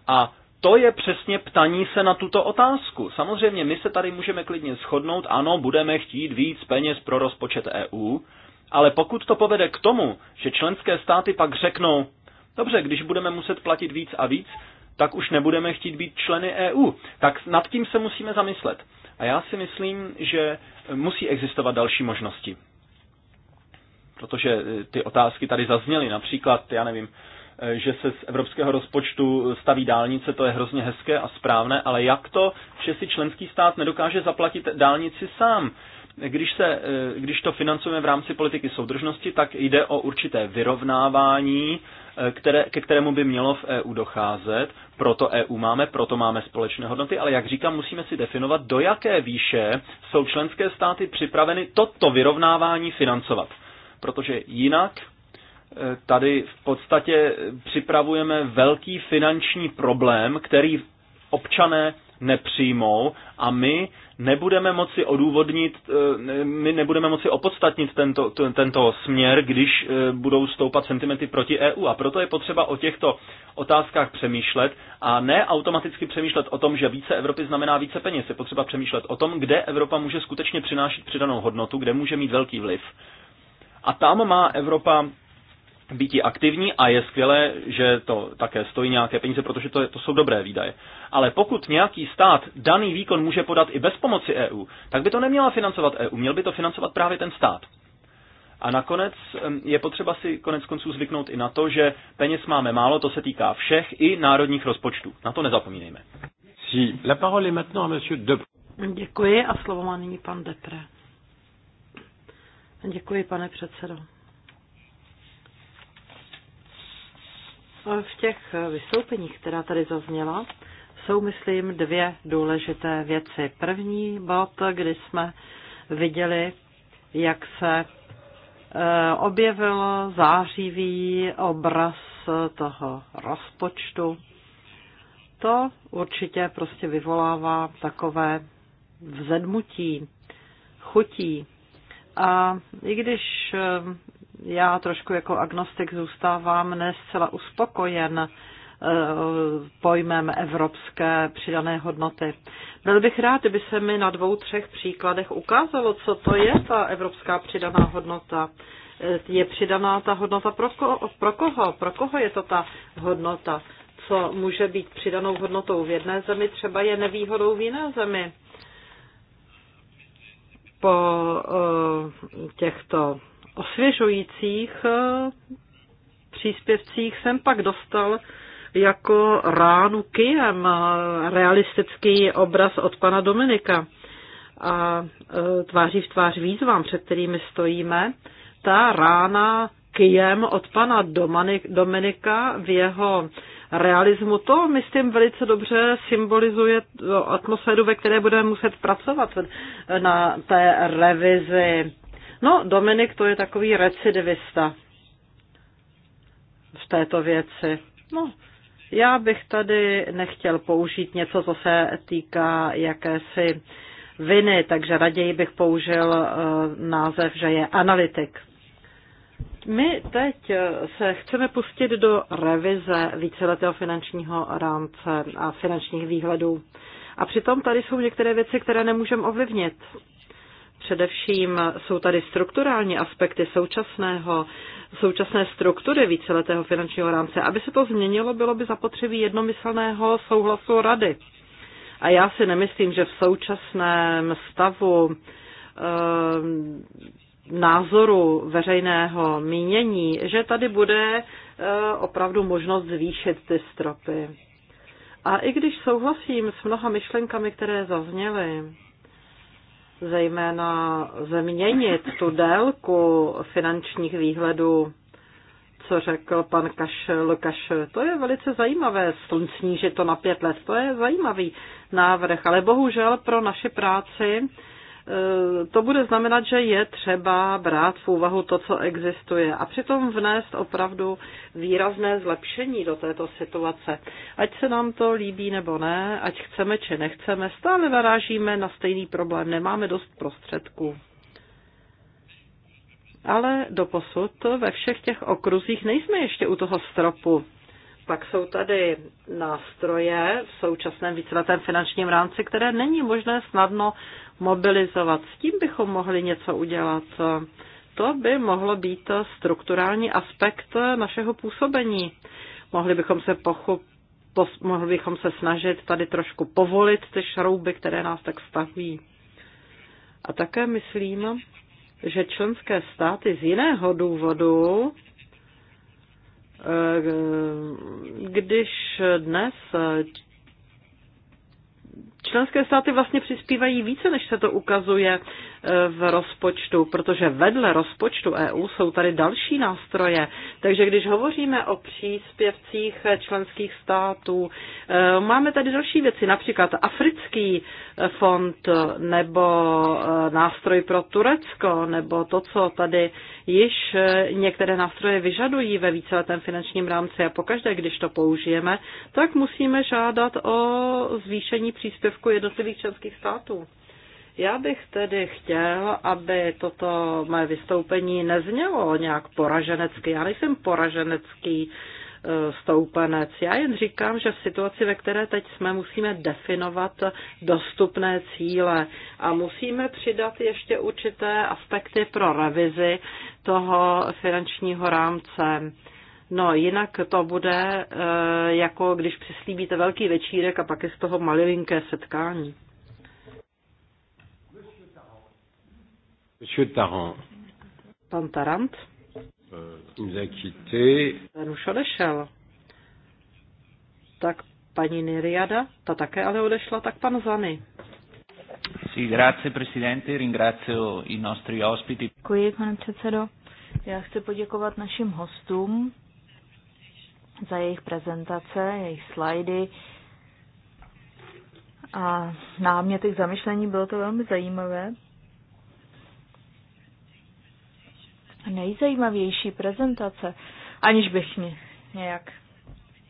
A to je přesně ptaní se na tuto otázku. Samozřejmě my se tady můžeme klidně shodnout, ano, budeme chtít víc peněz pro rozpočet EU, ale pokud to povede k tomu, že členské státy pak řeknou, dobře, když budeme muset platit víc a víc, tak už nebudeme chtít být členy EU. Tak nad tím se musíme zamyslet. A já si myslím, že musí existovat další možnosti. Protože eh, ty otázky tady zazněly, například, já nevím, eh, že se z evropského rozpočtu staví dálnice, to je hrozně hezké a správné, ale jak to, že si členský stát nedokáže zaplatit dálnici sám? Když, se, eh, když to financujeme v rámci politiky soudržnosti, tak jde o určité vyrovnávání Eh, které, ke kterému by mělo v EU docházet. Proto EU máme, proto máme společné hodnoty, ale jak říkám, musíme si definovat, do jaké výše jsou členské státy připraveny toto vyrovnávání financovat. Protože jinak eh, tady v podstatě připravujeme velký finanční problém, který občané nepřijmou a my nebudeme moci odůvodnit, eh, my nebudeme moci opodstatnit tento, tento směr, když eh, budou stoupat sentimenty proti EU. A proto je potřeba o těchto otázkách přemýšlet a ne automaticky přemýšlet o tom, že více Evropy znamená více peněz. Je potřeba přemýšlet o tom, kde Evropa může skutečně přinášet přidanou hodnotu, kde může mít velký vliv. A tam má Evropa býti aktivní a je skvělé, že to také stojí nějaké peníze, protože to, je, to jsou dobré výdaje. Ale pokud nějaký stát daný výkon může podat i bez pomoci EU, tak by to neměla financovat EU, měl by to financovat právě ten stát. A nakonec je potřeba si konec konců zvyknout i na to, že peněz máme málo, to se týká všech i národních rozpočtů. Na to nezapomínejme. Si. Děkuji a slovo má nyní pan Depre. Děkuji, pane předsedo. V těch vystoupeních, která tady zazněla, jsou, myslím, dvě důležité věci. První bod, kdy jsme viděli, jak se eh, objevil zářivý obraz toho rozpočtu. To určitě prostě vyvolává takové vzedmutí, chutí. A i když eh, já trošku jako agnostik zůstávám nescela uspokojen eh, pojmem evropské přidané hodnoty. Byl bych rád, kdyby se mi na dvou, třech příkladech ukázalo, co to je ta evropská přidaná hodnota. Eh, je přidaná ta hodnota pro, ko- pro koho? Pro koho je to ta hodnota? Co může být přidanou hodnotou v jedné zemi, třeba je nevýhodou v jiné zemi. Po uh, těchto osvěžujících eh, příspěvcích jsem pak dostal jako ránu kijem eh, realistický obraz od pana Dominika. A eh, tváří v tvář výzvám, před kterými stojíme, ta rána kijem od pana Dominika v jeho realismu. To, myslím, velice dobře symbolizuje atmosféru, ve které budeme muset pracovat na té revizi No, Dominik to je takový recidivista v této věci. No, já bych tady nechtěl použít něco, co se týká jakési viny, takže raději bych použil eh, název, že je analytik. My teď eh, se chceme pustit do revize víceletého finančního rámce a finančních výhledů. A přitom tady jsou některé věci, které nemůžeme ovlivnit. Především jsou tady strukturální aspekty současného, současné struktury víceletého finančního rámce. Aby se to změnilo, bylo by zapotřebí jednomyslného souhlasu rady. A já si nemyslím, že v současném stavu eh, názoru veřejného mínění, že tady bude eh, opravdu možnost zvýšit ty stropy. A i když souhlasím s mnoha myšlenkami, které zazněly, zejména změnit tu délku finančních výhledů, co řekl pan Kaš, To je velice zajímavé, snížit to na pět let, to je zajímavý návrh, ale bohužel pro naši práci Eh, to bude znamenat, že je třeba brát v úvahu to, co existuje a přitom vnést opravdu výrazné zlepšení do této situace. Ať se nám to líbí nebo ne, ať chceme či nechceme, stále narážíme na stejný problém, nemáme dost prostředků. Ale doposud ve všech těch okruzích nejsme ještě u toho stropu. Pak jsou tady nástroje v současném víceletém finančním rámci, které není možné snadno mobilizovat. S tím bychom mohli něco udělat. To by mohlo být strukturální aspekt našeho působení. Mohli bychom se pochop, pos, mohli bychom se snažit tady trošku povolit ty šrouby, které nás tak stahují. A také myslím, že členské státy z jiného důvodu Eh, když dnes eh, členské státy vlastně přispívají více, než se to ukazuje v rozpočtu, protože vedle rozpočtu EU jsou tady další nástroje. Takže když hovoříme o příspěvcích členských států, eh, máme tady další věci, například Africký eh, fond nebo eh, nástroj pro Turecko, nebo to, co tady již některé nástroje vyžadují ve víceletém finančním rámci a pokaždé, když to použijeme, tak musíme žádat o zvýšení příspěvku jednotlivých členských států. Já bych tedy chtěl, aby toto moje vystoupení neznělo nějak poraženecky. Já nejsem poraženecký e, stoupenec. Já jen říkám, že v situaci, ve které teď jsme, musíme definovat dostupné cíle a musíme přidat ještě určité aspekty pro revizi toho finančního rámce. No, jinak to bude e, jako když přislíbíte velký večírek a pak je z toho malilinké setkání. Monsieur Tarant. Pan Tarant. Euh, quitté. už odešel. Tak paní Niriada, ta také ale odešla, tak pan Zany. Sì, grazie Presidente, ringrazio i nostri ospiti. Děkuji, pane předsedo. Já chci poděkovat našim hostům za jejich prezentace, jejich slajdy a náměty k zamišlení. Bylo to velmi zajímavé. nejzajímavější prezentace, aniž bych mě nějak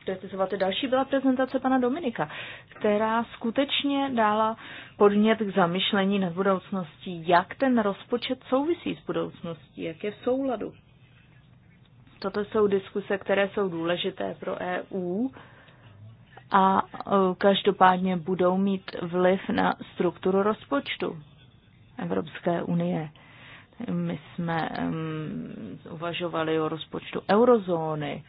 kritizovat. Další byla prezentace pana Dominika, která skutečně dala podnět k zamyšlení nad budoucností, jak ten rozpočet souvisí s budoucností, jak je v souladu. Toto jsou diskuse, které jsou důležité pro EU a e, každopádně budou mít vliv na strukturu rozpočtu Evropské unie. My jsme um, uvažovali o rozpočtu eurozóny.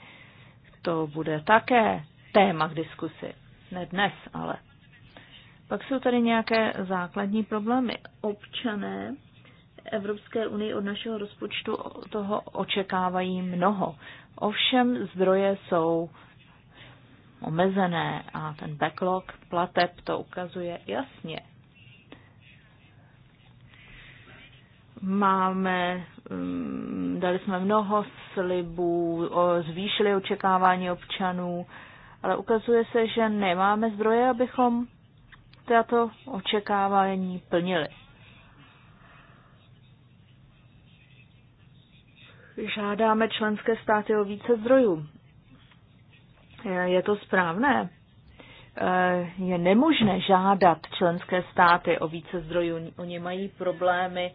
To bude také téma k diskusi. Ne dnes, ale. Pak jsou tady nějaké základní problémy. Občané Evropské unii od našeho rozpočtu toho očekávají mnoho. Ovšem zdroje jsou omezené a ten backlog plateb to ukazuje jasně. Máme, mm, dali jsme mnoho slibů, zvýšili očekávání občanů, ale ukazuje se, že nemáme zdroje, abychom tato očekávání plnili. Žádáme členské státy o více zdrojů. Je to správné? Eh, je nemožné žádat členské státy o více zdrojů. Oni mají problémy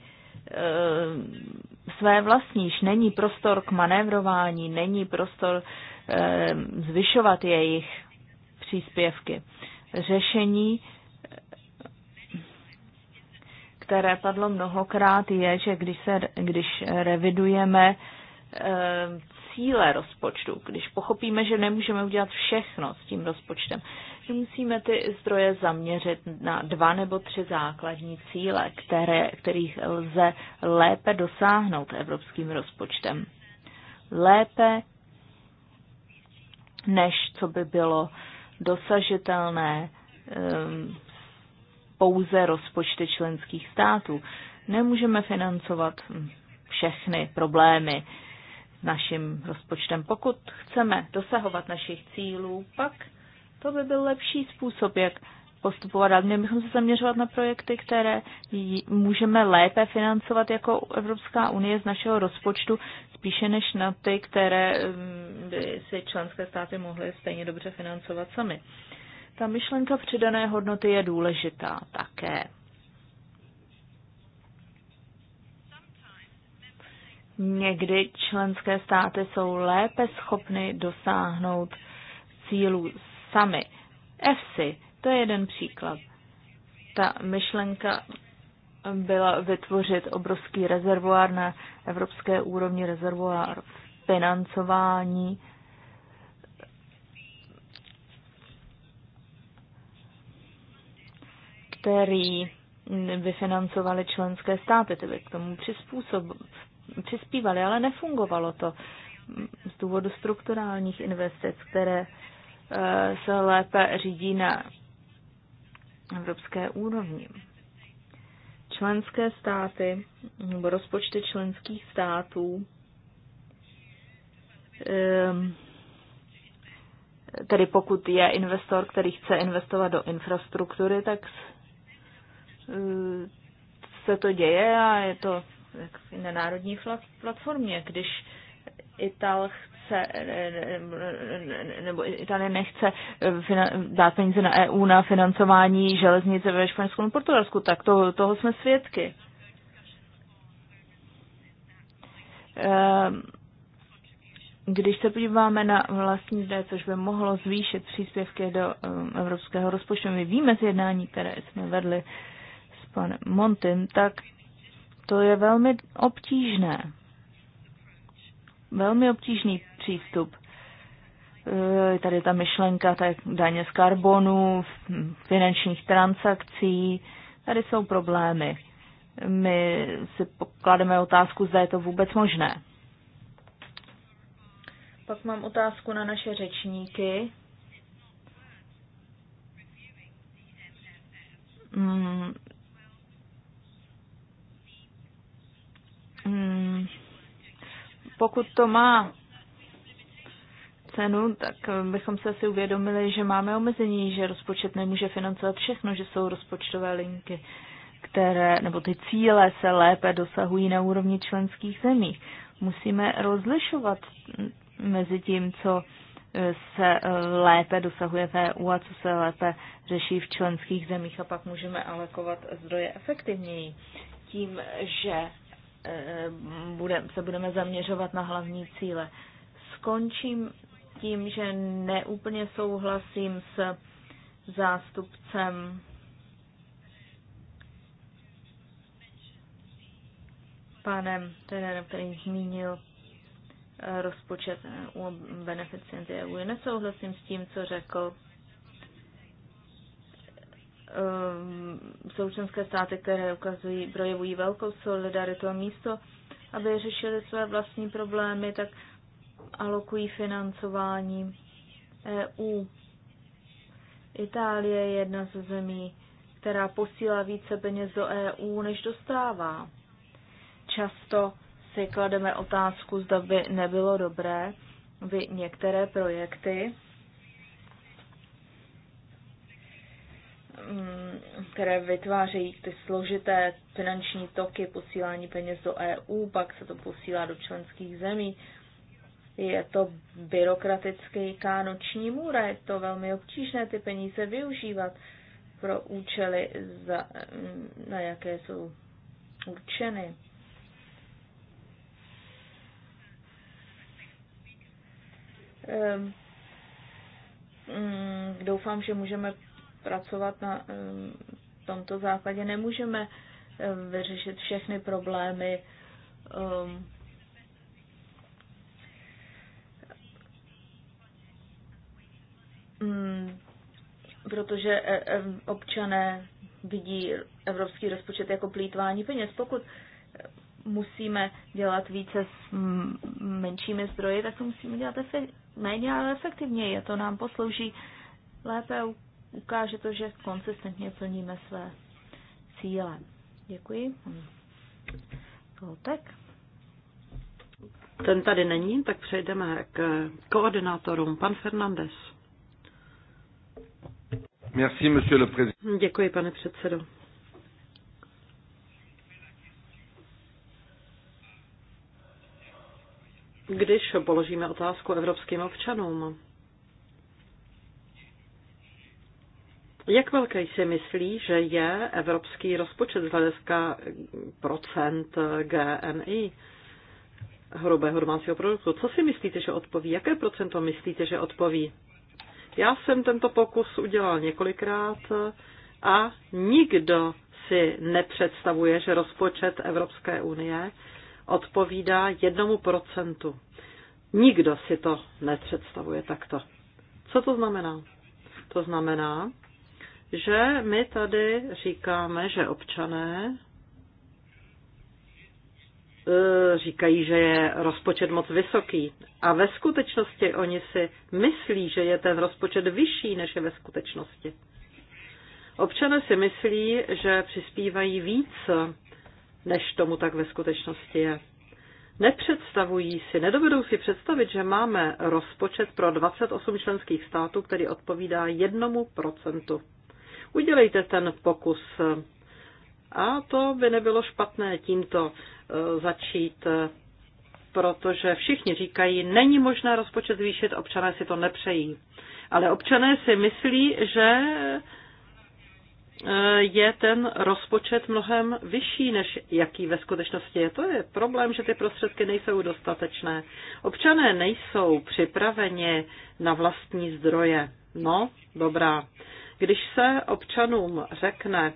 Eh, své že není prostor k manévrování, není prostor eh, zvyšovat jejich příspěvky. Řešení, eh, které padlo mnohokrát, je, že když, se, když revidujeme cíle rozpočtu, když pochopíme, že nemůžeme udělat všechno s tím rozpočtem, si musíme ty zdroje zaměřit na dva nebo tři základní cíle, které, kterých lze lépe dosáhnout evropským rozpočtem. Lépe, než co by bylo dosažitelné um, pouze rozpočty členských států. Nemůžeme financovat všechny problémy naším rozpočtem. Pokud chceme dosahovat našich cílů, pak to by byl lepší způsob, jak postupovat A Měli bychom se zaměřovat na projekty, které můžeme lépe financovat jako Evropská unie z našeho rozpočtu, spíše než na ty, které mm, by si členské státy mohly stejně dobře financovat sami. Ta myšlenka přidané hodnoty je důležitá také. Někdy členské státy jsou lépe schopny dosáhnout cílů sami. EFSI, to je jeden příklad. Ta myšlenka byla vytvořit obrovský rezervoár na evropské úrovni, rezervoár financování. který vyfinancovali členské státy, ty by k tomu přispívali, ale nefungovalo to z důvodu strukturálních investic, které se lépe řídí na evropské úrovni. Členské státy nebo rozpočty členských států ehm, tedy pokud je investor, který chce investovat do infrastruktury, tak eh, se to děje a je to v národní platformě. Když Ital nechce, nebo Itálie nechce eh, dát peníze na EU na financování železnice ve Španělsku a Portugalsku, tak to, toho jsme svědky. Ehm, když se podíváme na vlastní zdaje, což by mohlo zvýšit příspěvky do ehm, evropského rozpočtu, my víme z jednání, které jsme vedli s panem Montem, tak to je velmi obtížné velmi obtížný přístup. E, tady ta myšlenka tak daně z karbonu, finančních transakcí, tady jsou problémy. My si poklademe otázku, zda je to vůbec možné. Pak mám otázku na naše řečníky. Hmm. Hmm pokud to má cenu, tak eh, bychom se asi uvědomili, že máme omezení, že rozpočet nemůže financovat všechno, že jsou rozpočtové linky, které, nebo ty cíle se lépe dosahují na úrovni členských zemí. Musíme rozlišovat mezi tím, co eh, se eh, lépe dosahuje v EU a co se lépe řeší v členských zemích a pak můžeme alokovat zdroje efektivněji tím, že Eh, bude, se budeme zaměřovat na hlavní cíle. Skončím tím, že neúplně souhlasím s zástupcem panem který zmínil eh, rozpočet eh, u beneficienty EU. Nesouhlasím s tím, co řekl Ehm, jsou členské státy, které ukazují, projevují velkou solidaritu a místo, aby řešili své vlastní problémy, tak alokují financování EU. Itálie je jedna ze zemí, která posílá více peněz do EU, než dostává. Často si klademe otázku, zda by nebylo dobré, aby některé projekty Mm, které vytvářejí ty složité finanční toky, posílání peněz do EU, pak se to posílá do členských zemí. Je to byrokratický kánoční můra, je to velmi obtížné ty peníze využívat pro účely, za, mm, na jaké jsou určeny. Ehm, mm, doufám, že můžeme pracovat na eh, tomto základě. Nemůžeme eh, vyřešit všechny problémy. Ehm, mm, protože eh, ehm, občané vidí evropský rozpočet jako plítvání peněz. Pokud musíme dělat více s mm, menšími zdroji, tak to musíme dělat méně, ale efektivněji a to nám poslouží lépe ukáže to, že konsistentně plníme své cíle. Děkuji. Koltek. Ten tady není, tak přejdeme k koordinátorům. Pan Fernandez. Merci, monsieur le président. Děkuji, pane předsedo. Když položíme otázku evropským občanům, Jak velký si myslí, že je evropský rozpočet z hlediska procent GNI? hrubého domácího produktu. Co si myslíte, že odpoví? Jaké procento myslíte, že odpoví? Já jsem tento pokus udělal několikrát a nikdo si nepředstavuje, že rozpočet Evropské unie odpovídá jednomu procentu. Nikdo si to nepředstavuje takto. Co to znamená? To znamená, že my tady říkáme, že občané e, říkají, že je rozpočet moc vysoký. A ve skutečnosti oni si myslí, že je ten rozpočet vyšší, než je ve skutečnosti. Občané si myslí, že přispívají víc, než tomu tak ve skutečnosti je. Nepředstavují si, nedovedou si představit, že máme rozpočet pro 28 členských států, který odpovídá jednomu procentu. Udělejte ten pokus. A to by nebylo špatné tímto e, začít, e, protože všichni říkají, není možné rozpočet zvýšit, občané si to nepřejí. Ale občané si myslí, že e, je ten rozpočet mnohem vyšší, než jaký ve skutečnosti je. To je problém, že ty prostředky nejsou dostatečné. Občané nejsou připraveni na vlastní zdroje. No, dobrá. Když se občanům řekne,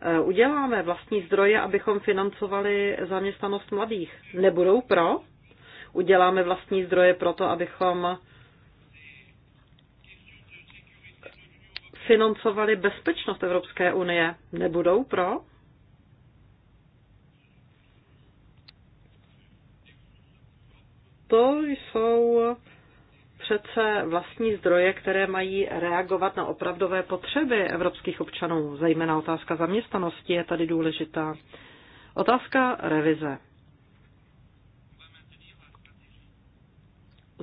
e, uděláme vlastní zdroje, abychom financovali zaměstnanost mladých, nebudou pro? Uděláme vlastní zdroje proto, abychom financovali bezpečnost Evropské unie, nebudou pro? To jsou přece vlastní zdroje, které mají reagovat na opravdové potřeby evropských občanů. Zejména otázka zaměstnanosti je tady důležitá. Otázka revize.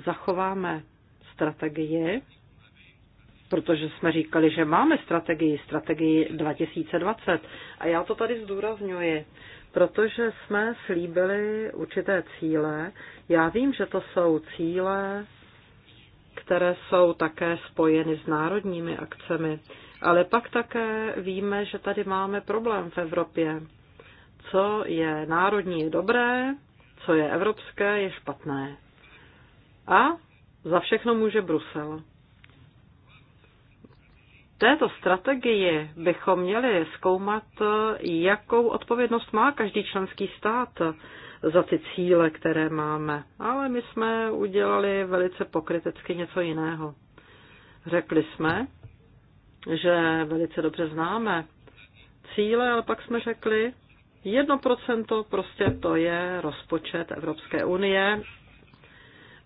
Zachováme strategii, protože jsme říkali, že máme strategii, strategii 2020. A já to tady zdůrazňuji protože jsme slíbili určité cíle. Já vím, že to jsou cíle které jsou také spojeny s národními akcemi. Ale pak také víme, že tady máme problém v Evropě. Co je národní je dobré, co je evropské je špatné. A za všechno může Brusel. Této strategii bychom měli zkoumat, jakou odpovědnost má každý členský stát za ty cíle, které máme. Ale my jsme udělali velice pokrytecky něco jiného. Řekli jsme, že velice dobře známe cíle, ale pak jsme řekli, 1% prostě to je rozpočet Evropské unie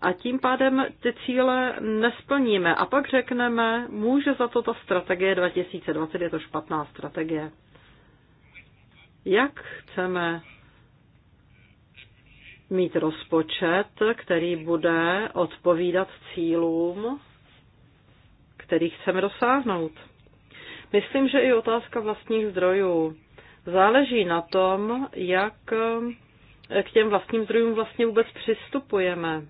a tím pádem ty cíle nesplníme. A pak řekneme, může za to ta strategie 2020, je to špatná strategie. Jak chceme mít rozpočet, který bude odpovídat cílům, který chceme dosáhnout. Myslím, že i otázka vlastních zdrojů záleží na tom, jak eh, k těm vlastním zdrojům vlastně vůbec přistupujeme.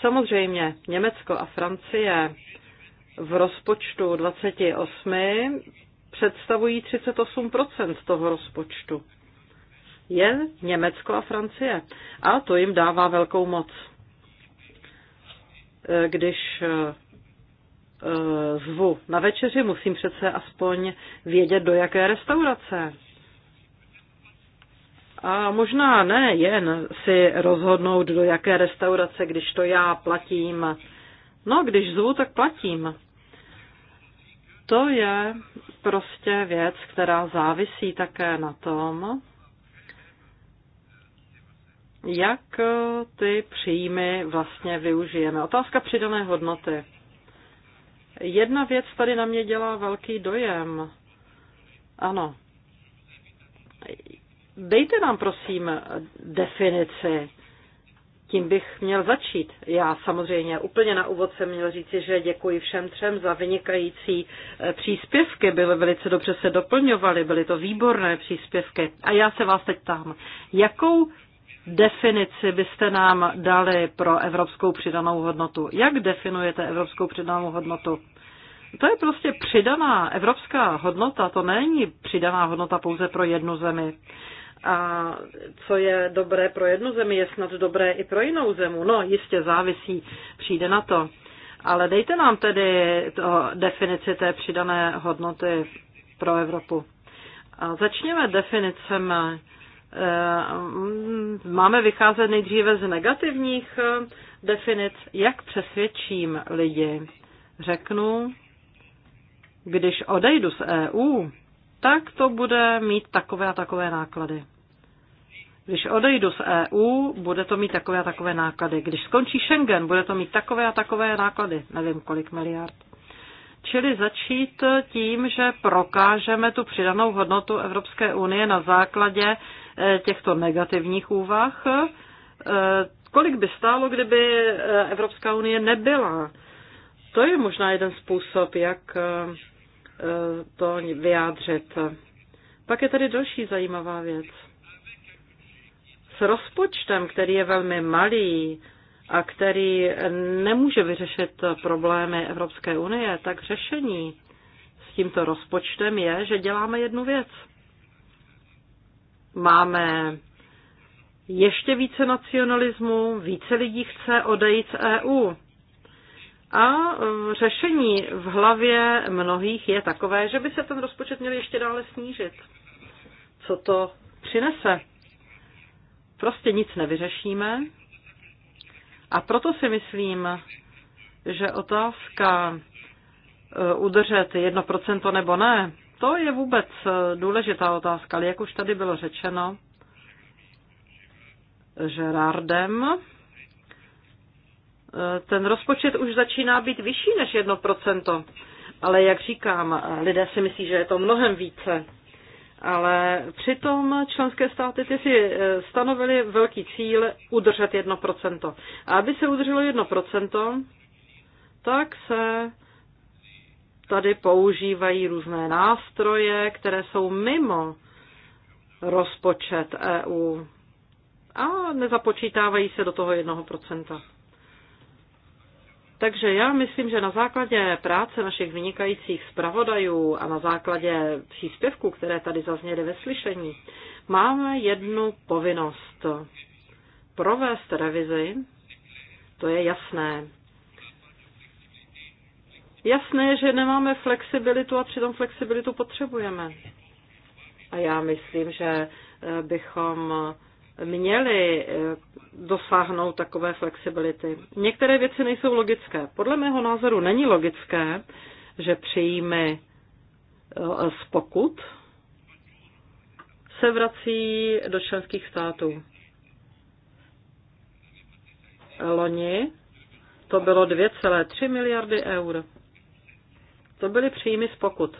Samozřejmě Německo a Francie v rozpočtu 28 představují 38 toho rozpočtu jen Německo a Francie. A to jim dává velkou moc. E, když e, e, zvu na večeři, musím přece aspoň vědět, do jaké restaurace. A možná ne jen si rozhodnout, do jaké restaurace, když to já platím. No, když zvu, tak platím. To je prostě věc, která závisí také na tom, jak eh, ty příjmy vlastně využijeme. Otázka přidané hodnoty. Jedna věc tady na mě dělá velký dojem. Ano. Dejte nám prosím definici. Tím bych měl začít. Já samozřejmě úplně na úvod jsem měl říci, že děkuji všem třem za vynikající eh, příspěvky. Byly velice dobře se doplňovaly, byly to výborné příspěvky. A já se vás teď ptám, Jakou definici byste nám dali pro evropskou přidanou hodnotu? Jak definujete evropskou přidanou hodnotu? To je prostě přidaná evropská hodnota, to není přidaná hodnota pouze pro jednu zemi. A co je dobré pro jednu zemi, je snad dobré i pro jinou zemu. No, jistě závisí, přijde na to. Ale dejte nám tedy to definici té přidané hodnoty pro Evropu. A začněme definicemi Eh, máme vycházet nejdříve z negativních eh, definic, jak přesvědčím lidi. Řeknu, když odejdu z EU, tak to bude mít takové a takové náklady. Když odejdu z EU, bude to mít takové a takové náklady. Když skončí Schengen, bude to mít takové a takové náklady. Nevím, kolik miliard. Čili začít tím, že prokážeme tu přidanou hodnotu Evropské unie na základě Eh, těchto negativních úvah, eh, kolik by stálo, kdyby eh, Evropská unie nebyla. To je možná jeden způsob, jak to vyjádřit. Pak je tady další zajímavá věc. S rozpočtem, který je velmi malý a který nemůže vyřešit problémy Evropské unie, tak řešení s tímto rozpočtem je, že děláme jednu věc – Máme ještě více nacionalismu, více lidí chce odejít z EU. A e, řešení v hlavě mnohých je takové, že by se ten rozpočet měl ještě dále snížit. Co to přinese? Prostě nic nevyřešíme. A proto si myslím, že otázka e, udržet 1% nebo ne, to je vůbec eh, důležitá otázka, ale jak už tady bylo řečeno, Gerardem, eh, ten rozpočet už začíná být vyšší než 1%. Ale jak říkám, lidé si myslí, že je to mnohem více. Ale přitom členské státy ty si eh, stanovily velký cíl udržet 1%. A aby se udrželo 1%, tak se tady používají různé nástroje, které jsou mimo rozpočet EU a nezapočítávají se do toho jednoho procenta. Takže já myslím, že na základě práce našich vynikajících zpravodajů a na základě příspěvků, které tady zazněly ve slyšení, máme jednu povinnost. Provést revizi, to je jasné, Jasné, že nemáme flexibilitu a přitom flexibilitu potřebujeme. A já myslím, že eh, bychom eh, měli eh, dosáhnout takové flexibility. Některé věci nejsou logické. Podle mého názoru není logické, že přijíme z pokut se vrací do členských států. Loni to bylo 2,3 miliardy eur. To byly příjmy z pokut.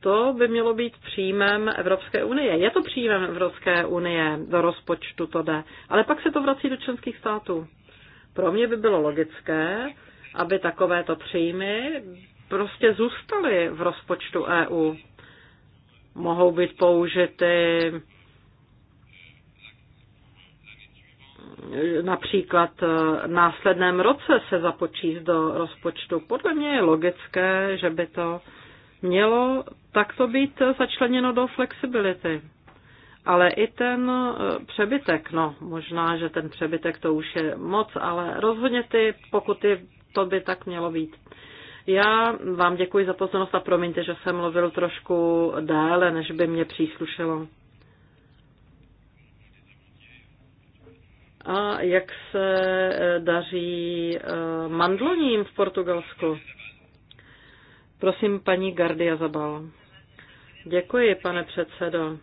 To by mělo být příjmem Evropské unie. Je to příjmem Evropské unie, do rozpočtu to jde. Ale pak se to vrací do členských států. Pro mě by bylo logické, aby takovéto příjmy prostě zůstaly v rozpočtu EU. Mohou být použity například eh, následném roce se započíst do rozpočtu. Podle mě je logické, že by to mělo takto být eh, začleněno do flexibility. Ale i ten eh, přebytek, no možná, že ten přebytek to už je moc, ale rozhodně ty pokuty, to by tak mělo být. Já vám děkuji za pozornost a promiňte, že jsem mluvil trošku déle, než by mě příslušelo. A jak se eh, daří eh, mandloním v Portugalsku? Prosím, paní Gardia Zabal. Děkuji, pane předsedo.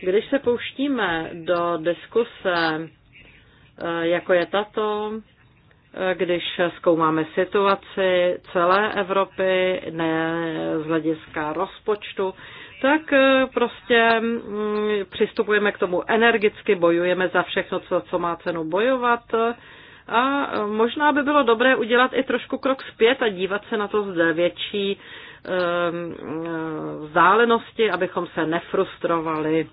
Když se pouštíme do diskuse, eh, jako je tato, když zkoumáme situaci celé Evropy, ne z hlediska rozpočtu, tak eh, prostě mm, přistupujeme k tomu energicky, bojujeme za všechno, co, co má cenu bojovat. A eh, možná by bylo dobré udělat i trošku krok zpět a dívat se na to zde větší ehm, eh, vzdálenosti, abychom se nefrustrovali.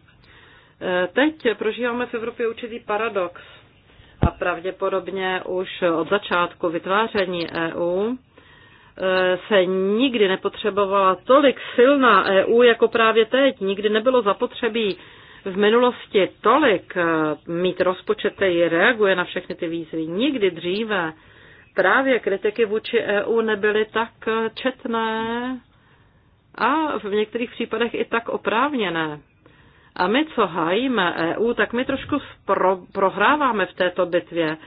Teď prožíváme v Evropě určitý paradox a pravděpodobně už od začátku vytváření EU se nikdy nepotřebovala tolik silná EU jako právě teď. Nikdy nebylo zapotřebí v minulosti tolik eh, mít rozpočet, který reaguje na všechny ty výzvy. Nikdy dříve právě kritiky vůči EU nebyly tak eh, četné a v některých případech i tak oprávněné. A my, co hájíme EU, tak my trošku pro, prohráváme v této bitvě eh,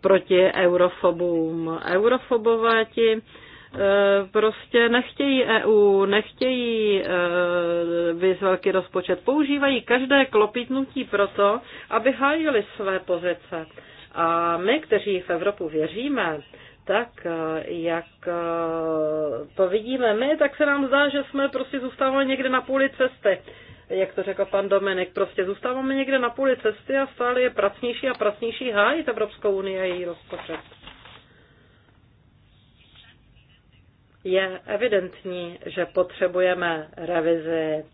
proti eurofobům. Eurofobové ti Eh, prostě nechtějí EU, nechtějí eh, vys velký rozpočet. Používají každé klopítnutí proto, aby hájili své pozice. A my, kteří v Evropu věříme, tak eh, jak to vidíme my, tak se nám zdá, že jsme prostě zůstávali někde na půli cesty. Jak to řekl pan Dominik, prostě zůstáváme někde na půli cesty a stále je pracnější a pracnější hájit Evropskou unii a její rozpočet. Je evidentní, že potřebujeme revizi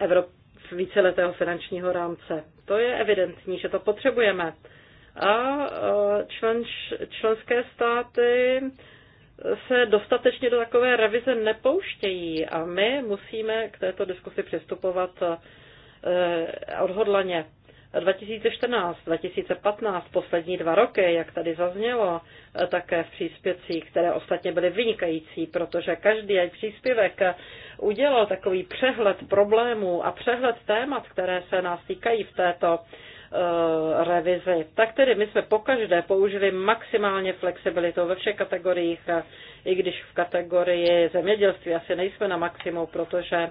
Evrop- víceletého finančního rámce. To je evidentní, že to potřebujeme. A člen, členské státy se dostatečně do takové revize nepouštějí a my musíme k této diskusi přistupovat eh, odhodlaně. 2014, 2015, poslední dva roky, jak tady zaznělo eh, také v příspěvcích, které ostatně byly vynikající, protože každý jak příspěvek eh, udělal takový přehled problémů a přehled témat, které se nás týkají v této eh, revizi. Tak tedy my jsme pokaždé použili maximálně flexibilitu ve všech kategoriích, i když v kategorii zemědělství asi nejsme na maximum, protože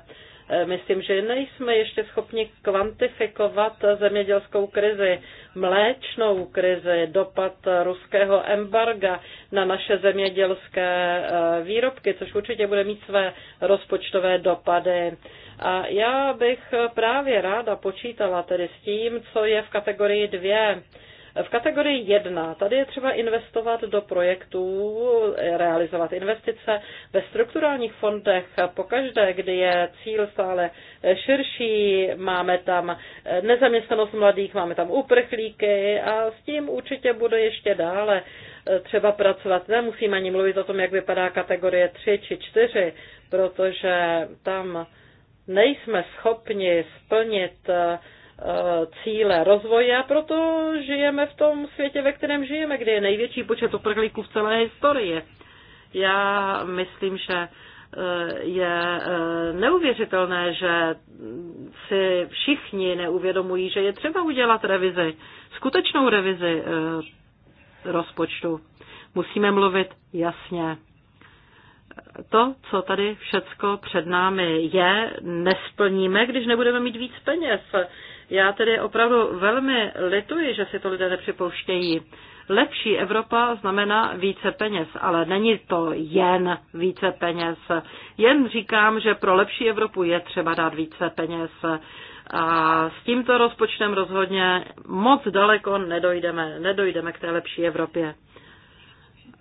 E, myslím, že nejsme ještě schopni kvantifikovat zemědělskou krizi, mléčnou krizi, dopad ruského embarga na naše zemědělské e, výrobky, což určitě bude mít své rozpočtové dopady. A já bych právě ráda počítala tedy s tím, co je v kategorii 2 v kategorii 1 tady je třeba investovat do projektů, realizovat investice ve strukturálních fondech. Pokaždé, kdy je cíl stále širší, máme tam nezaměstnanost mladých, máme tam uprchlíky a s tím určitě bude ještě dále třeba pracovat. Nemusím ani mluvit o tom, jak vypadá kategorie 3 či 4, protože tam nejsme schopni splnit Eh, cíle rozvoje a proto žijeme v tom světě, ve kterém žijeme, kde je největší počet uprchlíků v celé historii. Já myslím, že eh, je eh, neuvěřitelné, že si všichni neuvědomují, že je třeba udělat revizi, skutečnou revizi rozpočtu. Musíme mluvit jasně. To, co tady všecko před námi je, nesplníme, když nebudeme mít víc peněz. Já tedy opravdu velmi lituji, že si to lidé nepřipouštějí. Lepší Evropa znamená více peněz, ale není to jen více peněz. Jen říkám, že pro lepší Evropu je třeba dát více peněz. A s tímto rozpočtem rozhodně moc daleko nedojdeme, nedojdeme k té lepší Evropě.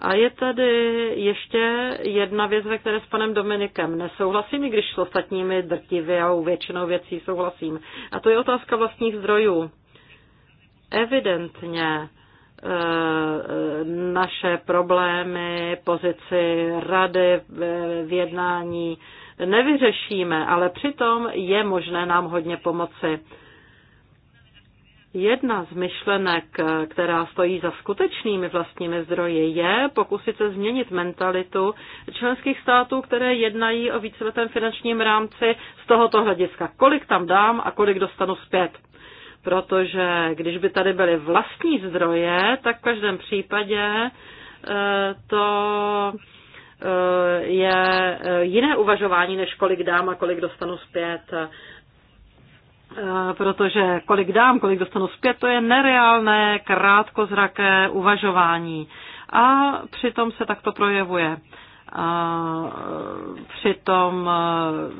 A je tady ještě jedna věc, ve které s panem Dominikem nesouhlasím, i když s ostatními u většinou věcí souhlasím. A to je otázka vlastních zdrojů. Evidentně eh, eh, naše problémy, pozici rady v jednání nevyřešíme, ale přitom je možné nám hodně pomoci. Jedna z myšlenek, která stojí za skutečnými vlastními zdroji, je pokusit se změnit mentalitu členských států, které jednají o víceletém finančním rámci z tohoto hlediska. Kolik tam dám a kolik dostanu zpět. Protože když by tady byly vlastní zdroje, tak v každém případě eh, to eh, je eh, jiné uvažování, než kolik dám a kolik dostanu zpět. Eh, protože kolik dám, kolik dostanu zpět, to je nereálné, krátkozraké uvažování. A přitom se takto projevuje a e, přitom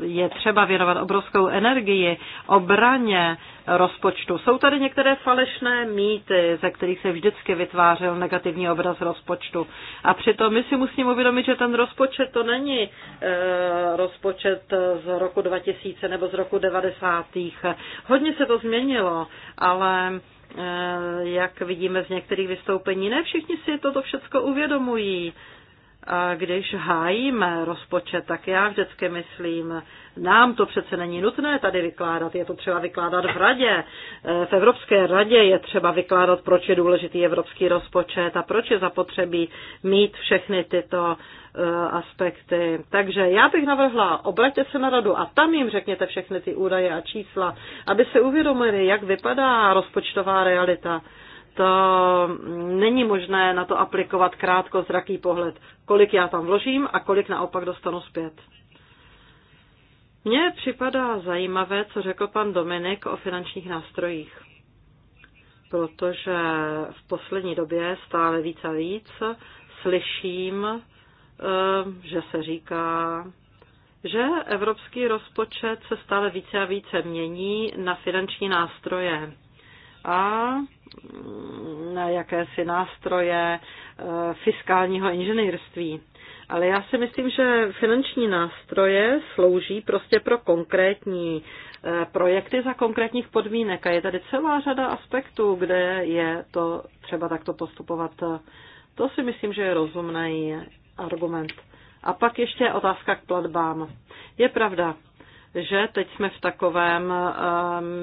e, je třeba věnovat obrovskou energii obraně rozpočtu. Jsou tady některé falešné mýty, ze kterých se vždycky vytvářel negativní obraz rozpočtu. A přitom my si musíme uvědomit, že ten rozpočet to není e, rozpočet z roku 2000 nebo z roku 90. Hodně se to změnilo, ale jak vidíme z některých vystoupení, ne všichni si toto všechno uvědomují. A když hájíme rozpočet, tak já vždycky myslím, nám to přece není nutné tady vykládat, je to třeba vykládat v radě. E, v Evropské radě je třeba vykládat, proč je důležitý evropský rozpočet a proč je zapotřebí mít všechny tyto e, aspekty. Takže já bych navrhla, obraťte se na radu a tam jim řekněte všechny ty údaje a čísla, aby se uvědomili, jak vypadá rozpočtová realita to není možné na to aplikovat krátkozraký pohled, kolik já tam vložím a kolik naopak dostanu zpět. Mně připadá zajímavé, co řekl pan Dominik o finančních nástrojích, protože v poslední době stále více a víc slyším, eh, že se říká, že evropský rozpočet se stále více a více mění na finanční nástroje. A na jakési nástroje eh, fiskálního inženýrství. Ale já si myslím, že finanční nástroje slouží prostě pro konkrétní eh, projekty za konkrétních podmínek a je tady celá řada aspektů, kde je to třeba takto postupovat. To si myslím, že je rozumný argument. A pak ještě otázka k platbám. Je pravda, že teď jsme v takovém eh,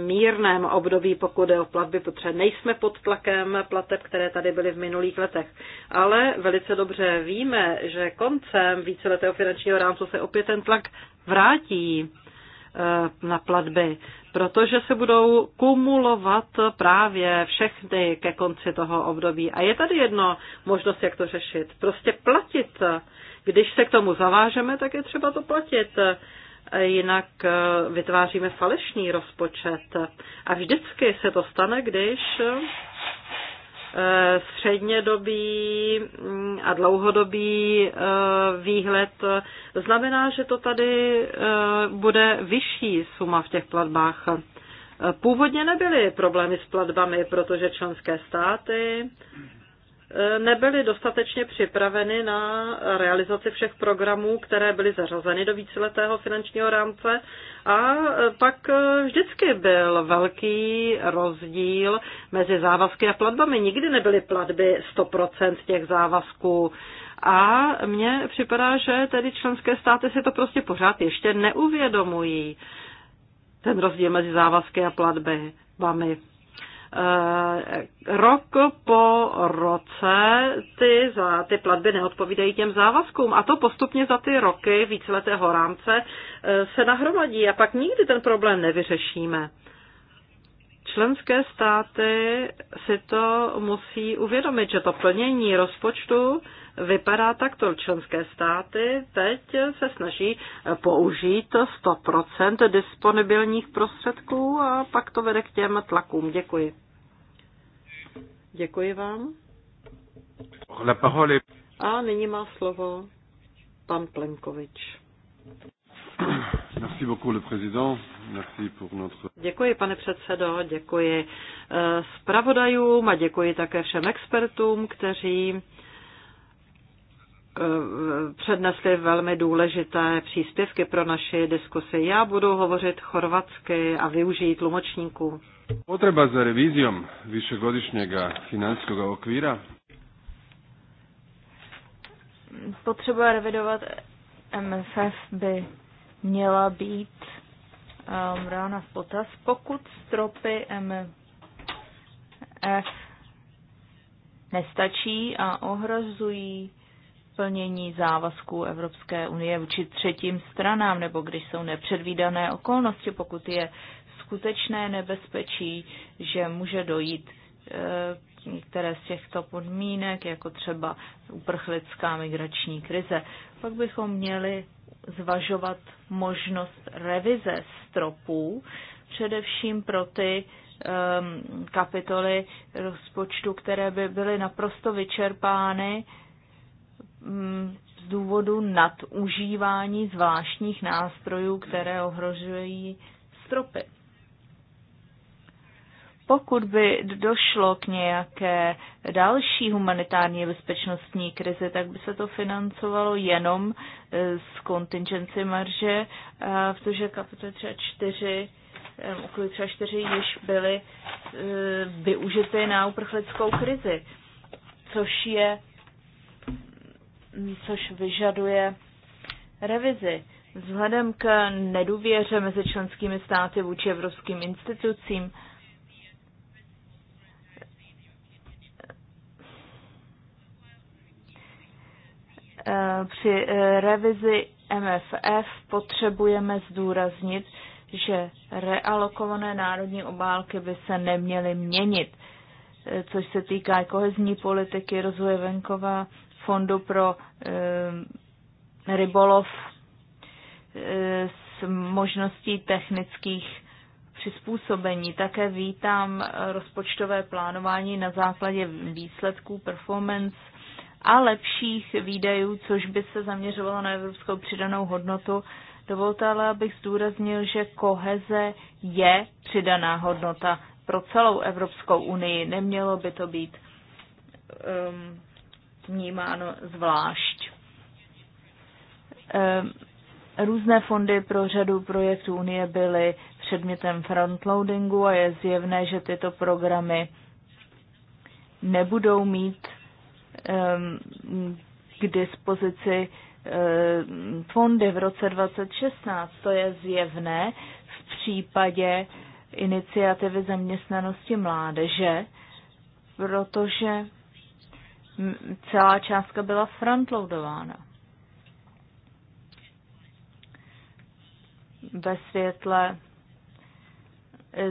mírném období, pokud je o platby, potřeba. nejsme pod tlakem plateb, které tady byly v minulých letech. Ale velice dobře víme, že koncem víceletého finančního rámce se opět ten tlak vrátí eh, na platby, protože se budou kumulovat právě všechny ke konci toho období. A je tady jedno možnost, jak to řešit. Prostě platit. Když se k tomu zavážeme, tak je třeba to platit jinak eh, vytváříme falešný rozpočet. A vždycky se to stane, když eh, střednědobý mm, a dlouhodobý eh, výhled znamená, že to tady bude vyšší suma v těch platbách. Původně nebyly problémy s platbami, protože členské státy E, nebyly dostatečně připraveny na realizaci všech programů, které byly zařazeny do víceletého finančního rámce a e, pak e, vždycky byl velký rozdíl mezi závazky a platbami. Nikdy nebyly platby 100% těch závazků. A mně připadá, že tedy členské státy si to prostě pořád ještě neuvědomují, ten rozdíl mezi závazky a platbami. Eh, rok po roce ty, za, ty platby neodpovídají těm závazkům a to postupně za ty roky víceletého rámce eh, se nahromadí a pak nikdy ten problém nevyřešíme členské státy si to musí uvědomit, že to plnění rozpočtu vypadá takto. Členské státy teď se snaží použít 100% disponibilních prostředků a pak to vede k těm tlakům. Děkuji. Děkuji vám. A nyní má slovo pan Plenkovič. Merci beaucoup, le président. Děkuji, pane předsedo, děkuji eh, zpravodajům a děkuji také všem expertům, kteří eh, přednesli velmi důležité příspěvky pro naši diskusi. Já budu hovořit chorvatsky a využijí tlumočníků. Potřeba za revizijom vyšegodišněga finančního okvira? Potřeba revidovat MFF by měla být Ehm, rána v potaz, pokud stropy MF e nestačí a ohrozují plnění závazků Evropské unie vůči třetím stranám, nebo když jsou nepředvídané okolnosti, pokud je skutečné nebezpečí, že může dojít eh, některé z těchto podmínek, jako třeba uprchlická migrační krize. Pak bychom měli zvažovat možnost revize stropů, především pro ty um, kapitoly rozpočtu, které by byly naprosto vyčerpány um, z důvodu nadužívání zvláštních nástrojů, které ohrožují stropy. Pokud by došlo k nějaké další humanitární bezpečnostní krizi, tak by se to financovalo jenom eh, z kontingenci marže, protože kapitola 4 eh, okolí třeba čtyři již byly eh, využity na uprchlickou krizi, což je, mm, což vyžaduje revizi. Vzhledem k nedůvěře mezi členskými státy vůči evropským institucím, Eh, při eh, revizi MFF potřebujeme zdůraznit, že realokované národní obálky by se neměly měnit, eh, což se týká kohezní politiky, rozvoje venkova, fondu pro rybolov s možností technických přizpůsobení. Také vítám rozpočtové plánování na základě výsledků performance a lepších výdajů, což by se zaměřovalo na evropskou přidanou hodnotu. Dovolte ale, abych zdůraznil, že koheze je přidaná hodnota pro celou Evropskou unii. Nemělo by to být um, vnímáno zvlášť. Um, různé fondy pro řadu projektů Unie byly předmětem frontloadingu a je zjevné, že tyto programy nebudou mít Ehm, k dispozici ehm, fondy v roce 2016. To je zjevné v případě iniciativy zaměstnanosti mládeže, protože celá částka byla frontloadována. Ve světle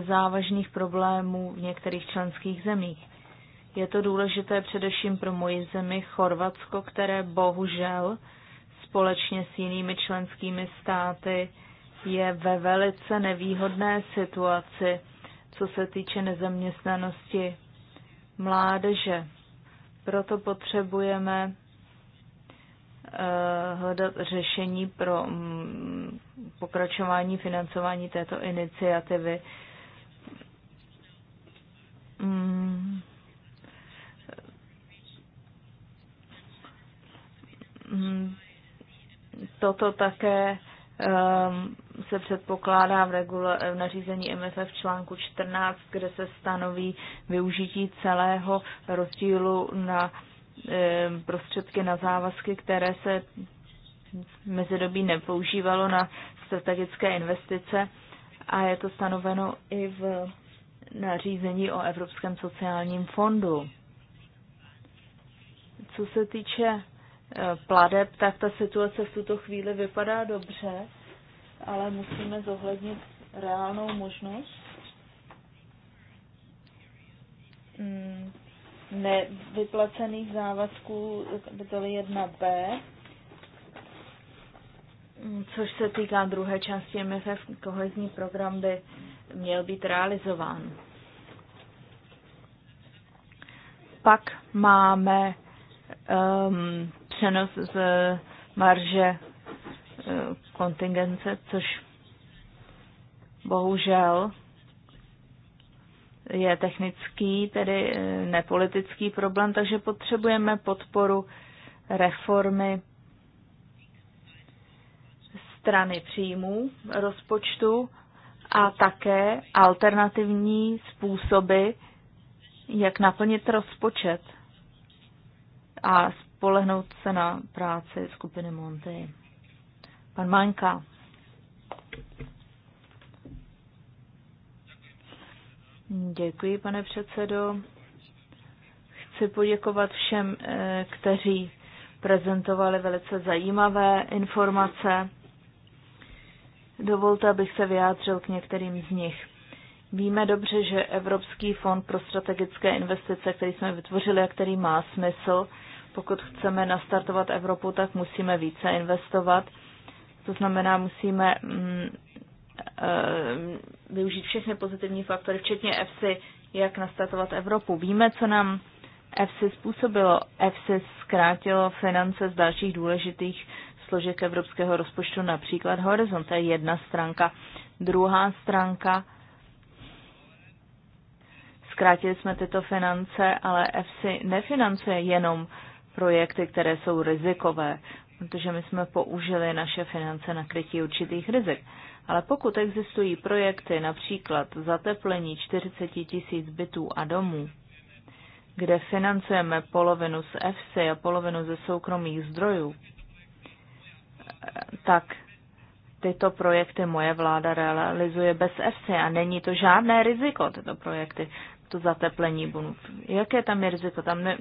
závažných problémů v některých členských zemích. Je to důležité především pro moji zemi Chorvatsko, které bohužel společně s jinými členskými státy je ve velice nevýhodné situaci, co se týče nezaměstnanosti mládeže. Proto potřebujeme eh, hledat řešení pro mm, pokračování financování této iniciativy. Mm, Mm, toto také ehm, se předpokládá v, regula- v nařízení MFF článku 14, kde se stanoví využití celého rozdílu na ehm, prostředky na závazky, které se mezi mezidobí nepoužívalo na strategické investice a je to stanoveno i v nařízení o Evropském sociálním fondu. Co se týče Eh, pladeb, tak ta situace v tuto chvíli vypadá dobře, ale musíme zohlednit reálnou možnost. Hmm, nevyplacených závazků kapitoly 1b, hmm, což se týká druhé části MFF, kohezní program by měl být realizován. Pak máme um, přenos z marže eh, kontingence, což bohužel je technický, tedy eh, nepolitický problém, takže potřebujeme podporu reformy strany příjmů rozpočtu a také alternativní způsoby, jak naplnit rozpočet a spolehnout se na práci skupiny Monty. Pan Manka. Děkuji, pane předsedo. Chci poděkovat všem, eh, kteří prezentovali velice zajímavé informace. Dovolte, abych se vyjádřil k některým z nich. Víme dobře, že Evropský fond pro strategické investice, který jsme vytvořili a který má smysl, pokud chceme nastartovat Evropu, tak musíme více investovat. To znamená, musíme mm, eh, využít všechny pozitivní faktory, včetně EFSI, jak nastartovat Evropu. Víme, co nám EFSI způsobilo. EFSI zkrátilo finance z dalších důležitých složek evropského rozpočtu, například Horizont. To je jedna stránka. Druhá stránka, zkrátili jsme tyto finance, ale EFSI nefinancuje jenom projekty, které jsou rizikové, protože my jsme použili naše finance na krytí určitých rizik. Ale pokud existují projekty, například zateplení 40 tisíc bytů a domů, kde financujeme polovinu z EFSI a polovinu ze soukromých zdrojů, tak tyto projekty moje vláda realizuje bez EFSI a není to žádné riziko, tyto projekty, to zateplení bunů. Jaké tam je riziko? Tam ne,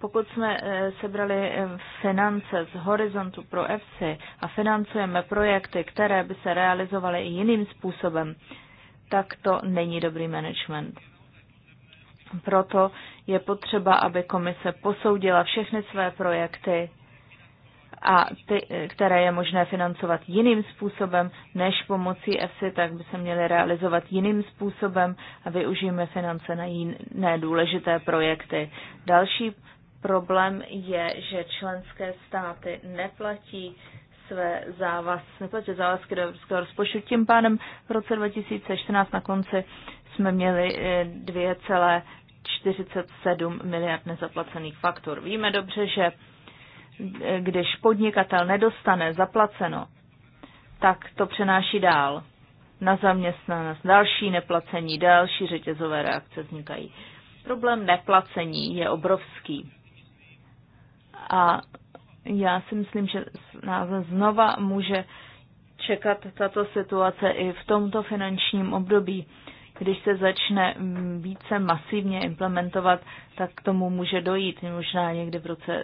pokud jsme eh, sebrali eh, finance z horizontu pro EFSI a financujeme projekty, které by se realizovaly i jiným způsobem, tak to není dobrý management. Proto je potřeba, aby komise posoudila všechny své projekty, a ty, eh, které je možné financovat jiným způsobem než pomocí EFSI, tak by se měly realizovat jiným způsobem a využijeme finance na jiné důležité projekty. Další Problém je, že členské státy neplatí své závazky, neplatí závazky do evropského rozpočtu. Tím pádem v roce 2014 na konci jsme měli 2,47 eh, miliard nezaplacených faktur. Víme dobře, že eh, když podnikatel nedostane zaplaceno, tak to přenáší dál na zaměstnanost. Další neplacení, další řetězové reakce vznikají. Problém neplacení je obrovský. A já si myslím, že nás znova může čekat tato situace i v tomto finančním období. Když se začne více masivně implementovat, tak k tomu může dojít možná někdy v roce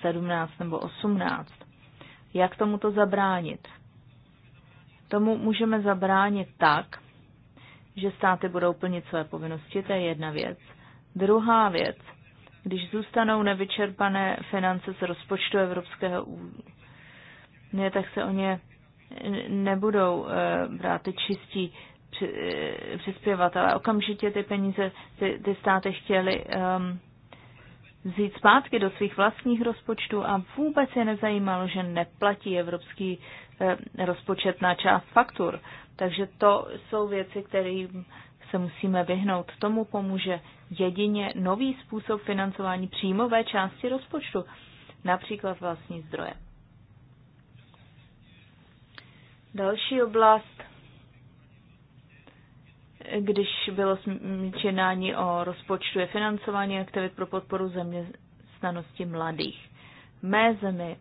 17 nebo 18. Jak tomuto zabránit? Tomu můžeme zabránit tak, že státy budou plnit své povinnosti, to je jedna věc. Druhá věc – když zůstanou nevyčerpané finance z rozpočtu Evropského unie, tak se o ně nebudou eh, brát ty čistí eh, přispěvatelé. Okamžitě ty peníze ty, ty státy chtěly um, ehm, vzít zpátky do svých vlastních rozpočtů a vůbec je nezajímalo, že neplatí evropský eh, rozpočet na část faktur. Takže to jsou věci, kterým se musíme vyhnout. Tomu pomůže jedině nový způsob financování příjmové části rozpočtu, například vlastní zdroje. Další oblast, když bylo činání o rozpočtu, je financování aktivit pro podporu zaměstnanosti mladých. V mé zemi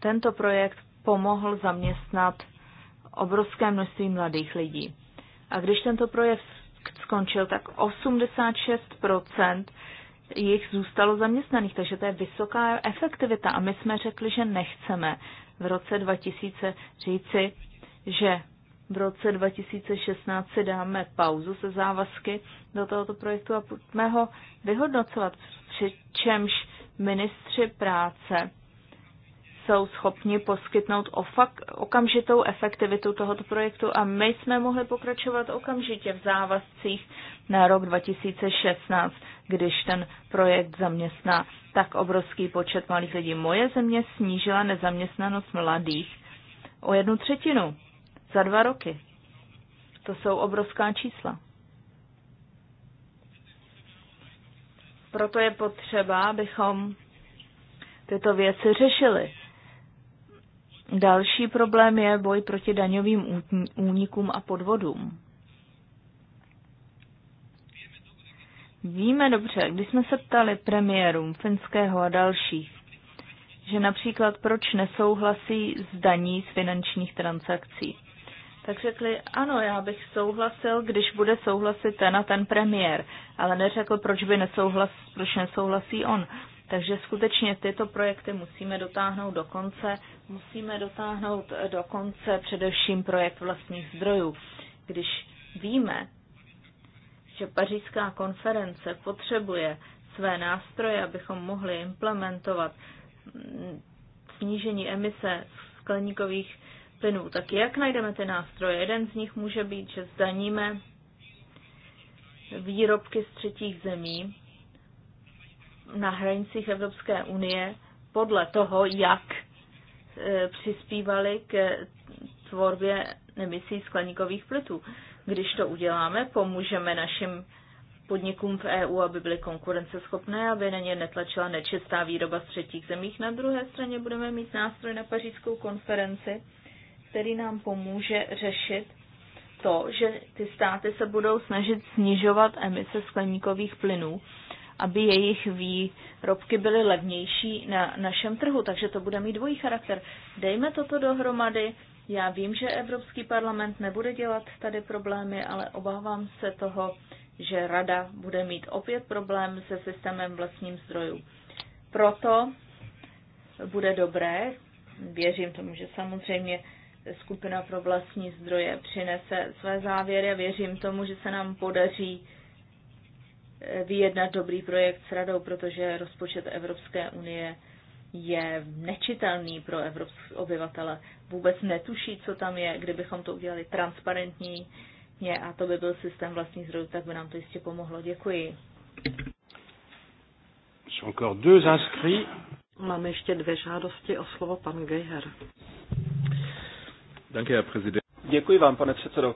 tento projekt pomohl zaměstnat obrovské množství mladých lidí. A když tento projev skončil, tak 86% jich zůstalo zaměstnaných, takže to je vysoká efektivita. A my jsme řekli, že nechceme v roce 2000 říci, že v roce 2016 si dáme pauzu se závazky do tohoto projektu a pojďme ho vyhodnocovat, přičemž ministři práce jsou schopni poskytnout ofak, okamžitou efektivitu tohoto projektu a my jsme mohli pokračovat okamžitě v závazcích na rok 2016, když ten projekt zaměstná tak obrovský počet malých lidí. Moje země snížila nezaměstnanost mladých o jednu třetinu za dva roky. To jsou obrovská čísla. Proto je potřeba, abychom tyto věci řešili. Další problém je boj proti daňovým únikům a podvodům. Víme dobře, když jsme se ptali premiérům finského a dalších, že například proč nesouhlasí s daní z finančních transakcí, tak řekli, ano, já bych souhlasil, když bude souhlasit ten a ten premiér, ale neřekl, proč by nesouhlas, proč nesouhlasí on. Takže skutečně tyto projekty musíme dotáhnout do konce. Musíme dotáhnout do konce především projekt vlastních zdrojů. Když víme, že pařížská konference potřebuje své nástroje, abychom mohli implementovat snížení emise skleníkových plynů, tak jak najdeme ty nástroje? Jeden z nich může být, že zdaníme výrobky z třetích zemí, na hranicích Evropské unie podle toho, jak e, přispívali k tvorbě emisí skleníkových plynů. Když to uděláme, pomůžeme našim podnikům v EU, aby byly konkurenceschopné, aby na ně netlačila nečistá výroba z třetích zemích. Na druhé straně budeme mít nástroj na pařížskou konferenci, který nám pomůže řešit to, že ty státy se budou snažit snižovat emise skleníkových plynů aby jejich výrobky byly levnější na našem trhu, takže to bude mít dvojí charakter. Dejme toto dohromady. Já vím, že Evropský parlament nebude dělat tady problémy, ale obávám se toho, že Rada bude mít opět problém se systémem vlastním zdrojů. Proto bude dobré, věřím tomu, že samozřejmě skupina pro vlastní zdroje přinese své závěry a věřím tomu, že se nám podaří vyjednat dobrý projekt s radou, protože rozpočet Evropské unie je nečitelný pro evropské obyvatele. Vůbec netuší, co tam je. Kdybychom to udělali transparentní a to by byl systém vlastních zdrojů, tak by nám to jistě pomohlo. Děkuji. Máme ještě dvě žádosti o slovo pan Geher. Děkuji vám, pane předsedo.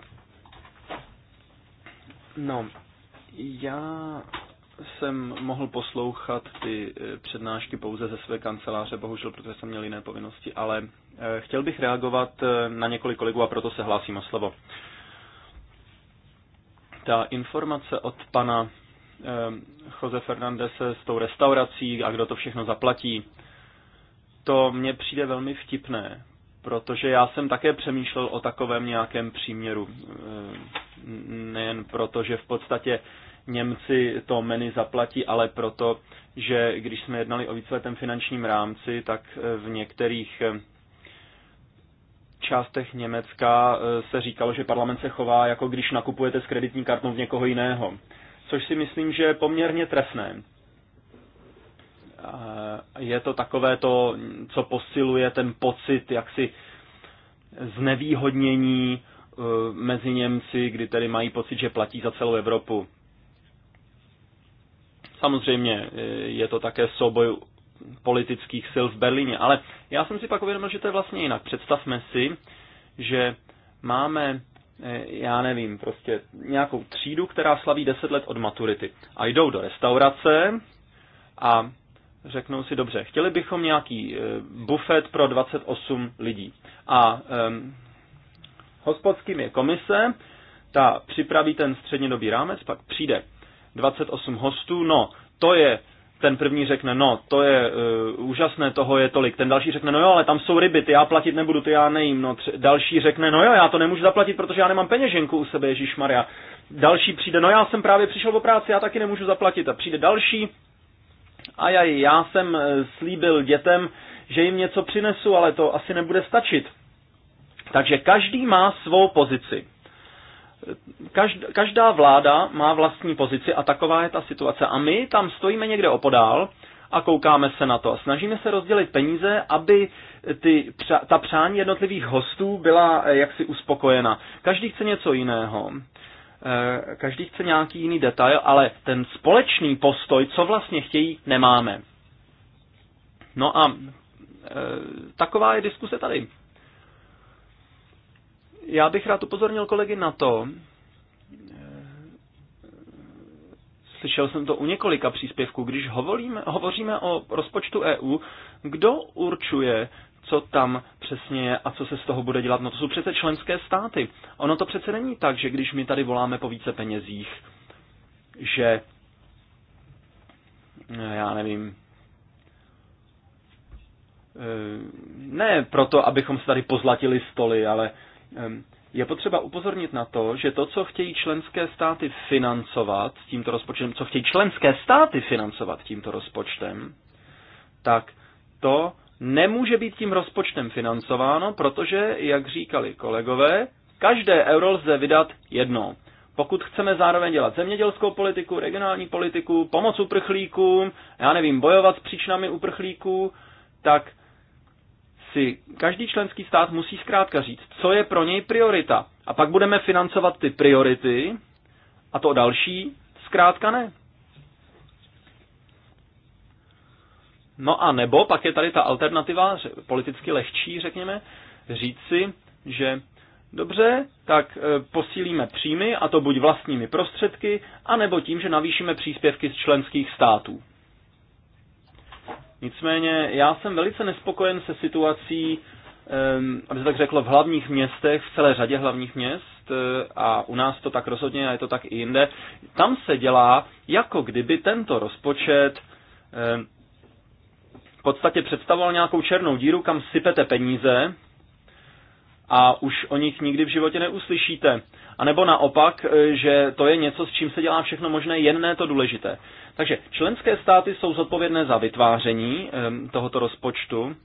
No, já jsem mohl poslouchat ty eh, přednášky pouze ze své kanceláře, bohužel, protože jsem měl jiné povinnosti, ale eh, chtěl bych reagovat eh, na několik kolegů a proto se hlásím o slovo. Ta informace od pana Jose Fernandese s tou restaurací a kdo to všechno zaplatí, to mně přijde velmi vtipné, protože já jsem také přemýšlel o takovém nějakém příměru. Nejen proto, že v podstatě Němci to menu zaplatí, ale proto, že když jsme jednali o víceletém finančním rámci, tak eh, v některých eh, částech Německa eh, se říkalo, že parlament se chová, jako když nakupujete s kreditní kartou v někoho jiného. Což si myslím, že je poměrně trefné. Je to takové to, co posiluje ten pocit jaksi znevýhodnění mezi Němci, kdy tedy mají pocit, že platí za celou Evropu. Samozřejmě e, je to také souboj politických sil v Berlíně, ale já jsem si pak uvědomil, že to je vlastně jinak. Představme si, že máme, e, já nevím, prostě nějakou třídu, která slaví 10 let od maturity a jdou do restaurace a řeknou si, dobře, chtěli bychom nějaký e, bufet pro 28 lidí. A um, hospodským je komise, ta připraví ten střednědobý rámec, pak přijde 28 hostů, no, to je, ten první řekne, no, to je uh, úžasné, toho je tolik. Ten další řekne, no jo, ale tam jsou ryby, ty já platit nebudu, ty já nejím. No, tři, další řekne, no jo, já to nemůžu zaplatit, protože já nemám peněženku u sebe, Ježíš Maria. Další přijde, no já jsem právě přišel do práci, já taky nemůžu zaplatit. A přijde další, a já jsem e, slíbil dětem, že jim něco přinesu, ale to asi nebude stačit. Takže každý má svou pozici každá vláda má vlastní pozici a taková je ta situace. A my tam stojíme někde opodál a koukáme se na to. Snažíme se rozdělit peníze, aby ty, ta přání jednotlivých hostů byla eh, jaksi uspokojena. Každý chce něco jiného. Eh, každý chce nějaký jiný detail, ale ten společný postoj, co vlastně chtějí, nemáme. No a eh, taková je diskuse tady. Já bych rád upozornil kolegy na to, eh, slyšel jsem to u několika příspěvků, když hovoríme, hovoříme o rozpočtu EU, kdo určuje, co tam přesně je a co se z toho bude dělat. No to jsou přece členské státy. Ono to přece není tak, že když my tady voláme po více penězích, že eh, já nevím, eh, ne proto, abychom se tady pozlatili stoly, ale je potřeba upozornit na to, že to, co chtějí členské státy financovat tímto rozpočtem, co chtějí členské státy financovat tímto rozpočtem, tak to nemůže být tím rozpočtem financováno, protože, jak říkali kolegové, každé euro lze vydat jednou. Pokud chceme zároveň dělat zemědělskou politiku, regionální politiku, pomoc uprchlíkům, já nevím, bojovat s příčinami uprchlíků, tak si každý členský stát musí zkrátka říct, co je pro něj priorita. A pak budeme financovat ty priority a to další zkrátka ne. No a nebo pak je tady ta alternativa, politicky lehčí, řekněme, říci, že dobře, tak e, posílíme příjmy, a to buď vlastními prostředky, anebo tím, že navýšíme příspěvky z členských států. Nicméně já jsem velice nespokojen se situací, aby se tak řeklo, v hlavních městech, v celé řadě hlavních měst, e, a u nás to tak rozhodně a je to tak i jinde, tam se dělá, jako kdyby tento rozpočet v podstatě představoval nějakou černou díru, kam sypete peníze a už o nich nikdy v životě neuslyšíte. A nebo naopak, e, že to je něco, s čím se dělá všechno možné, jen ne to důležité. Takže členské státy jsou zodpovědné za vytváření tohoto rozpočtu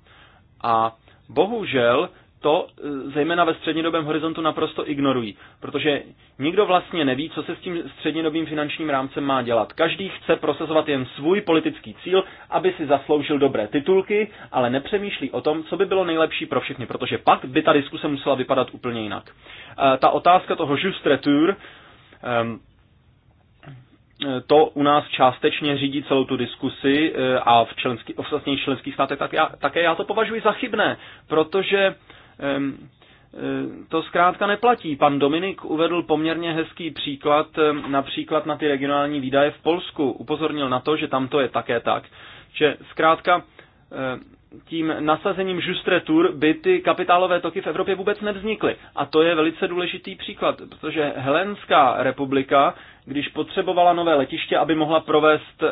a bohužel to e, zejména ve střednědobém horizontu naprosto ignorují, protože nikdo vlastně neví, co se s tím střednědobým finančním rámcem má dělat. Každý chce prosazovat jen svůj politický cíl, aby si zasloužil dobré titulky, ale nepřemýšlí o tom, co by bylo nejlepší pro všechny, protože pak by ta diskuse musela vypadat úplně jinak. E, ta otázka toho justretur, Eh, to u nás částečně řídí celou tu diskusi eh, a v, členský, v ostatních členských státech tak já, také já to považuji za chybné, protože eh, to zkrátka neplatí. Pan Dominik uvedl poměrně hezký příklad například na ty regionální výdaje v Polsku. Upozornil na to, že tam to je také tak, že zkrátka tím nasazením Justre Tour by ty kapitálové toky v Evropě vůbec nevznikly. A to je velice důležitý příklad, protože Helenská republika, když potřebovala nové letiště, aby mohla provést, eh,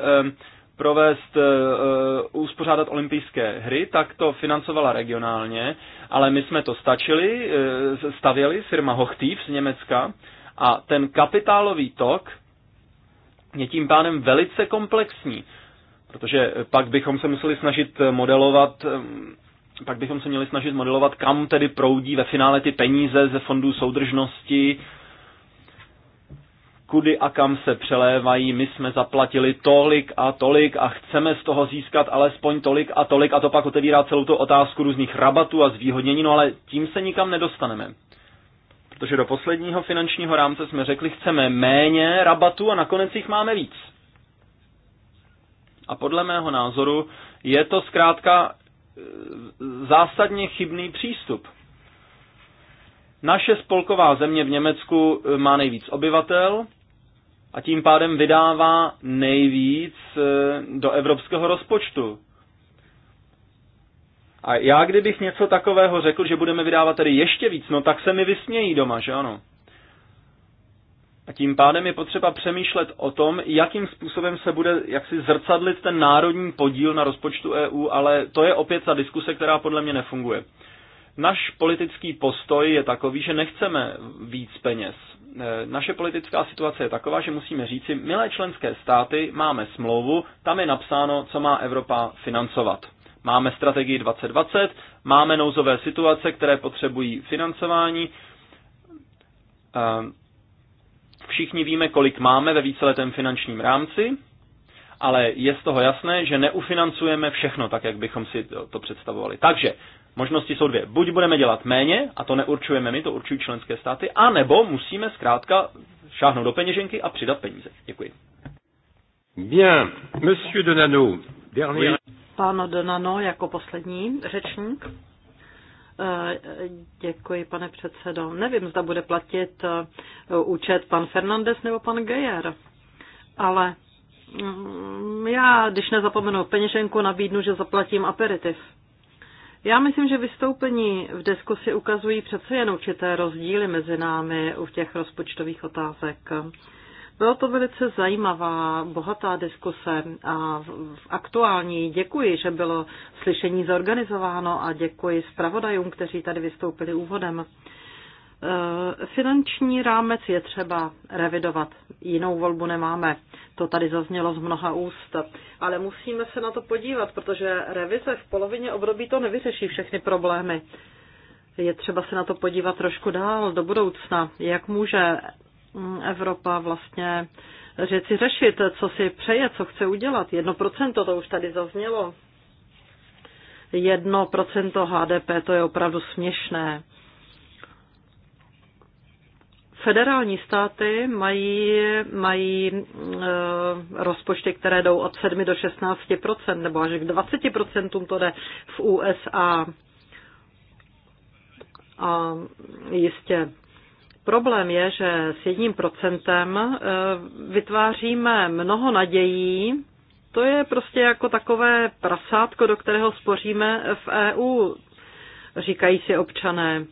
provést eh, eh, uspořádat olympijské hry, tak to financovala regionálně, ale my jsme to stačili, stavěli firma Hochtief z Německa a ten kapitálový tok je tím pádem velice komplexní Protože pak bychom se museli snažit modelovat eh, pak bychom se měli snažit modelovat, kam tedy proudí ve finále ty peníze ze fondů soudržnosti, kudy a kam se přelévají, my jsme zaplatili tolik a tolik a chceme z toho získat alespoň tolik a tolik a to pak otevírá celou tu otázku různých rabatů a zvýhodnění, no ale tím se nikam nedostaneme. Protože do posledního finančního rámce jsme řekli, chceme méně rabatů a nakonec jich máme víc. A podle mého názoru je to zkrátka e, zásadně chybný přístup. Naše spolková země v Německu e, má nejvíc obyvatel a tím pádem vydává nejvíc e, do evropského rozpočtu. A já kdybych něco takového řekl, že budeme vydávat tady ještě víc, no tak se mi vysmějí doma, že ano? A tím pádem je potřeba přemýšlet o tom, jakým způsobem se bude jaksi zrcadlit ten národní podíl na rozpočtu EU, ale to je opět ta diskuse, která podle mě nefunguje. Naš politický postoj je takový, že nechceme víc peněz. E, naše politická situace je taková, že musíme říci, milé členské státy, máme smlouvu, tam je napsáno, co má Evropa financovat. Máme strategii 2020, máme nouzové situace, které potřebují financování e, Všichni víme, kolik máme ve víceletém finančním rámci, ale je z toho jasné, že neufinancujeme všechno tak, jak bychom si to, to představovali. Takže možnosti jsou dvě. Buď budeme dělat méně, a to neurčujeme my, to určují členské státy, anebo musíme zkrátka šáhnout do peněženky a přidat peníze. Děkuji. Bien, monsieur Donano, dernier... Pán Donano jako poslední řečník. Eh, děkuji, pane předsedo. Nevím, zda bude platit eh, účet pan Fernandez nebo pan Gejer, ale mm, já, když nezapomenu peněženku, nabídnu, že zaplatím aperitiv. Já myslím, že vystoupení v diskusi ukazují přece jen určité rozdíly mezi námi u těch rozpočtových otázek. Byla to velice zajímavá, bohatá diskuse a aktuální. Děkuji, že bylo slyšení zorganizováno a děkuji zpravodajům, kteří tady vystoupili úvodem. E, finanční rámec je třeba revidovat. Jinou volbu nemáme. To tady zaznělo z mnoha úst. Ale musíme se na to podívat, protože revize v polovině období to nevyřeší všechny problémy. Je třeba se na to podívat trošku dál do budoucna. Jak může Evropa vlastně řeci řešit, co si přeje, co chce udělat. Jedno procento, to už tady zaznělo. Jedno procento HDP, to je opravdu směšné. Federální státy mají, mají e, rozpočty, které jdou od 7 do 16 nebo až k 20 to jde v USA. A jistě Problém je, že s jedním procentem eh, vytváříme mnoho nadějí. To je prostě jako takové prasátko, do kterého spoříme v EU, říkají si občané.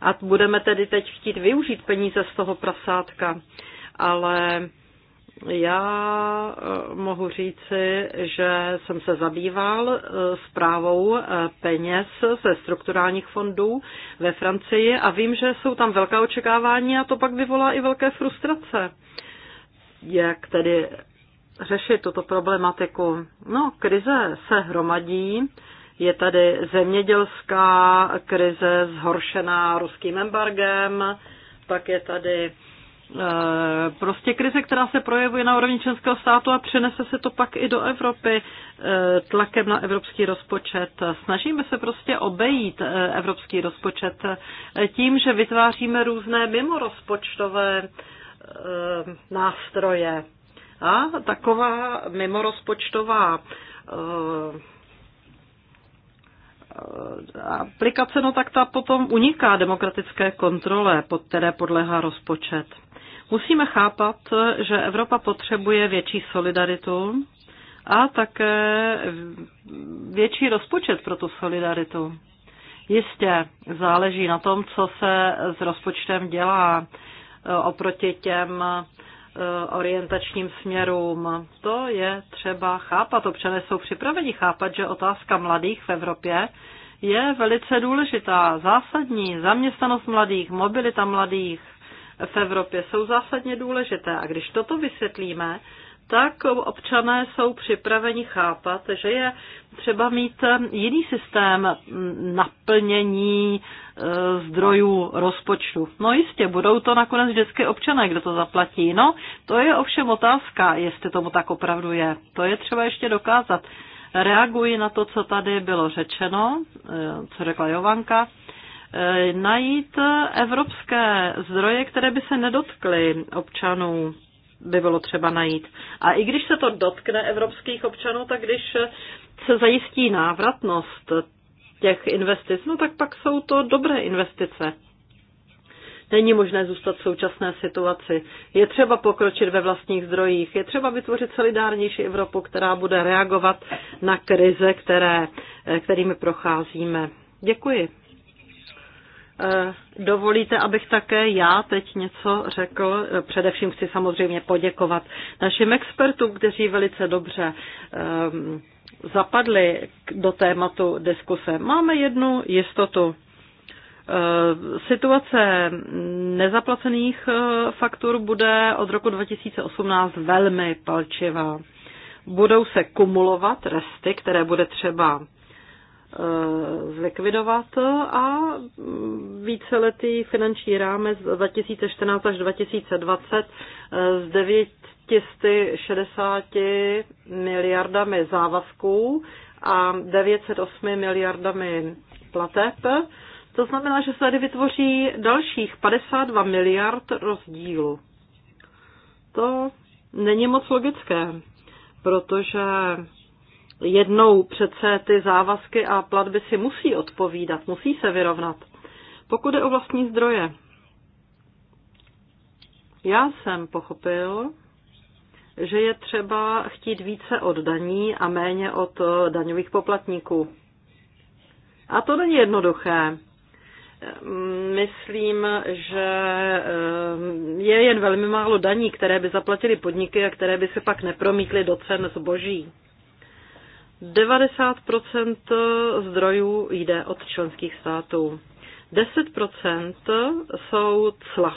A budeme tedy teď chtít využít peníze z toho prasátka. Ale já eh, mohu říci, že jsem se zabýval eh, zprávou eh, peněz ze strukturálních fondů ve Francii a vím, že jsou tam velká očekávání a to pak vyvolá i velké frustrace. Jak tedy řešit tuto problematiku? No, krize se hromadí, je tady zemědělská krize zhoršená ruským embargem, pak je tady Eh, prostě krize, která se projevuje na úrovni členského státu a přenese se to pak i do Evropy eh, tlakem na evropský rozpočet. Snažíme se prostě obejít eh, evropský rozpočet tím, že vytváříme různé mimorozpočtové nástroje. A taková mimorozpočtová aplikace, no tak ta potom uniká demokratické kontrole, pod které podléhá rozpočet. Musíme chápat, že Evropa potřebuje větší solidaritu a také větší rozpočet pro tu solidaritu. Jistě záleží na tom, co se s rozpočtem dělá e, oproti těm e, orientačním směrům. To je třeba chápat. Občané jsou připraveni chápat, že otázka mladých v Evropě je velice důležitá, zásadní. Zaměstnanost mladých, mobilita mladých, v Evropě jsou zásadně důležité. A když toto vysvětlíme, tak občané jsou připraveni chápat, že je třeba mít eh, jiný systém mm, naplnění eh, zdrojů rozpočtu. No jistě, budou to nakonec vždycky občané, kdo to zaplatí. No, to je ovšem otázka, jestli tomu tak opravdu je. To je třeba ještě dokázat. Reaguji na to, co tady bylo řečeno, eh, co řekla Jovanka. Eh, najít evropské zdroje, které by se nedotkly občanů by bylo třeba najít. A i když se to dotkne evropských občanů, tak když se zajistí návratnost těch investic, no tak pak jsou to dobré investice. Není možné zůstat v současné situaci. Je třeba pokročit ve vlastních zdrojích. Je třeba vytvořit solidárnější Evropu, která bude reagovat na krize, které, eh, kterými procházíme. Děkuji. Eh, dovolíte, abych také já teď něco řekl. Eh, především chci samozřejmě poděkovat našim expertům, kteří velice dobře eh, zapadli do tématu diskuse. Máme jednu jistotu. Situace nezaplacených faktur bude od roku 2018 velmi palčivá. Budou se kumulovat resty, které bude třeba Eh, zlikvidovat a víceletý finanční rámec 2014 až 2020 eh, s 960 miliardami závazků a 908 miliardami plateb. To znamená, že se tady vytvoří dalších 52 miliard rozdílu. To není moc logické, protože jednou přece ty závazky a platby si musí odpovídat, musí se vyrovnat. Pokud je o vlastní zdroje, já jsem pochopil, že je třeba chtít více od daní a méně od eh, daňových poplatníků. A to není jednoduché. Myslím, že eh, je jen velmi málo daní, které by zaplatili podniky a které by se pak nepromítly do cen zboží. 90 zdrojů jde od členských států. 10 jsou cla.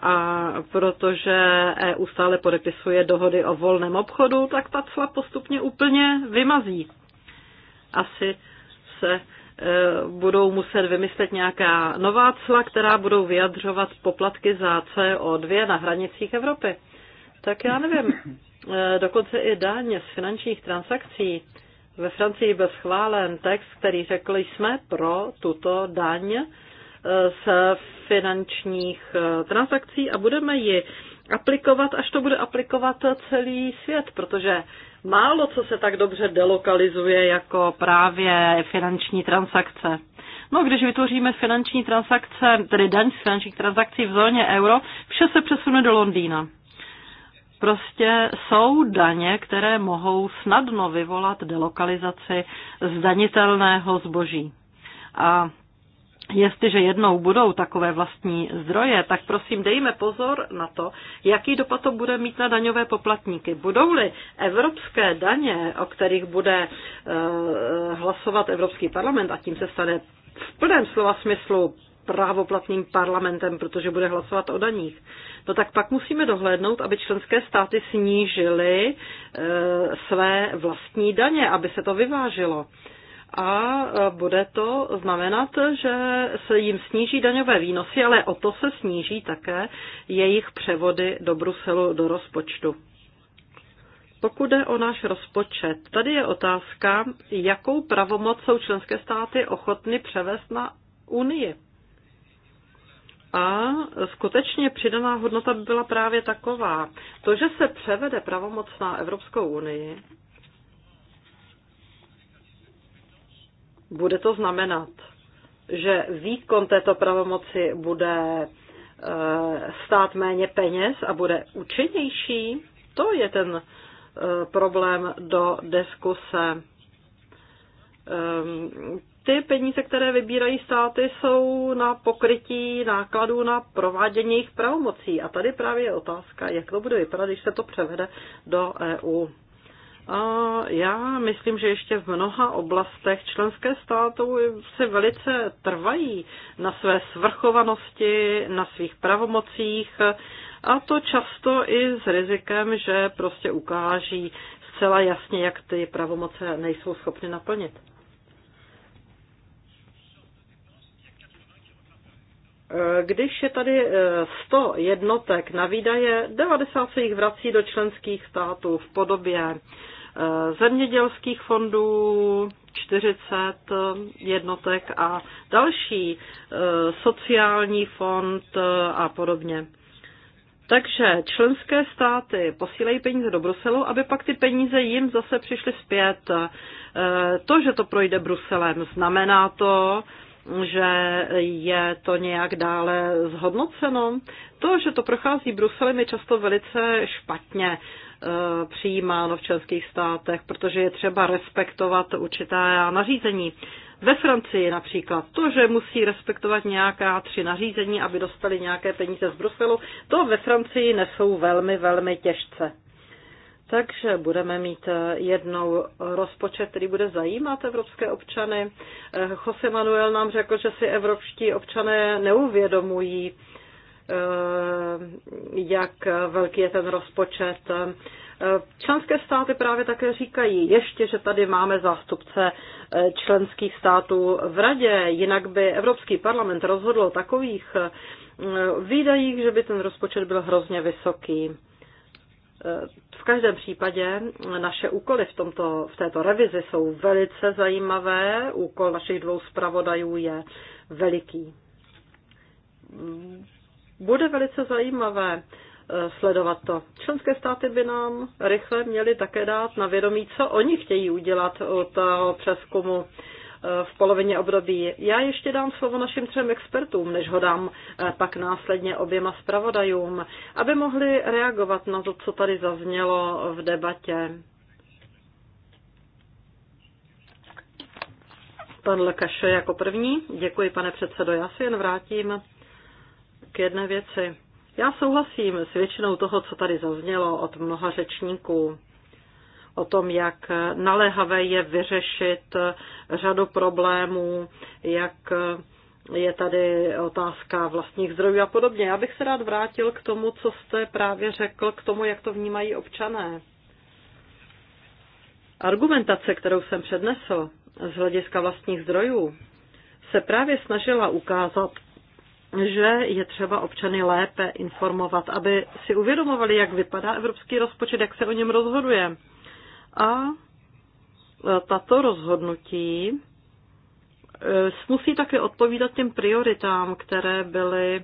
A protože EU stále podepisuje dohody o volném obchodu, tak ta cla postupně úplně vymazí. Asi se e, budou muset vymyslet nějaká nová cla, která budou vyjadřovat poplatky za CO2 na hranicích Evropy. Tak já nevím, Eh, dokonce i daň z finančních transakcí. Ve Francii byl schválen text, který řekl, jsme pro tuto daň eh, z finančních eh, transakcí a budeme ji aplikovat, až to bude aplikovat celý svět, protože málo co se tak dobře delokalizuje jako právě finanční transakce. No, když vytvoříme finanční transakce, tedy daň z finančních transakcí v zóně euro, vše se přesune do Londýna. Prostě jsou daně, které mohou snadno vyvolat delokalizaci zdanitelného zboží. A jestliže jednou budou takové vlastní zdroje, tak prosím dejme pozor na to, jaký dopad to bude mít na daňové poplatníky. Budou-li evropské daně, o kterých bude eh, hlasovat Evropský parlament a tím se stane v plném slova smyslu právoplatným parlamentem, protože bude hlasovat o daních. No tak pak musíme dohlédnout, aby členské státy snížily e, své vlastní daně, aby se to vyvážilo a e, bude to znamenat, že se jim sníží daňové výnosy, ale o to se sníží také jejich převody do Bruselu do rozpočtu. Pokud jde o náš rozpočet, tady je otázka, jakou pravomoc jsou členské státy ochotny převést na Unii. A skutečně přidaná hodnota by byla právě taková. To, že se převede pravomoc na Evropskou unii, bude to znamenat, že výkon této pravomoci bude eh, stát méně peněz a bude účinnější. To je ten eh, problém do diskuse ehm, ty peníze, které vybírají státy, jsou na pokrytí nákladů na provádění jejich pravomocí. A tady právě je otázka, jak to bude vypadat, když se to převede do EU. A já myslím, že ještě v mnoha oblastech členské státy se velice trvají na své svrchovanosti, na svých pravomocích a to často i s rizikem, že prostě ukáží zcela jasně, jak ty pravomoce nejsou schopny naplnit. Eh, když je tady 100 eh, jednotek na výdaje, 90 se jich vrací do členských států v podobě eh, zemědělských fondů, 40 jednotek a další sociální fond a podobně. Takže členské státy posílají peníze do Bruselu, aby pak ty peníze jim zase přišly zpět. To, že to projde Bruselem, znamená to, že je to nějak dále zhodnoceno. To, že to prochází Bruselem, je často velice špatně eh, přijímáno v členských státech, protože je třeba respektovat určitá nařízení. Ve Francii například to, že musí respektovat nějaká tři nařízení, aby dostali nějaké peníze z Bruselu, to ve Francii nesou velmi, velmi těžce takže budeme mít eh, jednou rozpočet, který bude zajímat evropské občany. Eh, Jose Manuel nám řekl, že si evropští občané neuvědomují, eh, jak velký je ten rozpočet. Členské státy právě také říkají, ještě, že tady máme zástupce členských států v radě, jinak by Evropský parlament rozhodl o takových výdajích, že by ten rozpočet byl hrozně vysoký. V každém případě naše úkoly v, tomto, v této revizi jsou velice zajímavé. Úkol našich dvou zpravodajů je veliký. Bude velice zajímavé eh, sledovat to. Členské státy by nám rychle měly také dát na vědomí, co oni chtějí udělat od toho přeskumu v polovině období. Já ještě dám slovo našim třem expertům, než ho dám eh, pak následně oběma zpravodajům, aby mohli reagovat na to, co tady zaznělo v debatě. Pan Lekaše jako první. Děkuji, pane předsedo. Já si jen vrátím k jedné věci. Já souhlasím s většinou toho, co tady zaznělo od mnoha řečníků o tom, jak naléhavé je vyřešit řadu problémů, jak je tady otázka vlastních zdrojů a podobně. Já bych se rád vrátil k tomu, co jste právě řekl, k tomu, jak to vnímají občané. Argumentace, kterou jsem přednesl z hlediska vlastních zdrojů, se právě snažila ukázat, že je třeba občany lépe informovat, aby si uvědomovali, jak vypadá evropský rozpočet, jak se o něm rozhoduje a e, tato rozhodnutí e, musí také odpovídat těm prioritám, které byly e,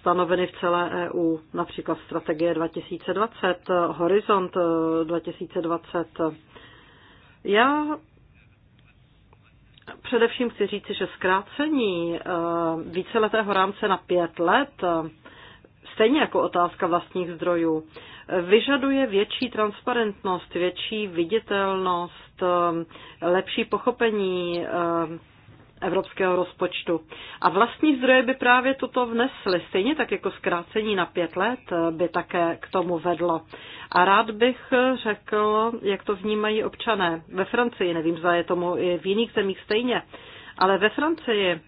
stanoveny v celé EU, například strategie 2020, horizont 2020. Já především chci říci, že zkrácení víceletého rámce na pět let stejně jako otázka vlastních zdrojů, vyžaduje větší transparentnost, větší viditelnost, lepší pochopení eh, evropského rozpočtu. A vlastní zdroje by právě toto vnesly, stejně tak jako zkrácení na pět let eh, by také k tomu vedlo. A rád bych eh, řekl, jak to vnímají občané ve Francii, nevím, zda je tomu i v jiných zemích stejně, ale ve Francii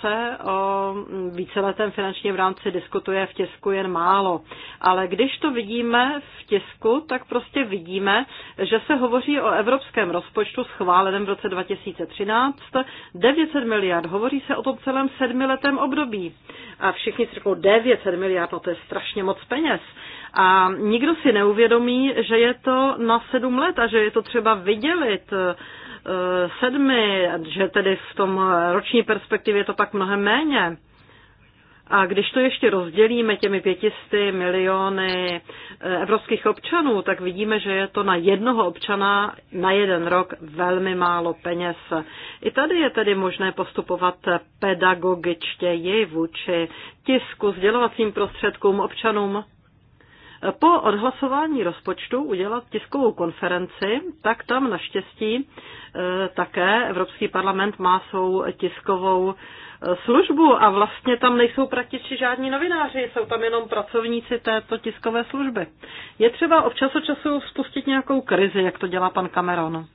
se o víceletém finančním rámci diskutuje v tisku jen málo. Ale když to vidíme v tisku, tak prostě vidíme, že se hovoří o evropském rozpočtu schváleném v roce 2013 900 miliard. Hovoří se o tom celém sedmiletém období. A všichni si řeknou 900 miliard, no to je strašně moc peněz. A nikdo si neuvědomí, že je to na sedm let a že je to třeba vydělit Eh, sedmi, že tedy v tom roční perspektivě je to tak mnohem méně. A když to ještě rozdělíme těmi 500 miliony eh, evropských občanů, tak vidíme, že je to na jednoho občana na jeden rok velmi málo peněz. I tady je tedy možné postupovat pedagogičtěji vůči tisku, sdělovacím prostředkům občanům. Po odhlasování rozpočtu udělat tiskovou konferenci, tak tam naštěstí e, také Evropský parlament má svou tiskovou e, službu a vlastně tam nejsou prakticky žádní novináři, jsou tam jenom pracovníci této tiskové služby. Je třeba občas od času spustit nějakou krizi, jak to dělá pan Cameron.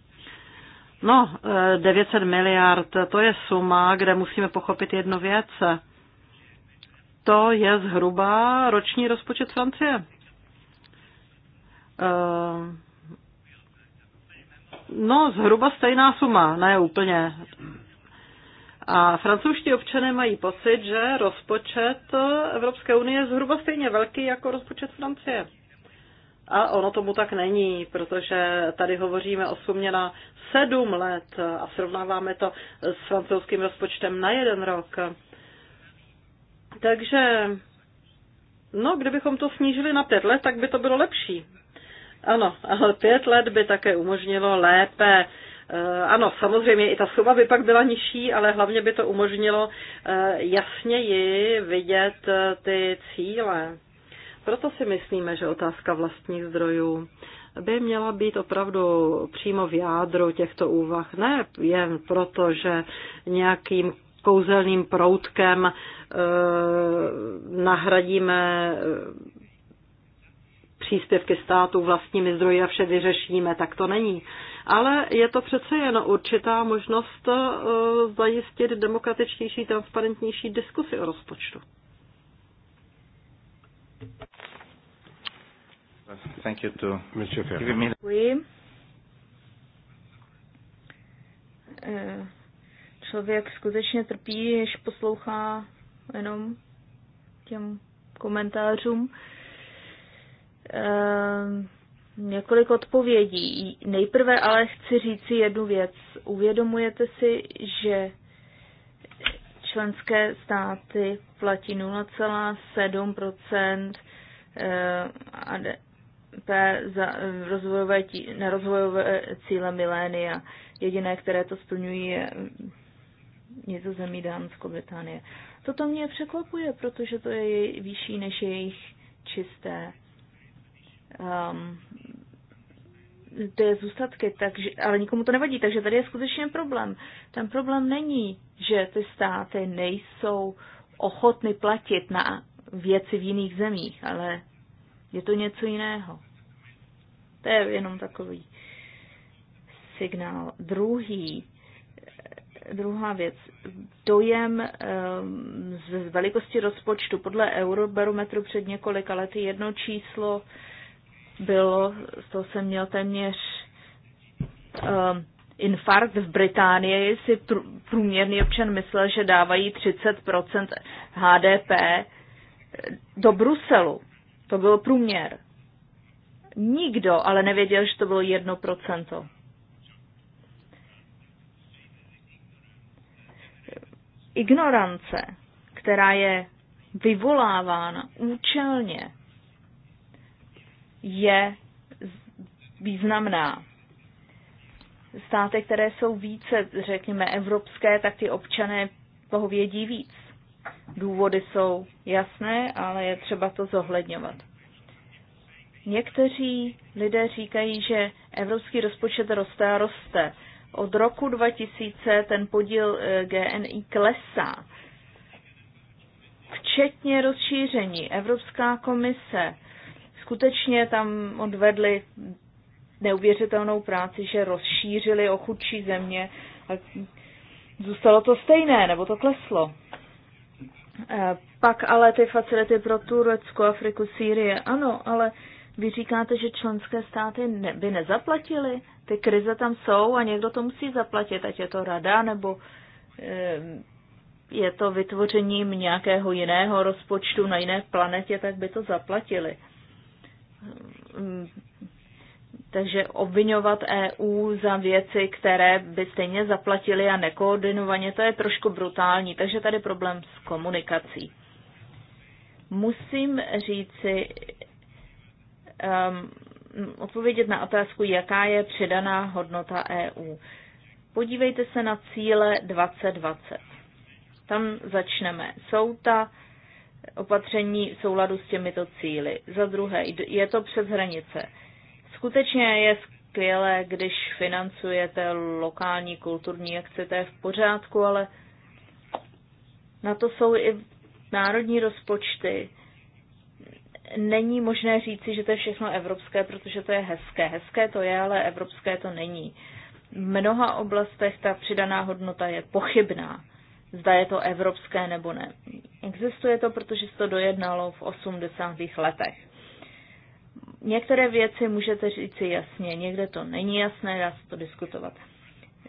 No, 900 e, miliard, to je suma, kde musíme pochopit jednu věc. To je zhruba roční rozpočet Francie. Eh, no zhruba stejná suma, ne úplně. A francouzští občané mají pocit, že rozpočet Evropské unie je zhruba stejně velký jako rozpočet Francie. A ono tomu tak není, protože tady hovoříme o sumě na sedm let a srovnáváme to s francouzským rozpočtem na jeden rok. Takže, no, kdybychom to snížili na pět let, tak by to bylo lepší. Ano, ale pět let by také umožnilo lépe eh, ano, samozřejmě i ta suma by pak byla nižší, ale hlavně by to umožnilo eh, jasněji vidět eh, ty cíle. Proto si myslíme, že otázka vlastních zdrojů by měla být opravdu přímo v jádru těchto úvah. Ne jen proto, že nějakým kouzelným proutkem eh, nahradíme příspěvky státu vlastními zdroji a vše vyřešíme, tak to není. Ale je to přece jen určitá možnost eh, zajistit demokratičtější, transparentnější diskusy o rozpočtu. Thank you to Děkuji. Eh, člověk skutečně trpí, když poslouchá jenom těm komentářům. Ehm, několik odpovědí. Nejprve ale chci říci jednu věc. Uvědomujete si, že členské státy platí 0,7 eh, ADP za rozvojové, na rozvojové cíle milénia. Jediné, které to splňují, je mm, zemí Dánsko, Británie. Toto mě překvapuje, protože to je vyšší než jejich čisté um, ty zůstatky, takže, ale nikomu to nevadí, takže tady je skutečně problém. Ten problém není, že ty státy nejsou ochotny platit na věci v jiných zemích, ale je to něco jiného. To je jenom takový signál. Druhý, druhá věc. Dojem um, z velikosti rozpočtu podle Eurobarometru před několika lety jedno číslo bylo, z toho jsem měl téměř um, infarkt v Británii, si pr- průměrný občan myslel, že dávají 30% HDP do Bruselu. To byl průměr. Nikdo ale nevěděl, že to bylo 1%. Ignorance, která je vyvolávána účelně je významná. Státy, které jsou více, řekněme, evropské, tak ty občané toho vědí víc. Důvody jsou jasné, ale je třeba to zohledňovat. Někteří lidé říkají, že evropský rozpočet roste a roste. Od roku 2000 ten podíl eh, GNI klesá. Včetně rozšíření Evropská komise skutečně tam odvedli neuvěřitelnou práci, že rozšířili o chudší země a zůstalo to stejné, nebo to kleslo. Eh, pak ale ty facility pro Turecko, Afriku, Sýrie, ano, ale vy říkáte, že členské státy ne, by nezaplatili? Ty krize tam jsou a někdo to musí zaplatit, ať je to rada nebo eh, je to vytvořením nějakého jiného rozpočtu na jiné planetě, tak by to zaplatili takže obvinovat EU za věci, které by stejně zaplatili a nekoordinovaně, to je trošku brutální. Takže tady problém s komunikací. Musím říci, um, odpovědět na otázku, jaká je přidaná hodnota EU. Podívejte se na cíle 2020. Tam začneme. Jsou ta opatření v souladu s těmito cíly. Za druhé, je to přes hranice. Skutečně je skvělé, když financujete lokální kulturní akce, to je v pořádku, ale na to jsou i národní rozpočty. Není možné říci, že to je všechno evropské, protože to je hezké. Hezké to je, ale evropské to není. V mnoha oblastech ta přidaná hodnota je pochybná zda je to evropské nebo ne. Existuje to, protože se to dojednalo v 80. letech. Některé věci můžete říct si jasně, někde to není jasné, dá se to diskutovat.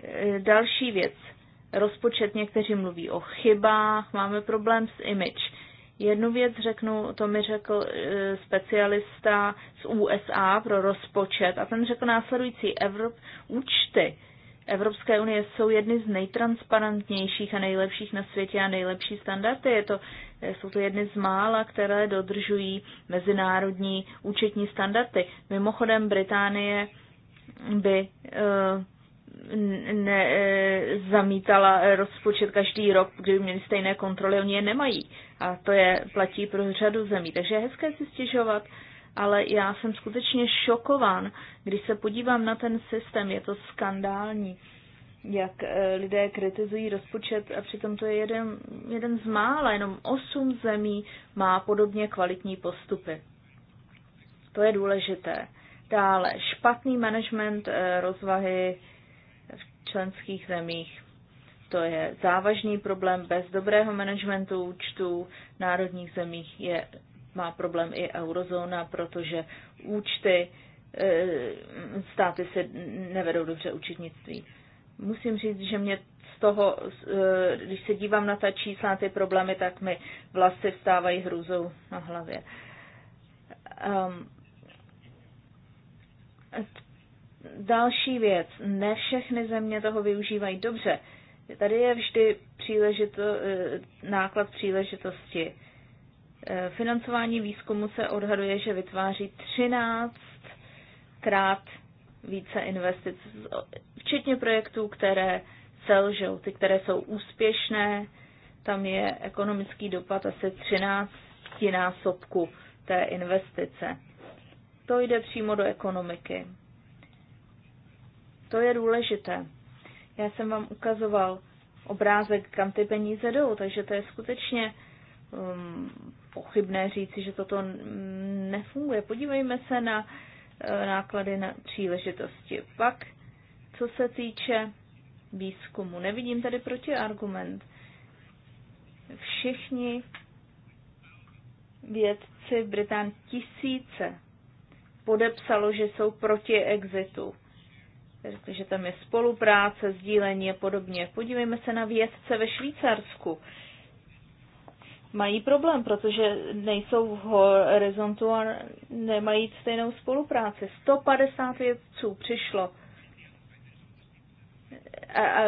E, další věc. Rozpočet, někteří mluví o chybách, máme problém s image. Jednu věc řeknu, to mi řekl e, specialista z USA pro rozpočet a ten řekl následující Evrop, účty Evropské unie jsou jedny z nejtransparentnějších a nejlepších na světě a nejlepší standardy. Je to, jsou to jedny z mála, které dodržují mezinárodní účetní standardy. Mimochodem Británie by eh, ne, eh, zamítala rozpočet každý rok, kdyby měli stejné kontroly, oni je nemají. A to je platí pro řadu zemí. Takže je hezké si stěžovat, ale já jsem skutečně šokován, když se podívám na ten systém, je to skandální, jak eh, lidé kritizují rozpočet a přitom to je jeden, jeden z mála, jenom osm zemí má podobně kvalitní postupy. To je důležité. Dále špatný management eh, rozvahy v členských zemích. To je závažný problém. Bez dobrého managementu účtů v národních zemích je má problém i eurozóna, protože účty e, státy se nevedou dobře účetnictví. Musím říct, že mě z toho, e, když se dívám na ta čísla, na ty problémy, tak mi vlasy vstávají hrůzou na hlavě. Um, další věc. Ne všechny země toho využívají dobře. Tady je vždy příležito, e, náklad příležitosti. Eh, financování výzkumu se odhaduje, že vytváří 13 krát více investic, včetně projektů, které selžou, ty, které jsou úspěšné, tam je ekonomický dopad asi 13 násobku té investice. To jde přímo do ekonomiky. To je důležité. Já jsem vám ukazoval obrázek, kam ty peníze jdou, takže to je skutečně um, pochybné říci, že toto nefunguje. Podívejme se na eh, náklady na příležitosti. Pak, co se týče výzkumu, nevidím tady protiargument. Všichni vědci v Britán tisíce podepsalo, že jsou proti exitu. Řekli, že tam je spolupráce, sdílení a podobně. Podívejme se na vědce ve Švýcarsku mají problém, protože nejsou v horizontu a nemají stejnou spolupráci. 150 vědců přišlo a, a,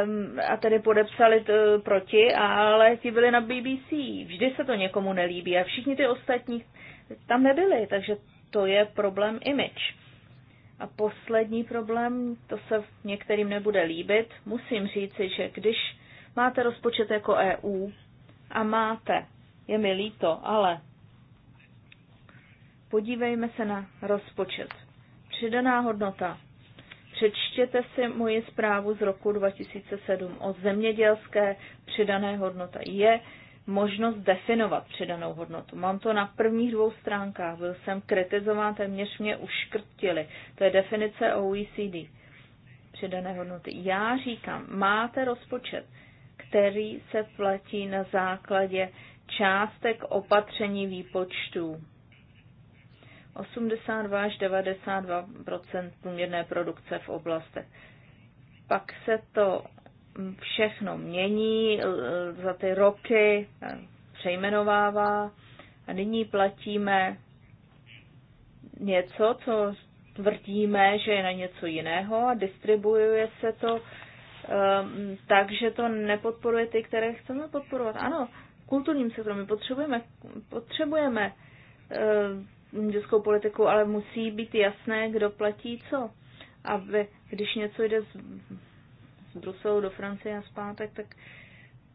a tedy podepsali t, proti, ale ti byli na BBC. Vždy se to někomu nelíbí a všichni ty ostatní tam nebyli, takže to je problém image. A poslední problém, to se některým nebude líbit, musím říci, že když máte rozpočet jako EU a máte je mi líto, ale podívejme se na rozpočet. Přidaná hodnota. Přečtěte si moji zprávu z roku 2007 o zemědělské přidané hodnota. Je možnost definovat přidanou hodnotu. Mám to na prvních dvou stránkách. Byl jsem kritizován, téměř mě uškrtili. To je definice OECD přidané hodnoty. Já říkám, máte rozpočet, který se platí na základě částek opatření výpočtů. 82 až 92 průměrné produkce v oblastech. Pak se to všechno mění eh, za ty roky, eh, přejmenovává a nyní platíme něco, co tvrdíme, že je na něco jiného a distribuuje se to um, takže to nepodporuje ty, které chceme podporovat. Ano, kulturním sektoru. My potřebujeme, potřebujeme e, eh, českou politiku, ale musí být jasné, kdo platí co. Aby, když něco jde z, z Bruselu do Francie a zpátek, tak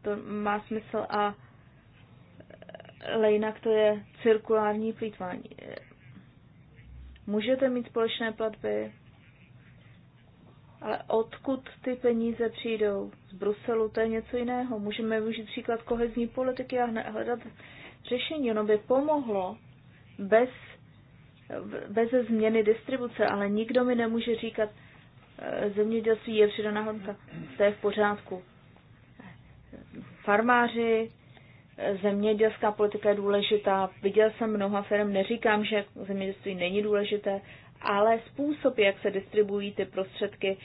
to má smysl a eh, ale jinak to je cirkulární plýtvání. Eh, můžete mít společné platby, ale odkud ty peníze přijdou? Z Bruselu to je něco jiného. Můžeme využít příklad kohezní politiky a hledat řešení. Ono by pomohlo bez, bez změny distribuce, ale nikdo mi nemůže říkat, eh, zemědělství je přidaná hodnota, to je v pořádku. Farmáři, eh, zemědělská politika je důležitá. Viděl jsem mnoha firm, neříkám, že zemědělství není důležité, ale způsob, jak se distribuují ty prostředky,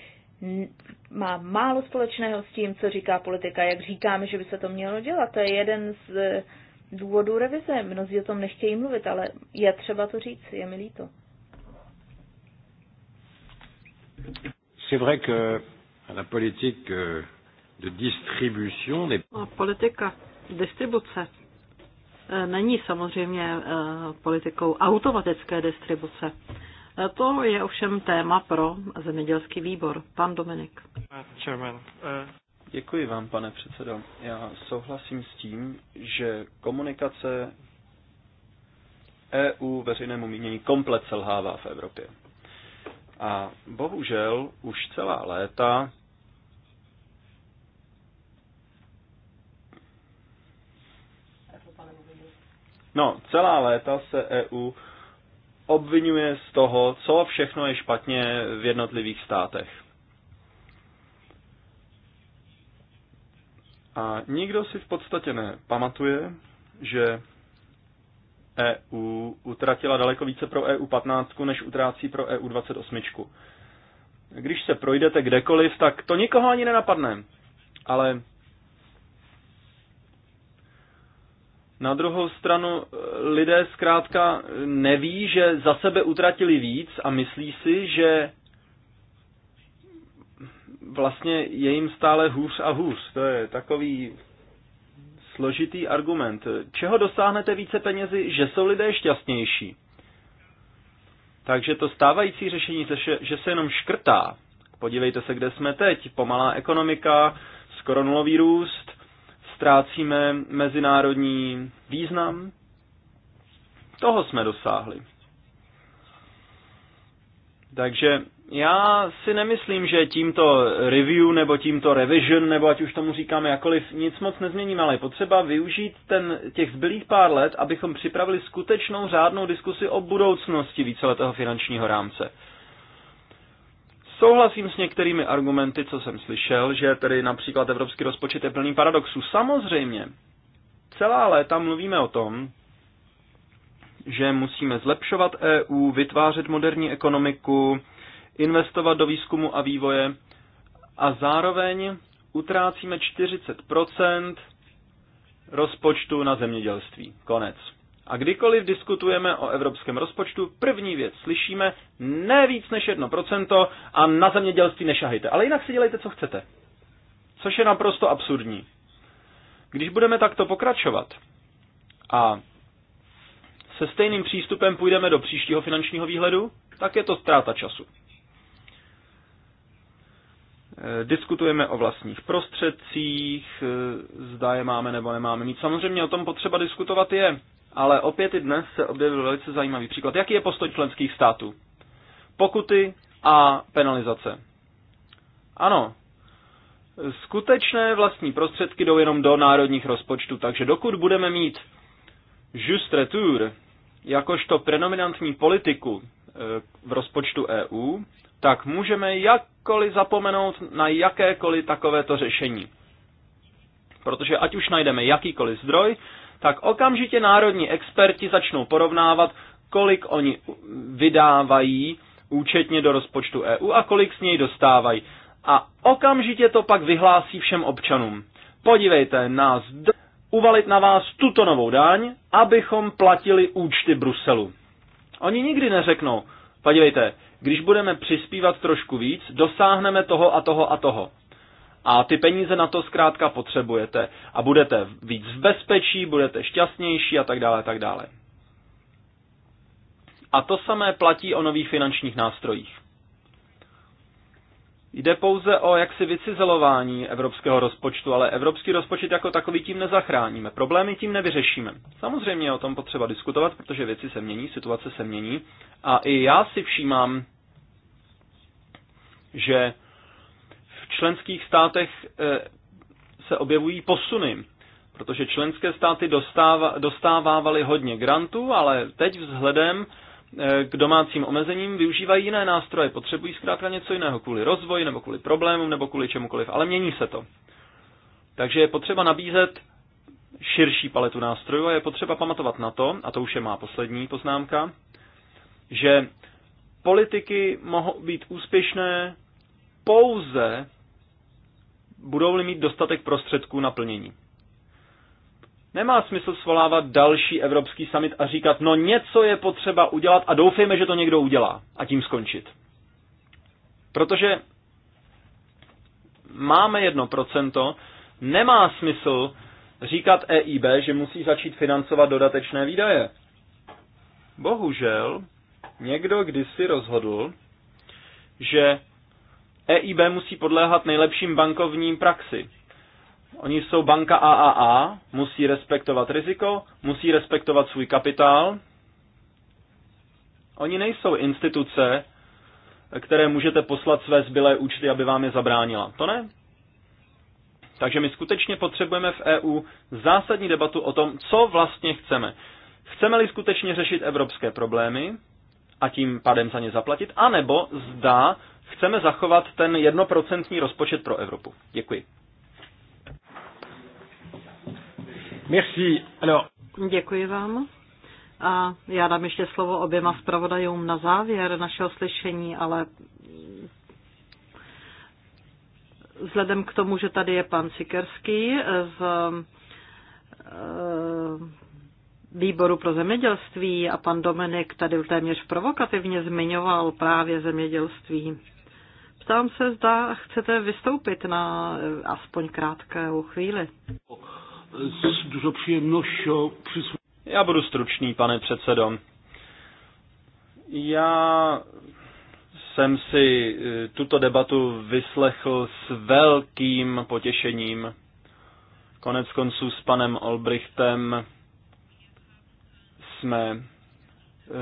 má málo společného s tím, co říká politika, jak říkáme, že by se to mělo dělat. To je jeden z e, důvodů revize. Mnozí o tom nechtějí mluvit, ale je třeba to říct, je mi líto. Euh, de Politika distribuce e, není samozřejmě e, politikou automatické distribuce. To je ovšem téma pro zemědělský výbor. Pan Dominik. Uh, uh, Děkuji vám, pane předsedo. Já souhlasím s tím, že komunikace EU veřejnému mínění komplet selhává v Evropě. A bohužel už celá léta No, celá léta se EU obvinuje z toho, co všechno je špatně v jednotlivých státech. A nikdo si v podstatě nepamatuje, že EU utratila daleko více pro EU 15, než utrácí pro EU 28. Když se projdete kdekoliv, tak to nikoho ani nenapadne. Ale Na druhou stranu eh, lidé zkrátka neví, že za sebe utratili víc a myslí si, že vlastně je jim stále hůř a hůř. To je takový složitý argument. Čeho dosáhnete více penězi, že jsou lidé šťastnější? Takže to stávající řešení, že se jenom škrtá, podívejte se, kde jsme teď, pomalá ekonomika, skoro nulový růst, ztrácíme mezinárodní význam. Toho jsme dosáhli. Takže já si nemyslím, že tímto review nebo tímto revision, nebo ať už tomu říkáme jakoliv, nic moc nezměníme, ale je potřeba využít ten, těch zbylých pár let, abychom připravili skutečnou řádnou diskusi o budoucnosti víceletého finančního rámce. Souhlasím s některými argumenty, co jsem slyšel, že tedy například evropský rozpočet je plný paradoxů. Samozřejmě, celá léta mluvíme o tom, že musíme zlepšovat EU, vytvářet moderní ekonomiku, investovat do výzkumu a vývoje a zároveň utrácíme 40 rozpočtu na zemědělství. Konec. A kdykoliv diskutujeme o evropském rozpočtu, první věc slyšíme, ne víc než 1% a na zemědělství nešahejte. Ale jinak si dělejte, co chcete. Což je naprosto absurdní. Když budeme takto pokračovat a se stejným přístupem půjdeme do příštího finančního výhledu, tak je to ztráta času. Eh, diskutujeme o vlastních prostředcích, eh, zda je máme nebo nemáme mít. Samozřejmě o tom potřeba diskutovat je, ale opět i dnes se objevil velice zajímavý příklad. Jaký je postoj členských států? Pokuty a penalizace. Ano, skutečné vlastní prostředky jdou jenom do národních rozpočtů, takže dokud budeme mít just retour, jakožto prenominantní politiku e, v rozpočtu EU, tak můžeme jakkoliv zapomenout na jakékoliv takovéto řešení. Protože ať už najdeme jakýkoliv zdroj, tak okamžitě národní experti začnou porovnávat, kolik oni vydávají účetně do rozpočtu EU a kolik z něj dostávají. A okamžitě to pak vyhlásí všem občanům. Podívejte, nás d- uvalit na vás tuto novou daň, abychom platili účty Bruselu. Oni nikdy neřeknou, podívejte, když budeme přispívat trošku víc, dosáhneme toho a toho a toho a ty peníze na to zkrátka potřebujete a budete víc v bezpečí, budete šťastnější a tak dále, a tak dále. A to samé platí o nových finančních nástrojích. Jde pouze o jaksi vycizelování evropského rozpočtu, ale evropský rozpočet jako takový tím nezachráníme. Problémy tím nevyřešíme. Samozřejmě je o tom potřeba diskutovat, protože věci se mění, situace se mění. A i já si všímám, že členských státech eh, se objevují posuny, protože členské státy dostává, dostávávaly hodně grantů, ale teď vzhledem eh, k domácím omezením využívají jiné nástroje, potřebují zkrátka něco jiného kvůli rozvoji nebo kvůli problémům nebo kvůli čemukoliv, ale mění se to. Takže je potřeba nabízet širší paletu nástrojů a je potřeba pamatovat na to, a to už je má poslední poznámka, že politiky mohou být úspěšné pouze budou-li mít dostatek prostředků na plnění. Nemá smysl svolávat další evropský summit a říkat, no něco je potřeba udělat a doufejme, že to někdo udělá a tím skončit. Protože máme jedno procento, nemá smysl říkat EIB, že musí začít financovat dodatečné výdaje. Bohužel, někdo kdysi rozhodl, že EIB musí podléhat nejlepším bankovním praxi. Oni jsou banka AAA, musí respektovat riziko, musí respektovat svůj kapitál. Oni nejsou instituce, které můžete poslat své zbylé účty, aby vám je zabránila. To ne. Takže my skutečně potřebujeme v EU zásadní debatu o tom, co vlastně chceme. Chceme-li skutečně řešit evropské problémy a tím pádem za ně zaplatit, anebo zda Chceme zachovat ten jednoprocentní rozpočet pro Evropu. Děkuji. Merci. Alors... Děkuji vám. A já dám ještě slovo oběma zpravodajům na závěr našeho slyšení, ale vzhledem k tomu, že tady je pan Sikerský z eh, výboru pro zemědělství a pan Dominik tady téměř provokativně zmiňoval právě zemědělství. Ptám se, zda chcete vystoupit na eh, aspoň krátkou chvíli. S Já budu stručný, pane předsedo. Já jsem si eh, tuto debatu vyslechl s velkým potěšením. Konec konců s panem Olbrichtem jsme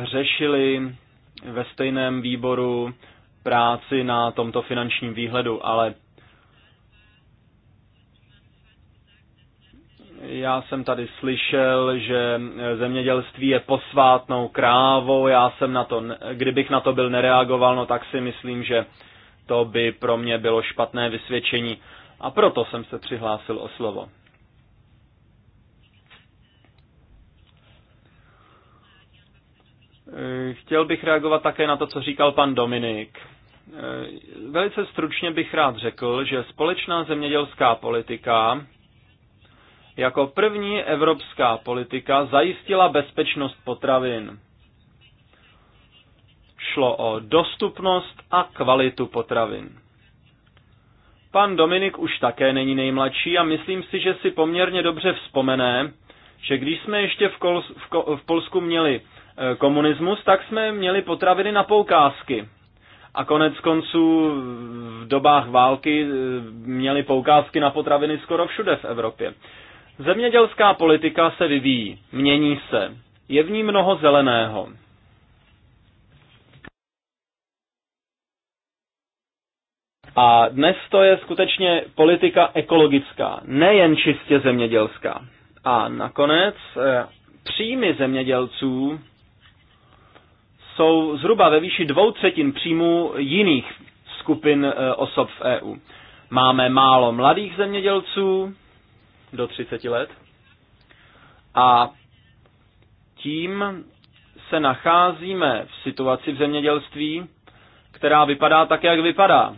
řešili ve stejném výboru práci na tomto finančním výhledu, ale já jsem tady slyšel, že zemědělství je posvátnou krávou, já jsem na to, kdybych na to byl nereagoval, no tak si myslím, že to by pro mě bylo špatné vysvědčení a proto jsem se přihlásil o slovo. Chtěl bych reagovat také na to, co říkal pan Dominik. Eh, velice stručně bych rád řekl, že společná zemědělská politika jako první evropská politika zajistila bezpečnost potravin. Šlo o dostupnost a kvalitu potravin. Pan Dominik už také není nejmladší a myslím si, že si poměrně dobře vzpomene, že když jsme ještě v, Kol- v, Ko- v Polsku měli eh, komunismus, tak jsme měli potraviny na poukázky a konec konců v dobách války eh, měli poukázky na potraviny skoro všude v Evropě. Zemědělská politika se vyvíjí, mění se. Je v ní mnoho zeleného. A dnes to je skutečně politika ekologická, nejen čistě zemědělská. A nakonec eh, příjmy zemědělců jsou zhruba ve výši dvou třetin příjmů jiných skupin e, osob v EU. Máme málo mladých zemědělců do 30 let a tím se nacházíme v situaci v zemědělství, která vypadá tak, jak vypadá.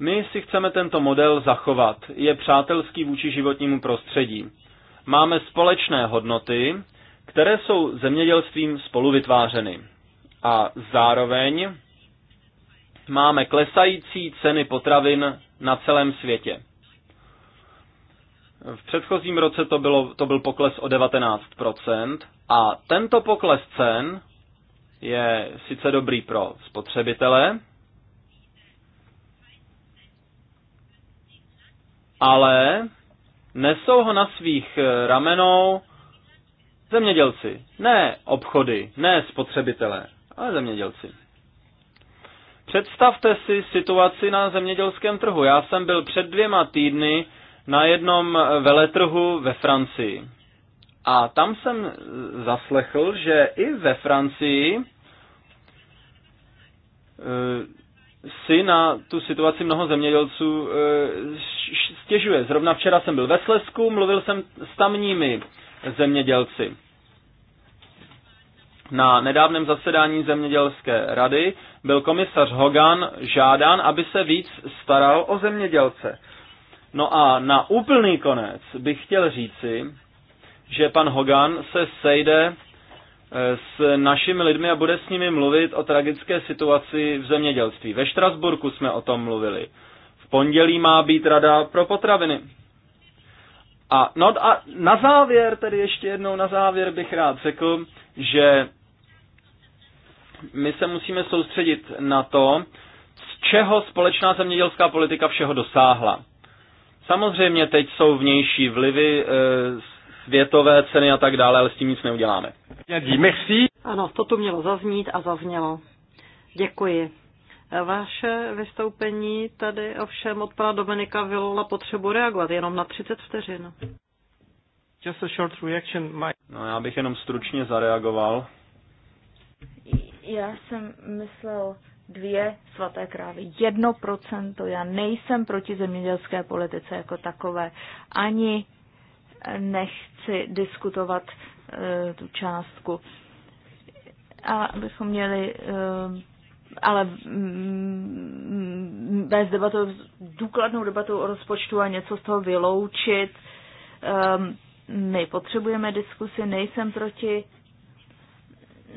My si chceme tento model zachovat. Je přátelský vůči životnímu prostředí. Máme společné hodnoty, které jsou zemědělstvím spolu vytvářeny. A zároveň máme klesající ceny potravin na celém světě. V předchozím roce to, bylo, to byl pokles o 19% a tento pokles cen je sice dobrý pro spotřebitele, ale Nesou ho na svých eh, ramenou zemědělci. Ne obchody, ne spotřebitelé, ale zemědělci. Představte si situaci na zemědělském trhu. Já jsem byl před dvěma týdny na jednom eh, veletrhu ve Francii. A tam jsem eh, zaslechl, že i ve Francii si na tu situaci mnoho zemědělců e, stěžuje. Zrovna včera jsem byl ve Slesku, mluvil jsem s tamními zemědělci. Na nedávném zasedání zemědělské rady byl komisař Hogan žádán, aby se víc staral o zemědělce. No a na úplný konec bych chtěl říci, že pan Hogan se sejde Eh, s našimi lidmi a bude s nimi mluvit o tragické situaci v zemědělství. Ve Štrasburku jsme o tom mluvili. V pondělí má být rada pro potraviny. A, no a na závěr, tedy ještě jednou na závěr bych rád řekl, že my se musíme soustředit na to, z čeho společná zemědělská politika všeho dosáhla. Samozřejmě teď jsou vnější vlivy, eh, světové ceny a tak dále, ale s tím nic neuděláme. Merci. Ano, to tu mělo zaznít a zaznělo. Děkuji. Vaše vystoupení tady ovšem od pana Dominika vyvolala potřebu reagovat jenom na 30 vteřin. Just a short reaction, Mike. No, já bych jenom stručně zareagoval. Já jsem myslel dvě svaté krávy. Jedno procento. Já nejsem proti zemědělské politice jako takové. Ani nechci diskutovat eh, tu částku. A bychom měli eh, ale bez mm, mm, debatu důkladnou debatu, o rozpočtu a něco z toho vyloučit. Ehm, my potřebujeme diskusy, nejsem proti,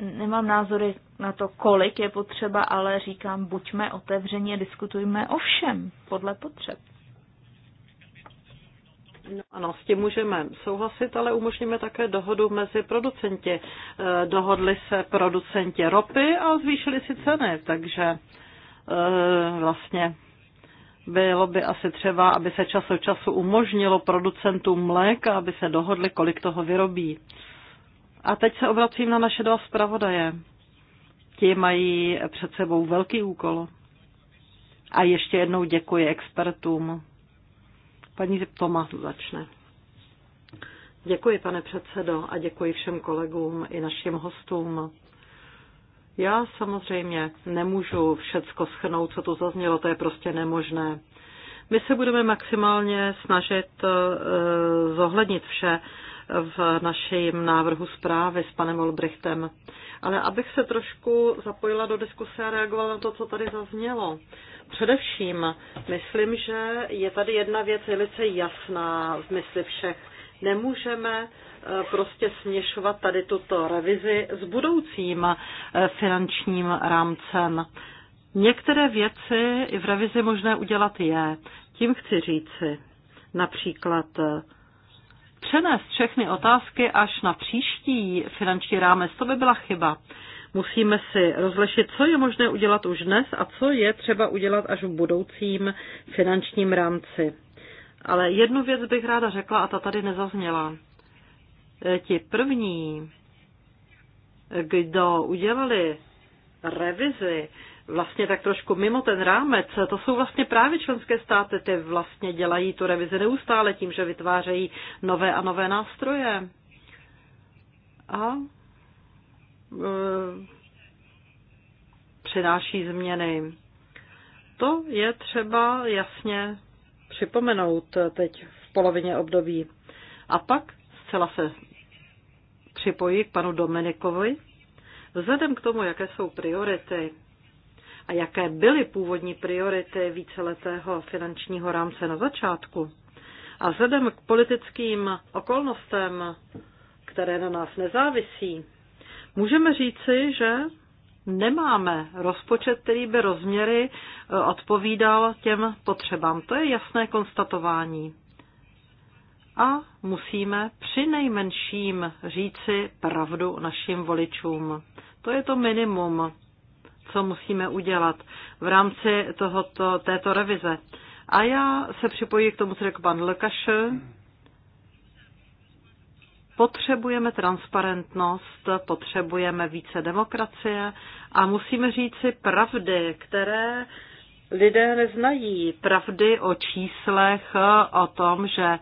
nemám názory na to, kolik je potřeba, ale říkám, buďme otevření a diskutujme o všem podle potřeb. No, ano, s tím můžeme souhlasit, ale umožníme také dohodu mezi producenti. Eh, dohodli se producenti ropy a zvýšili si ceny, takže eh, vlastně bylo by asi třeba, aby se čas od času umožnilo producentům mléka, aby se dohodli, kolik toho vyrobí. A teď se obracím na naše dva zpravodaje. Ti mají před sebou velký úkol. A ještě jednou děkuji expertům. Paní Toma začne. Děkuji, pane předsedo, a děkuji všem kolegům i našim hostům. Já samozřejmě nemůžu všecko schrnout, co tu zaznělo, to je prostě nemožné. My se budeme maximálně snažit eh, zohlednit vše v našem návrhu zprávy s panem Olbrichtem. Ale abych se trošku zapojila do diskuse a reagovala na to, co tady zaznělo. Především myslím, že je tady jedna věc velice jasná v mysli všech. Nemůžeme eh, prostě směšovat tady tuto revizi s budoucím eh, finančním rámcem. Některé věci v revizi možné udělat je. Tím chci říci například eh, přenést všechny otázky až na příští finanční rámec, to by byla chyba. Musíme si rozlešit, co je možné udělat už dnes a co je třeba udělat až v budoucím finančním rámci. Ale jednu věc bych ráda řekla a ta tady nezazněla. E, ti první, kdo udělali revizi, vlastně tak trošku mimo ten rámec. To jsou vlastně právě členské státy, ty vlastně dělají tu revizi neustále tím, že vytvářejí nové a nové nástroje. A Eh, přináší změny. To je třeba jasně připomenout teď v polovině období. A pak zcela se připojí k panu Dominikovi. Vzhledem k tomu, jaké jsou priority a jaké byly původní priority víceletého finančního rámce na začátku, a vzhledem k politickým okolnostem, které na nás nezávisí, Můžeme říci, že nemáme rozpočet, který by rozměry e, odpovídal těm potřebám. To je jasné konstatování. A musíme při nejmenším říci pravdu našim voličům. To je to minimum, co musíme udělat v rámci tohoto, této revize. A já se připojím k tomu, co řekl pan Lekaš, Potřebujeme transparentnost, potřebujeme více demokracie a musíme říci pravdy, které lidé neznají. Pravdy o číslech, o tom, že,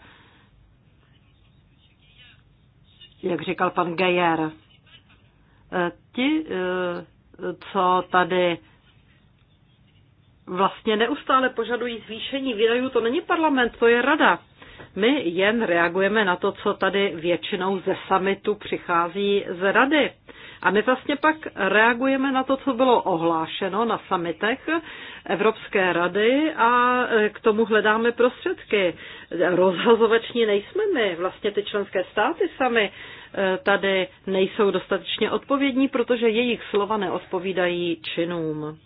jak říkal pan Geyer, eh, ti, eh, co tady vlastně neustále požadují zvýšení výdajů, to není parlament, to je rada. My jen reagujeme na to, co tady většinou ze samitu přichází z rady. A my vlastně pak reagujeme na to, co bylo ohlášeno na samitech Evropské rady a e, k tomu hledáme prostředky. Rozhazovační nejsme my, vlastně ty členské státy sami e, tady nejsou dostatečně odpovědní, protože jejich slova neodpovídají činům.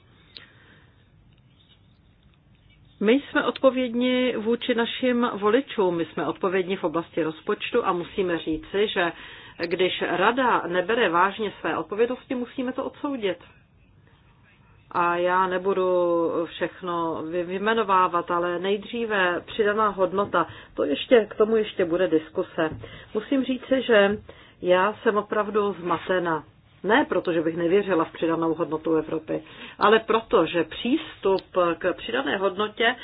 My jsme odpovědní vůči našim voličům, my jsme odpovědní v oblasti rozpočtu a musíme říci, že když rada nebere vážně své odpovědnosti, musíme to odsoudit. A já nebudu všechno vyjmenovávat, ale nejdříve přidaná hodnota. To ještě, k tomu ještě bude diskuse. Musím říci, že já jsem opravdu zmatena ne proto, že bych nevěřila v přidanou hodnotu Evropy, ale proto, že přístup k přidané hodnotě eh,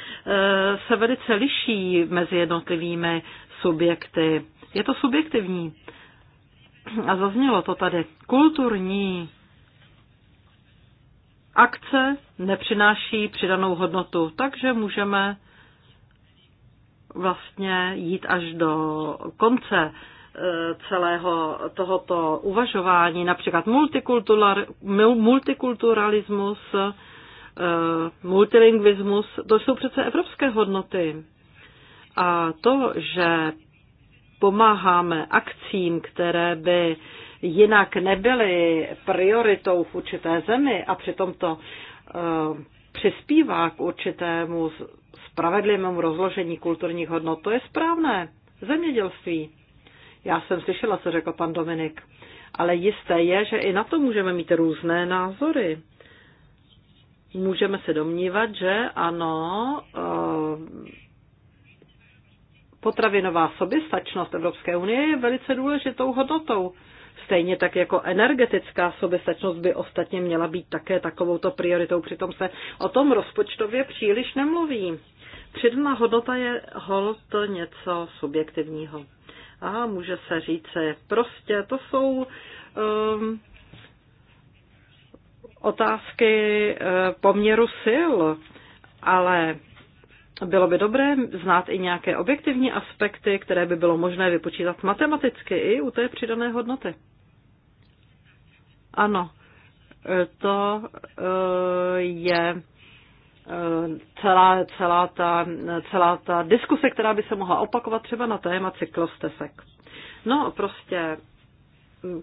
se velice liší mezi jednotlivými subjekty. Je to subjektivní. A zaznělo to tady. Kulturní akce nepřináší přidanou hodnotu, takže můžeme vlastně jít až do konce Eh, celého tohoto uvažování, například multikulturalismus, eh, multilingvismus, to jsou přece evropské hodnoty. A to, že pomáháme akcím, které by jinak nebyly prioritou v určité zemi a přitom to eh, přispívá k určitému spravedlivému rozložení kulturních hodnot, to je správné. Zemědělství. Já jsem slyšela, co řekl pan Dominik. Ale jisté je, že i na to můžeme mít různé názory. Můžeme se domnívat, že ano, eh, potravinová soběstačnost Evropské unie je velice důležitou hodnotou. Stejně tak jako energetická soběstačnost by ostatně měla být také takovouto prioritou, přitom se o tom rozpočtově příliš nemluví. Přidaná hodnota je hold něco subjektivního a může se že prostě to jsou um, otázky eh, poměru sil, ale bylo by dobré znát i nějaké objektivní aspekty, které by bylo možné vypočítat matematicky i u té přidané hodnoty. Ano, eh, to eh, je celá, celá, ta, celá ta diskuse, která by se mohla opakovat třeba na téma cyklostezek. No prostě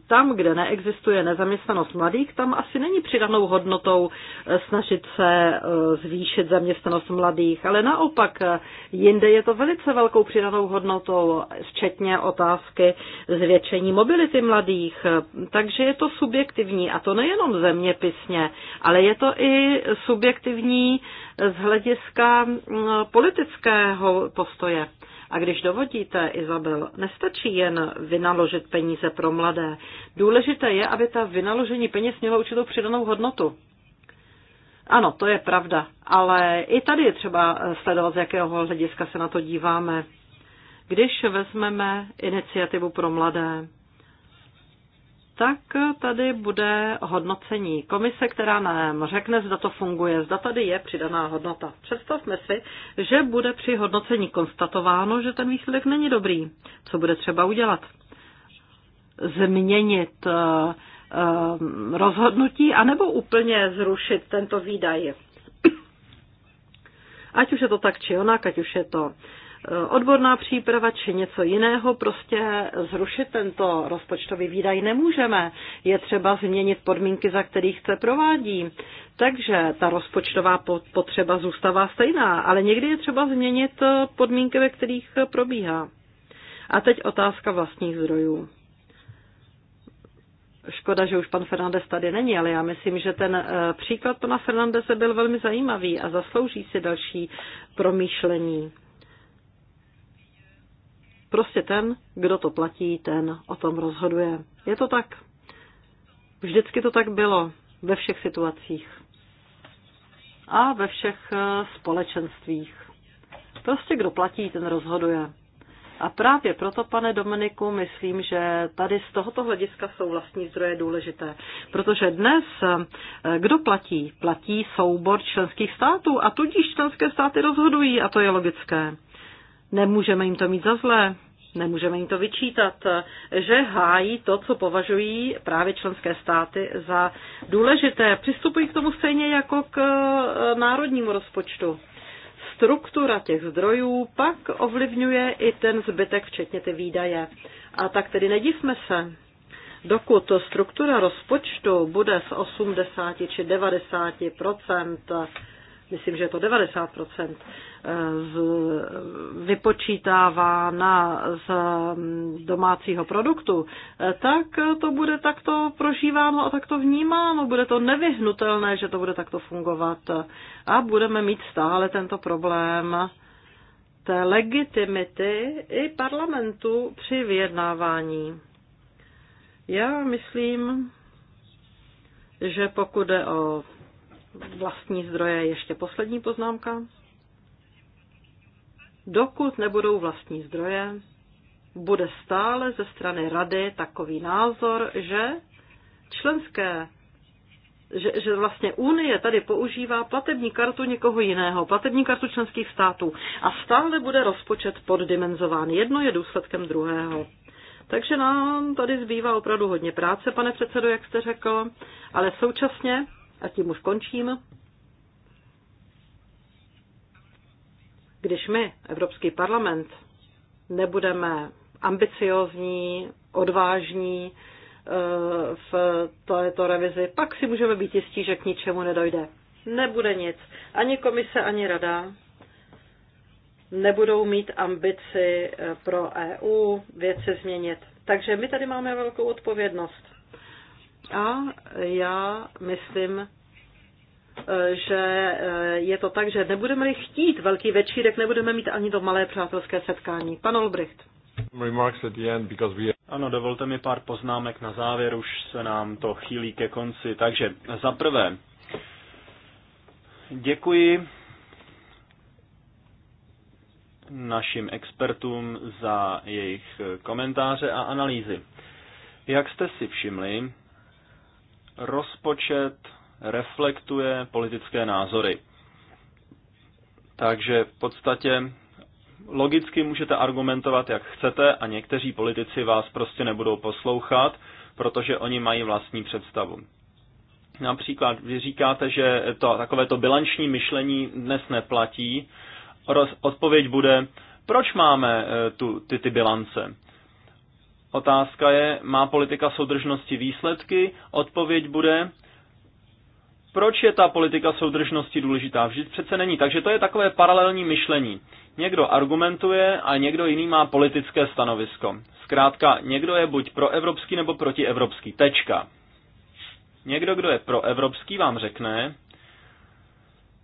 tam, kde neexistuje nezaměstnanost mladých, tam asi není přidanou hodnotou eh, snažit se eh, zvýšit zaměstnanost mladých, ale naopak eh, jinde je to velice velkou přidanou hodnotou, včetně otázky zvětšení mobility mladých. Takže je to subjektivní a to nejenom zeměpisně, ale je to i subjektivní z hlediska mm, politického postoje. A když dovodíte, Izabel, nestačí jen vynaložit peníze pro mladé. Důležité je, aby ta vynaložení peněz mělo určitou přidanou hodnotu. Ano, to je pravda, ale i tady je třeba sledovat, z jakého hlediska se na to díváme. Když vezmeme iniciativu pro mladé, tak tady bude hodnocení komise, která nám řekne, zda to funguje, zda tady je přidaná hodnota. Představme si, že bude při hodnocení konstatováno, že ten výsledek není dobrý. Co bude třeba udělat? Změnit eh, eh, rozhodnutí anebo úplně zrušit tento výdaj. Ať už je to tak či onak, ať už je to odborná příprava či něco jiného, prostě zrušit tento rozpočtový výdaj nemůžeme. Je třeba změnit podmínky, za kterých se provádí. Takže ta rozpočtová potřeba zůstává stejná, ale někdy je třeba změnit eh, podmínky, ve kterých eh, probíhá. A teď otázka vlastních zdrojů. Škoda, že už pan Fernandez tady není, ale já myslím, že ten eh, příklad pana Fernandeze byl velmi zajímavý a zaslouží si další promýšlení. Prostě ten, kdo to platí, ten o tom rozhoduje. Je to tak. Vždycky to tak bylo. Ve všech situacích. A ve všech eh, společenstvích. Prostě kdo platí, ten rozhoduje. A právě proto, pane Dominiku, myslím, že tady z tohoto hlediska jsou vlastní zdroje důležité. Protože dnes, eh, kdo platí? Platí soubor členských států a tudíž členské státy rozhodují a to je logické. Nemůžeme jim to mít za zlé, nemůžeme jim to vyčítat, že hájí to, co považují právě členské státy za důležité. Přistupují k tomu stejně jako k e, národnímu rozpočtu. Struktura těch zdrojů pak ovlivňuje i ten zbytek, včetně ty výdaje. A tak tedy nedívme se, dokud struktura rozpočtu bude z 80 či 90 myslím, že je to 90%, eh, z, na z mm, domácího produktu, eh, tak to bude takto prožíváno a takto vnímáno. Bude to nevyhnutelné, že to bude takto fungovat a budeme mít stále tento problém té legitimity i parlamentu při vyjednávání. Já myslím, že pokud jde o vlastní zdroje. Ještě poslední poznámka. Dokud nebudou vlastní zdroje, bude stále ze strany rady takový názor, že členské že, že vlastně Unie tady používá platební kartu někoho jiného, platební kartu členských států a stále bude rozpočet poddimenzován. Jedno je důsledkem druhého. Takže nám tady zbývá opravdu hodně práce, pane předsedo, jak jste řekl, ale současně a tím už končím. Když my, Evropský parlament, nebudeme ambiciozní, odvážní eh, v této revizi, pak si můžeme být jistí, že k ničemu nedojde. Nebude nic. Ani komise, ani rada nebudou mít ambici eh, pro EU věci změnit. Takže my tady máme velkou odpovědnost. A já myslím, eh, že eh, je to tak, že nebudeme-li chtít velký večírek, nebudeme mít ani to malé přátelské setkání. Pan Olbricht. Ano, dovolte mi pár poznámek na závěr, už se nám to chýlí ke konci. Takže za prvé, děkuji našim expertům za jejich komentáře a analýzy. Jak jste si všimli, rozpočet reflektuje politické názory. Takže v podstatě logicky můžete argumentovat, jak chcete, a někteří politici vás prostě nebudou poslouchat, protože oni mají vlastní představu. Například vy říkáte, že to, takové to bilanční myšlení dnes neplatí. Odpověď bude, proč máme eh, tu, ty, ty bilance? Otázka je, má politika soudržnosti výsledky? Odpověď bude, proč je ta politika soudržnosti důležitá? Vždyť přece není. Takže to je takové paralelní myšlení. Někdo argumentuje a někdo jiný má politické stanovisko. Zkrátka, někdo je buď proevropský nebo protievropský. Tečka. Někdo, kdo je proevropský, vám řekne,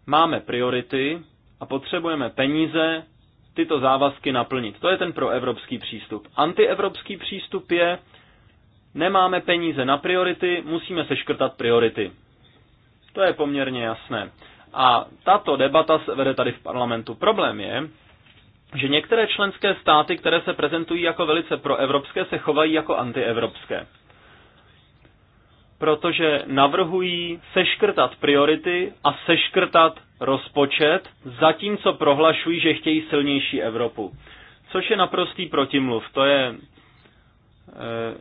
máme priority a potřebujeme peníze tyto závazky naplnit. To je ten proevropský přístup. Antievropský přístup je, nemáme peníze na priority, musíme se škrtat priority. To je poměrně jasné. A tato debata se vede tady v parlamentu. Problém je, že některé členské státy, které se prezentují jako velice proevropské, se chovají jako antievropské protože navrhují seškrtat priority a seškrtat rozpočet, zatímco prohlašují, že chtějí silnější Evropu. Což je naprostý protimluv. To je eh,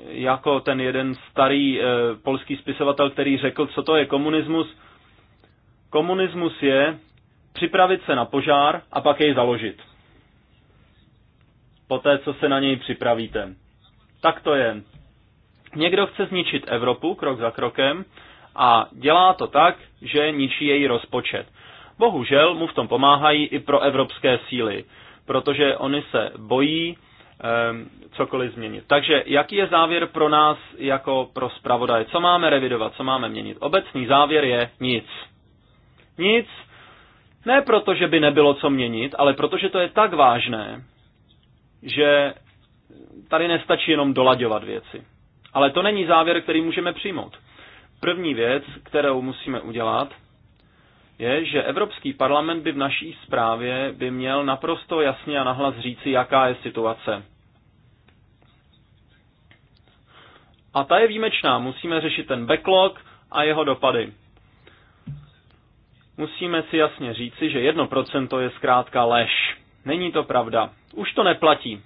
jako ten jeden starý eh, polský spisovatel, který řekl, co to je komunismus. Komunismus je připravit se na požár a pak jej založit. Poté, co se na něj připravíte. Tak to je. Někdo chce zničit Evropu krok za krokem a dělá to tak, že ničí její rozpočet. Bohužel mu v tom pomáhají i pro evropské síly, protože oni se bojí um, cokoliv změnit. Takže jaký je závěr pro nás jako pro zpravodaje? Co máme revidovat, co máme měnit? Obecný závěr je nic. Nic, ne proto, že by nebylo co měnit, ale protože to je tak vážné, že tady nestačí jenom dolaďovat věci. Ale to není závěr, který můžeme přijmout. První věc, kterou musíme udělat, je, že Evropský parlament by v naší zprávě by měl naprosto jasně a nahlas říci, jaká je situace. A ta je výjimečná. Musíme řešit ten backlog a jeho dopady. Musíme si jasně říci, že 1% je zkrátka lež. Není to pravda. Už to neplatí.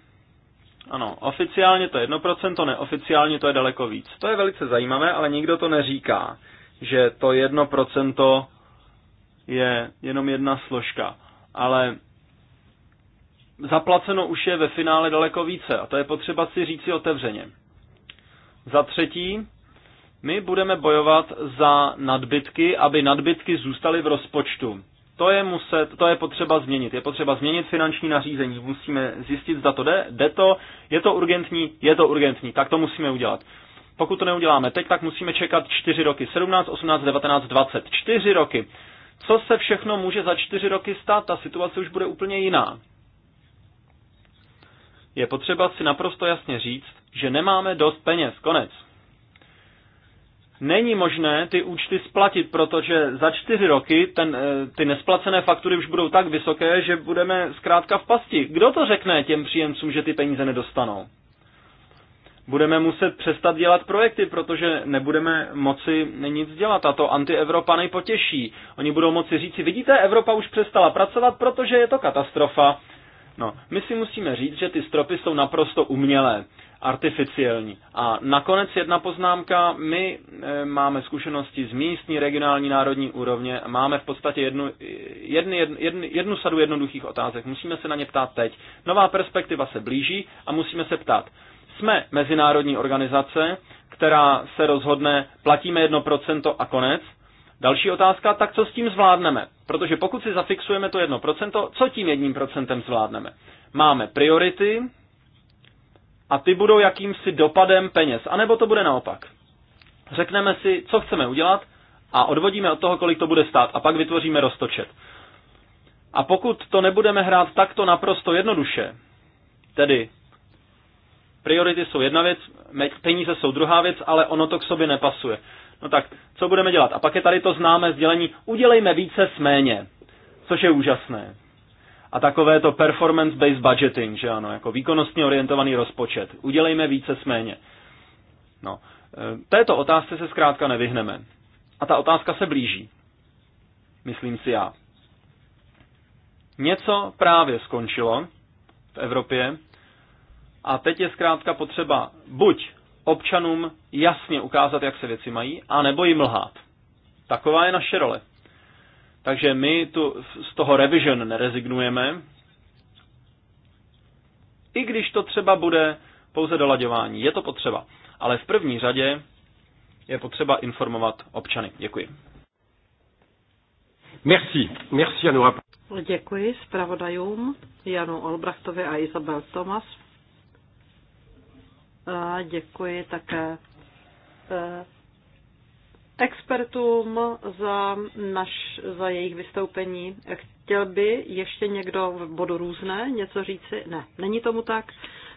Ano, oficiálně to je 1%, neoficiálně to je daleko víc. To je velice zajímavé, ale nikdo to neříká, že to 1% je jenom jedna složka. Ale zaplaceno už je ve finále daleko více a to je potřeba si říci otevřeně. Za třetí, my budeme bojovat za nadbytky, aby nadbytky zůstaly v rozpočtu. To je, muset, to je potřeba změnit. Je potřeba změnit finanční nařízení. Musíme zjistit, zda to jde. Jde to, je to urgentní, je to urgentní. Tak to musíme udělat. Pokud to neuděláme teď, tak musíme čekat 4 roky. 17, 18, 19, 20. 4 roky. Co se všechno může za 4 roky stát? Ta situace už bude úplně jiná. Je potřeba si naprosto jasně říct, že nemáme dost peněz. Konec není možné ty účty splatit, protože za čtyři roky ten, eh, ty nesplacené faktury už budou tak vysoké, že budeme zkrátka v pasti. Kdo to řekne těm příjemcům, že ty peníze nedostanou? Budeme muset přestat dělat projekty, protože nebudeme moci nic dělat a to anti-Evropa nejpotěší. Oni budou moci říci, vidíte, Evropa už přestala pracovat, protože je to katastrofa. No, my si musíme říct, že ty stropy jsou naprosto umělé artificiální. A nakonec jedna poznámka. My eh, máme zkušenosti z místní, regionální, národní úrovně. Máme v podstatě jednu, jedny, jedny, jednu sadu jednoduchých otázek. Musíme se na ně ptát teď. Nová perspektiva se blíží a musíme se ptát. Jsme mezinárodní organizace, která se rozhodne, platíme 1% a konec. Další otázka, tak co s tím zvládneme? Protože pokud si zafixujeme to 1%, co tím 1% zvládneme? Máme priority, a ty budou jakýmsi dopadem peněz. A nebo to bude naopak. Řekneme si, co chceme udělat a odvodíme od toho, kolik to bude stát a pak vytvoříme roztočet. A pokud to nebudeme hrát takto naprosto jednoduše, tedy priority jsou jedna věc, peníze jsou druhá věc, ale ono to k sobě nepasuje. No tak, co budeme dělat? A pak je tady to známé sdělení, udělejme více s méně, což je úžasné a takové to performance-based budgeting, že ano, jako výkonnostně orientovaný rozpočet. Udělejme více s méně. No, e, této otázce se zkrátka nevyhneme. A ta otázka se blíží. Myslím si já. Něco právě skončilo v Evropě a teď je zkrátka potřeba buď občanům jasně ukázat, jak se věci mají, anebo jim lhát. Taková je naše role. Takže my tu z toho revision nerezignujeme, i když to třeba bude pouze dolaďování. Je to potřeba. Ale v první řadě je potřeba informovat občany. Děkuji. Merci. Merci Janu. Děkuji zpravodajům Janu Olbrachtovi a Isabel Tomas. A děkuji také eh, expertům za, naš, za jejich vystoupení. Chtěl by ještě někdo v bodu různé něco říci? Ne, není tomu tak.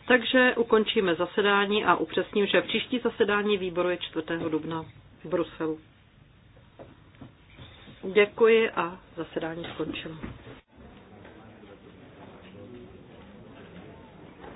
Takže ukončíme zasedání a upřesním, že příští zasedání výboru je 4. dubna v Bruselu. Děkuji a zasedání skončilo.